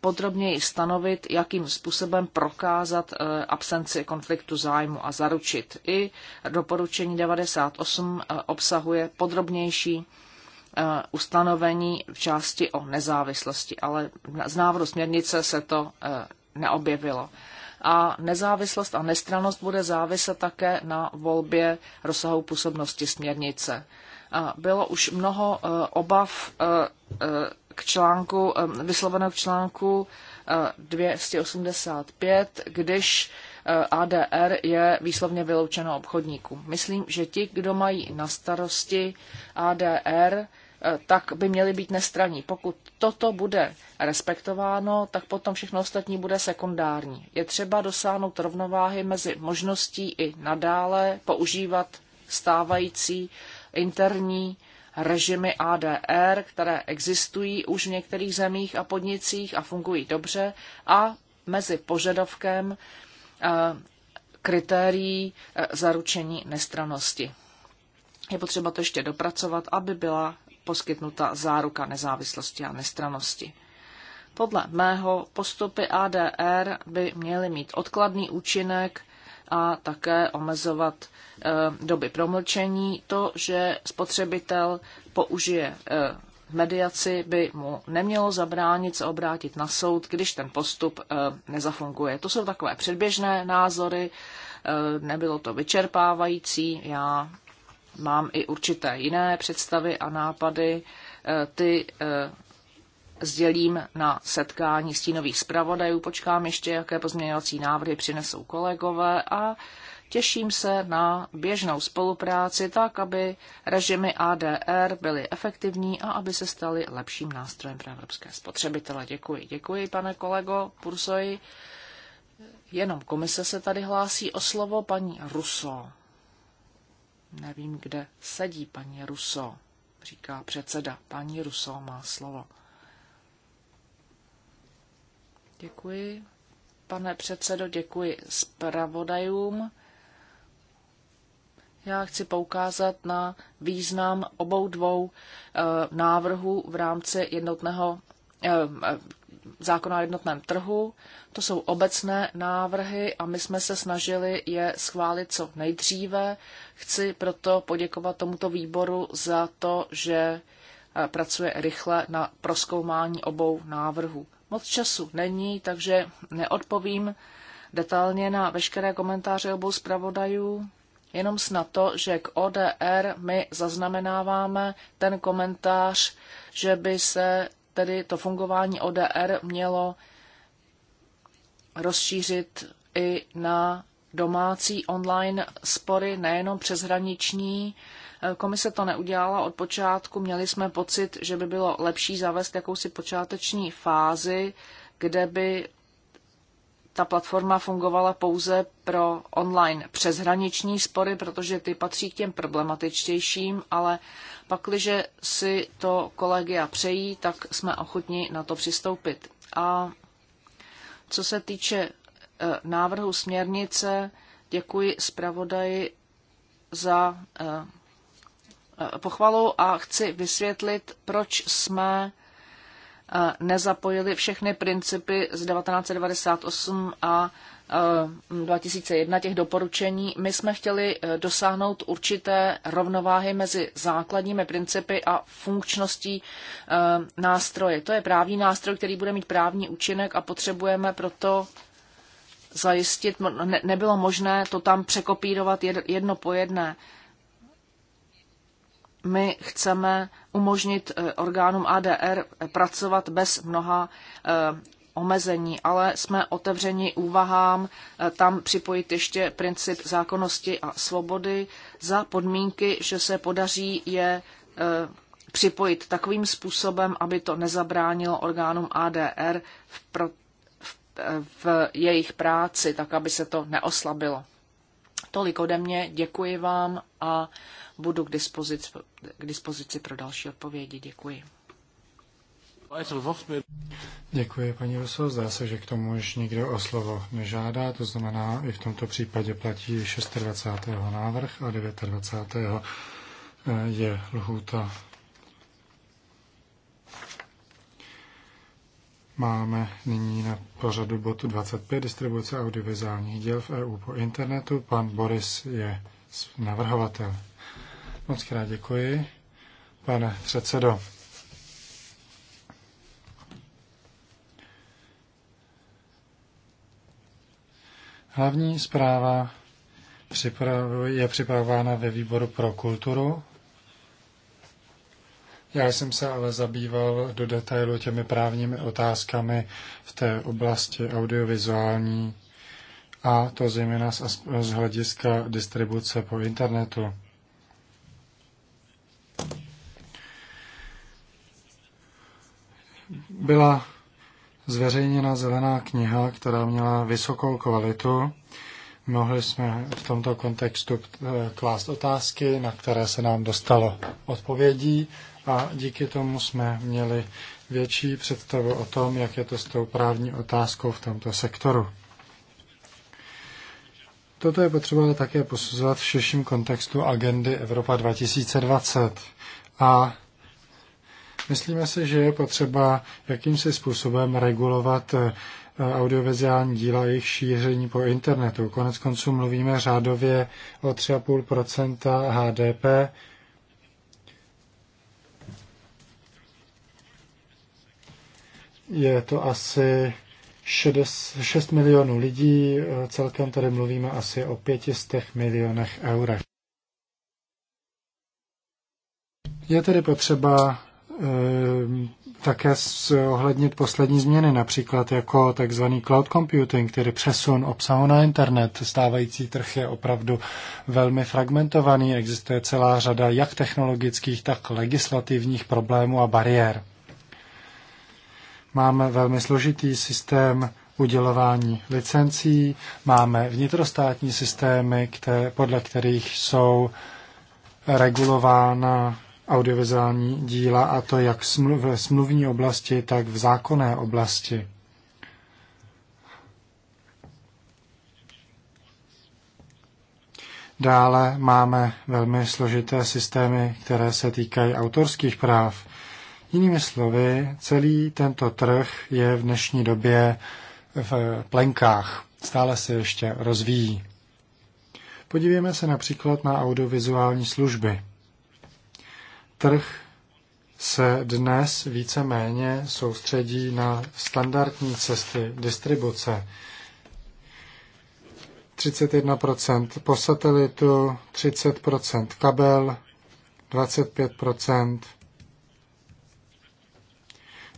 podrobněji stanovit, jakým způsobem prokázat absenci konfliktu zájmu a zaručit. I doporučení 98 obsahuje podrobnější Eh, ustanovení v části o nezávislosti, ale z návrhu směrnice se to eh, neobjevilo. A nezávislost a nestranost bude záviset také na volbě rozsahu působnosti směrnice. Bylo už mnoho eh, obav k článku, vysloveno k článku 285, když Eh, ADR je výslovně vyloučeno obchodníkům. Myslím, že ti, kdo mají na starosti ADR, eh, tak by měli být nestraní. Pokud toto bude respektováno, tak potom všechno ostatní bude sekundární. Je třeba dosáhnout rovnováhy mezi možností i nadále používat stávající interní režimy ADR, které existují už v některých zemích a podnicích a fungují dobře, a mezi požadavkem Eh, kritérií eh, zaručení nestranosti. Je potřeba to ještě dopracovat, aby byla poskytnuta záruka nezávislosti a nestranosti. Podle mého postupy ADR by měly mít odkladný účinek a také omezovat eh, doby promlčení. To, že spotřebitel použije mediaci by mu nemělo zabránit se obrátit na soud, když ten postup eh, nezafunguje. To jsou takové předběžné názory, eh, nebylo to vyčerpávající, já mám i určité jiné představy a nápady, eh, ty sdělím na setkání stínových zpravodajů, počkám ještě, jaké pozměňovací návrhy přinesou kolegové a Těším se na běžnou spolupráci tak, aby režimy ADR byly efektivní a aby se staly lepším nástrojem pro evropské spotřebitele. Děkuji. Děkuji, pane kolego Pursoji. Jenom komise se tady hlásí o slovo paní Ruso. Nevím, kde sedí paní Ruso, říká předseda. Paní Ruso má slovo. Děkuji, pane předsedo, děkuji zpravodajům. Já chci poukázat na význam obou dvou eh, návrhů v rámci jednotného eh, zákona o jednotném trhu. To jsou obecné návrhy a my jsme se snažili je schválit co nejdříve. Chci proto poděkovat tomuto výboru za to, že eh, pracuje rychle na proskoumání obou návrhů. Moc času není, takže neodpovím detailně na veškeré komentáře obou zpravodajů jenom snad to, že k ODR my zaznamenáváme ten komentář, že by se tedy to fungování ODR mělo rozšířit i na domácí online spory, nejenom přeshraniční. Komise to neudělala od počátku, měli jsme pocit, že by bylo lepší zavést jakousi počáteční fázi, kde by ta platforma fungovala pouze pro online přeshraniční spory, protože ty patří k těm problematičtějším, ale pakliže si to kolegia přejí, tak jsme ochotni na to přistoupit. A co se týče e, návrhu směrnice, děkuji zpravodaji za e, e, pochvalu a chci vysvětlit, proč jsme nezapojili všechny principy z 1998 a 2001 e, těch doporučení, my jsme chtěli e, dosáhnout určité rovnováhy mezi základními principy a funkčností e, nástroje. To je právní nástroj, který bude mít právní účinek a potřebujeme proto zajistit, ne, nebylo možné to tam překopírovat jedno po jedné my chceme umožnit eh, orgánům ADR pracovat bez mnoha eh, omezení, ale jsme otevřeni úvahám eh, tam připojit ještě princip zákonnosti a svobody za podmínky, že se podaří je připojit takovým způsobem, aby to nezabránilo orgánům ADR v, pro, v, v jejich práci, tak aby se to neoslabilo. Tolik ode mě, děkuji vám a budu k dispozici, k dispozici pro další odpovědi. Děkuji. Děkuji, paní Ruso. Zdá se, že k tomu už nikdo o slovo nežádá, to znamená, i v tomto případě platí 26. návrh a 29. Eh, je lhůta. Máme nyní na pořadu botu 25 distribuce audiovizuálních děl v EU po internetu. Pan Boris je navrhovatel. Moc krát děkuji, pane předsedo. Hlavní zpráva je připravována ve výboru pro kulturu. Já jsem se ale zabýval do detailu těmi právními otázkami v té oblasti audiovizuální a to zejména z, hlediska distribuce po internetu. byla zveřejněna zelená kniha, která měla vysokou kvalitu. Mohli jsme v tomto kontextu eh, klást otázky, na které se nám dostalo odpovědí a díky tomu jsme měli větší představu o tom, jak je to s tou právní otázkou v tomto sektoru. Toto je potřeba také posuzovat v širším kontextu agendy Evropa 2020 a Myslíme si, že je potřeba jakýmsi způsobem regulovat eh, audiovizuální díla a jejich šíření po internetu. Konec konců mluvíme řádově o 3,5 HDP. Je to asi 6 milionů lidí, eh, celkem tady mluvíme asi o 500 milionech eurech. Je tedy potřeba Eh, také ohlednit poslední změny, například jako takzvaný cloud computing, který přesun obsahu na internet. Stávající trh je opravdu velmi fragmentovaný, existuje celá řada jak technologických, tak legislativních problémů a bariér. Máme velmi složitý systém udělování licencí, máme vnitrostátní systémy, které, podle kterých jsou regulována audiovizuální díla, a to jak v smluvní oblasti, tak v zákonné oblasti. Dále máme velmi složité systémy, které se týkají autorských práv. Jinými slovy, celý tento trh je v dnešní době v plenkách. Stále se ještě rozvíjí. Podívejme se například na audiovizuální služby. Trh se dnes víceméně soustředí na standardní cesty distribuce. 31% po satelitu, 30% kabel, 25%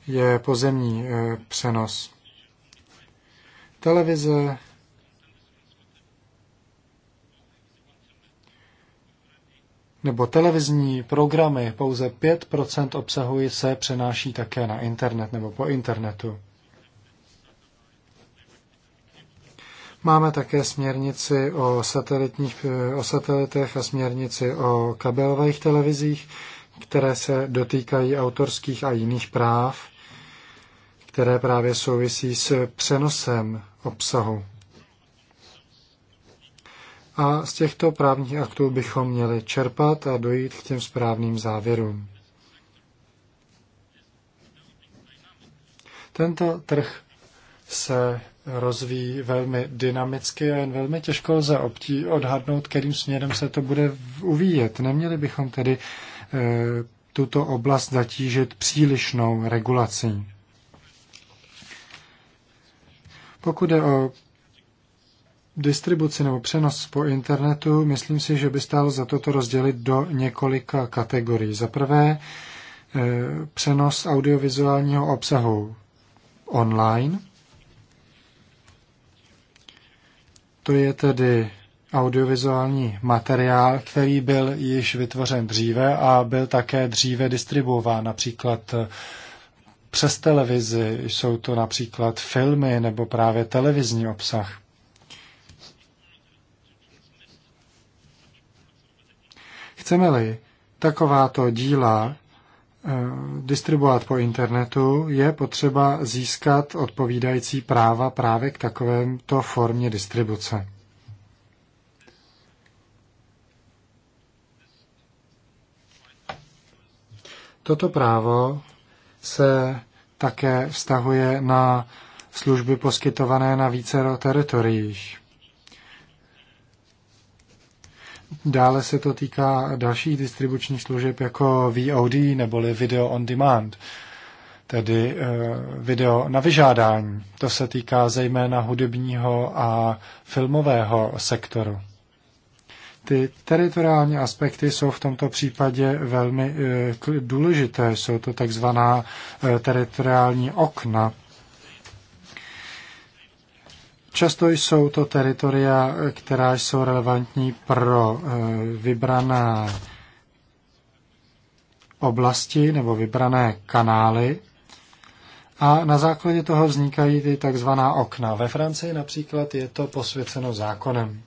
je pozemní eh, přenos. Televize nebo televizní programy, pouze 5% obsahu se přenáší také na internet nebo po internetu. Máme také směrnici o, satelitních, eh, o satelitech a směrnici o kabelových televizích, které se dotýkají autorských a jiných práv, které právě souvisí s přenosem obsahu. A z těchto právních aktů bychom měli čerpat a dojít k těm správným závěrům. Tento trh se rozvíjí velmi dynamicky a jen velmi těžko lze obtí odhadnout, kterým směrem se to bude uvíjet. Neměli bychom tedy e, tuto oblast zatížit přílišnou regulací. Pokud je o distribuci nebo přenos po internetu, myslím si, že by stálo za toto rozdělit do několika kategorií. Za prvé, e, přenos audiovizuálního obsahu online. To je tedy audiovizuální materiál, který byl již vytvořen dříve a byl také dříve distribuován, například e, přes televizi, jsou to například filmy nebo právě televizní obsah. Chceme-li takováto díla eh, distribuovat po internetu, je potřeba získat odpovídající práva právě k takovémto formě distribuce. Toto právo se také vztahuje na služby poskytované na vícero teritoriích. Dále se to týká dalších distribučních služeb jako VOD neboli Video on Demand, tedy eh, video na vyžádání. To se týká zejména hudebního a filmového sektoru. Ty teritoriální aspekty jsou v tomto případě velmi eh, důležité. Jsou to takzvaná eh, teritoriální okna Často jsou to teritoria, která jsou relevantní pro eh, vybrané oblasti nebo vybrané kanály. A na základě toho vznikají ty takzvaná okna. Ve Francii například je to posvěceno zákonem.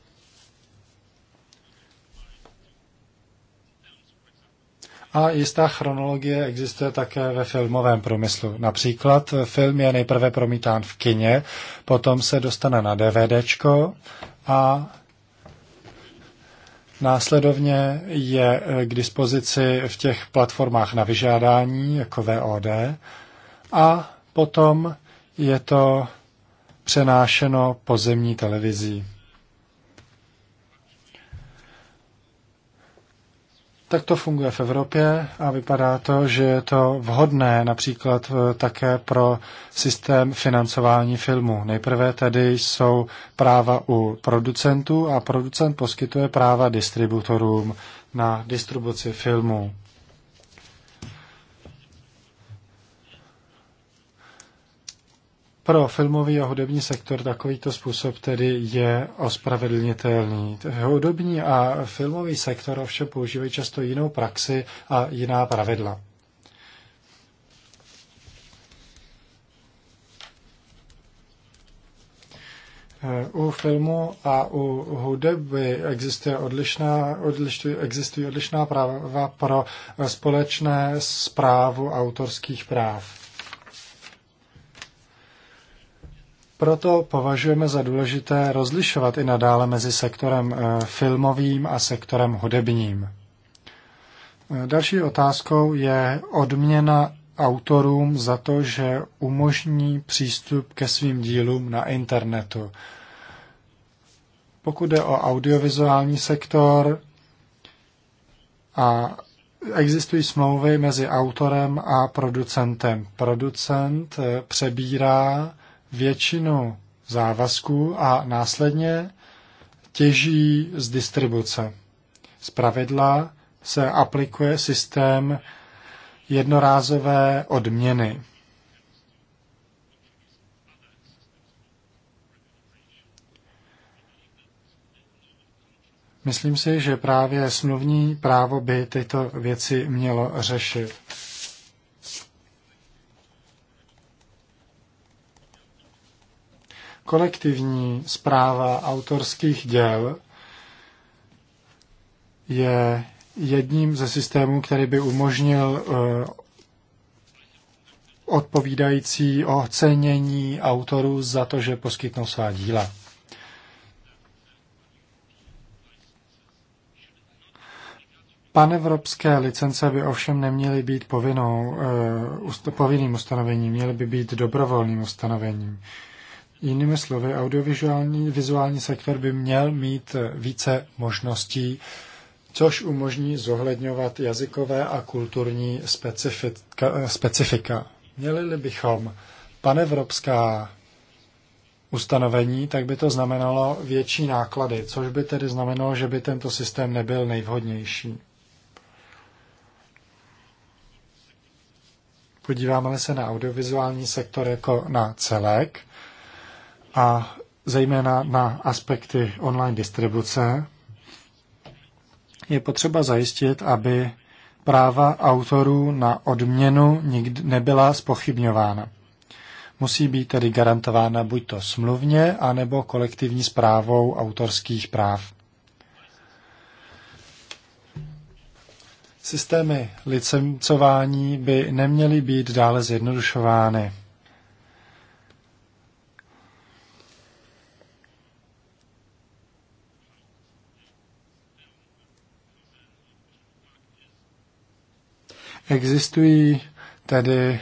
A jistá chronologie existuje také ve filmovém průmyslu. Například film je nejprve promítán v kině, potom se dostane na DVDčko a Následovně je eh, k dispozici v těch platformách na vyžádání, jako VOD, a potom je to přenášeno pozemní televizí. Tak to funguje v Evropě a vypadá to, že je to vhodné například eh, také pro systém financování filmu. Nejprve tedy jsou práva u producentů a producent poskytuje práva distributorům na distribuci filmu. Pro filmový a hudební sektor takovýto způsob tedy je ospravedlnitelný. Hudební a filmový sektor ovšem používají často jinou praxi a jiná pravidla. U filmu a u hudeby existuje odlišná, odlišují, existují odlišná práva pro společné zprávu autorských práv. Proto považujeme za důležité rozlišovat i nadále mezi sektorem eh, filmovým a sektorem hudebním. Eh, další otázkou je odměna autorům za to, že umožní přístup ke svým dílům na internetu. Pokud jde o audiovizuální sektor, a existují smlouvy mezi autorem a producentem. Producent eh, přebírá většinu závazků a následně těží z distribuce. Z pravidla se aplikuje systém jednorázové odměny. Myslím si, že právě smluvní právo by tyto věci mělo řešit. kolektivní zpráva autorských děl je jedním ze systémů, který by umožnil eh, odpovídající ocenění autorů za to, že poskytnou svá díla. Panevropské licence by ovšem neměly být povinnou, eh, povinným ustanovením, měly by být dobrovolným ustanovením. Jinými slovy, audiovizuální vizuální sektor by měl mít více možností, což umožní zohledňovat jazykové a kulturní specifika. specifika. Měli bychom panevropská ustanovení, tak by to znamenalo větší náklady, což by tedy znamenalo, že by tento systém nebyl nejvhodnější. Podíváme se na audiovizuální sektor jako na celek, a zejména na aspekty online distribuce, je potřeba zajistit, aby práva autorů na odměnu nikdy nebyla spochybňována. Musí být tedy garantována buď to smluvně, anebo kolektivní zprávou autorských práv. Systémy licencování by neměly být dále zjednodušovány. Existují tedy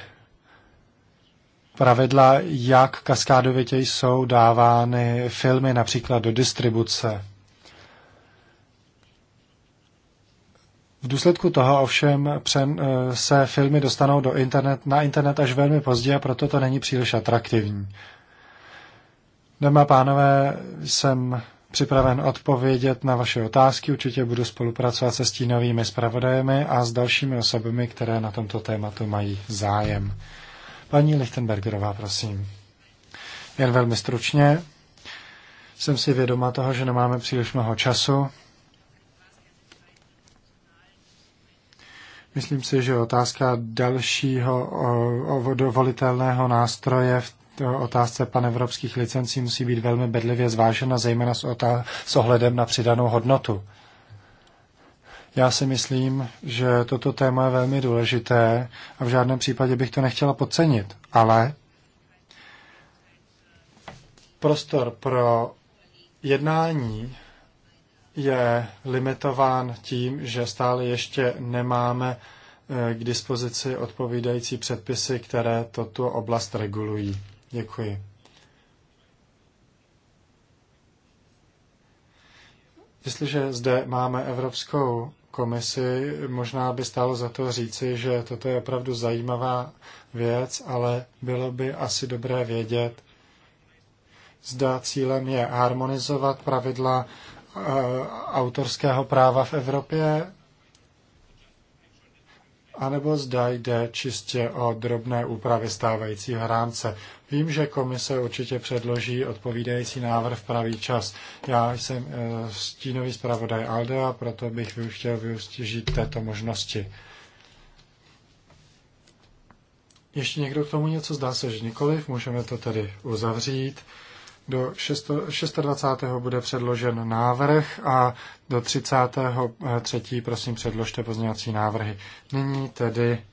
pravidla, jak kaskádovitě jsou dávány filmy například do distribuce. V důsledku toho ovšem eh, se filmy dostanou do internet, na internet až velmi pozdě a proto to není příliš atraktivní. Dámy a pánové, jsem připraven odpovědět na vaše otázky. Určitě budu spolupracovat se stínovými zpravodajemi a s dalšími osobami, které na tomto tématu mají zájem. Paní Lichtenbergerová, prosím. Jen velmi stručně. Jsem si vědoma toho, že nemáme příliš mnoho času. Myslím si, že otázka dalšího o, volitelného nástroje v to otázce evropských licencí musí být velmi bedlivě zvážena, zejména s, otá- s ohledem na přidanou hodnotu. Já si myslím, že toto téma je velmi důležité a v žádném případě bych to nechtěla podcenit, ale prostor pro jednání je limitován tím, že stále ještě nemáme eh, k dispozici odpovídající předpisy, které toto oblast regulují. Děkuji. Jestliže zde máme Evropskou komisi, možná by stálo za to říci, že toto je opravdu zajímavá věc, ale bylo by asi dobré vědět, zda cílem je harmonizovat pravidla eh, autorského práva v Evropě, anebo zda jde čistě o drobné úpravy stávajícího rámce. Vím, že komise určitě předloží odpovídající návrh v pravý čas. Já jsem eh, stínový zpravodaj ALDE a proto bych chtěl využít této možnosti. Ještě někdo k tomu něco zdá se, že nikoliv, můžeme to tedy uzavřít. Do 26. bude předložen návrh a do 33. prosím předložte pozměňovací návrhy. Nyní tedy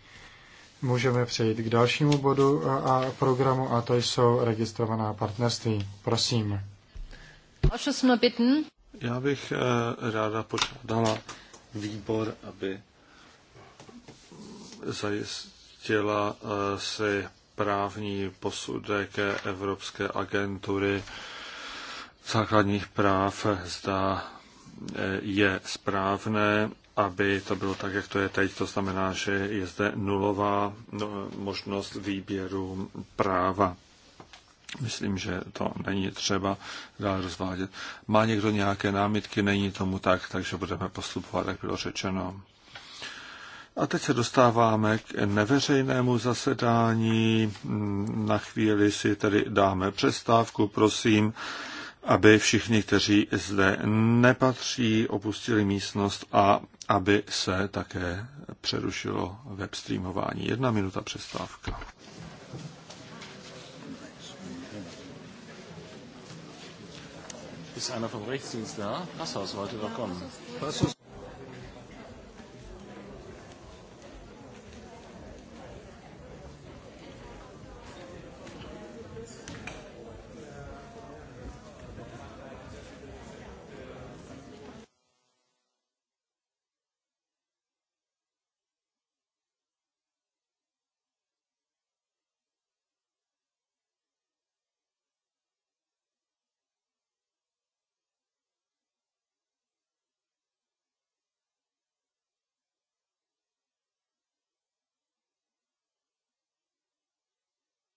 můžeme přejít k dalšímu bodu a programu a to jsou registrovaná partnerství. Prosím. Já bych eh, ráda požádala výbor, aby zajistila eh, si právní posudek Evropské agentury základních práv, zda e, je správné, aby to bylo tak, jak to je teď. To znamená, že je zde nulová no, možnost výběru práva. Myslím, že to není třeba dál rozvádět. Má někdo nějaké námitky? Není tomu tak, takže budeme postupovat, jak bylo řečeno. A teď se dostáváme k neveřejnému zasedání. Na chvíli si tedy dáme přestávku, prosím, aby všichni, kteří zde nepatří, opustili místnost a aby se také přerušilo webstreamování. Jedna minuta přestávka. Ist einer vom Rechtsdienst da? Passhaus wollte doch kommen. Passhaus.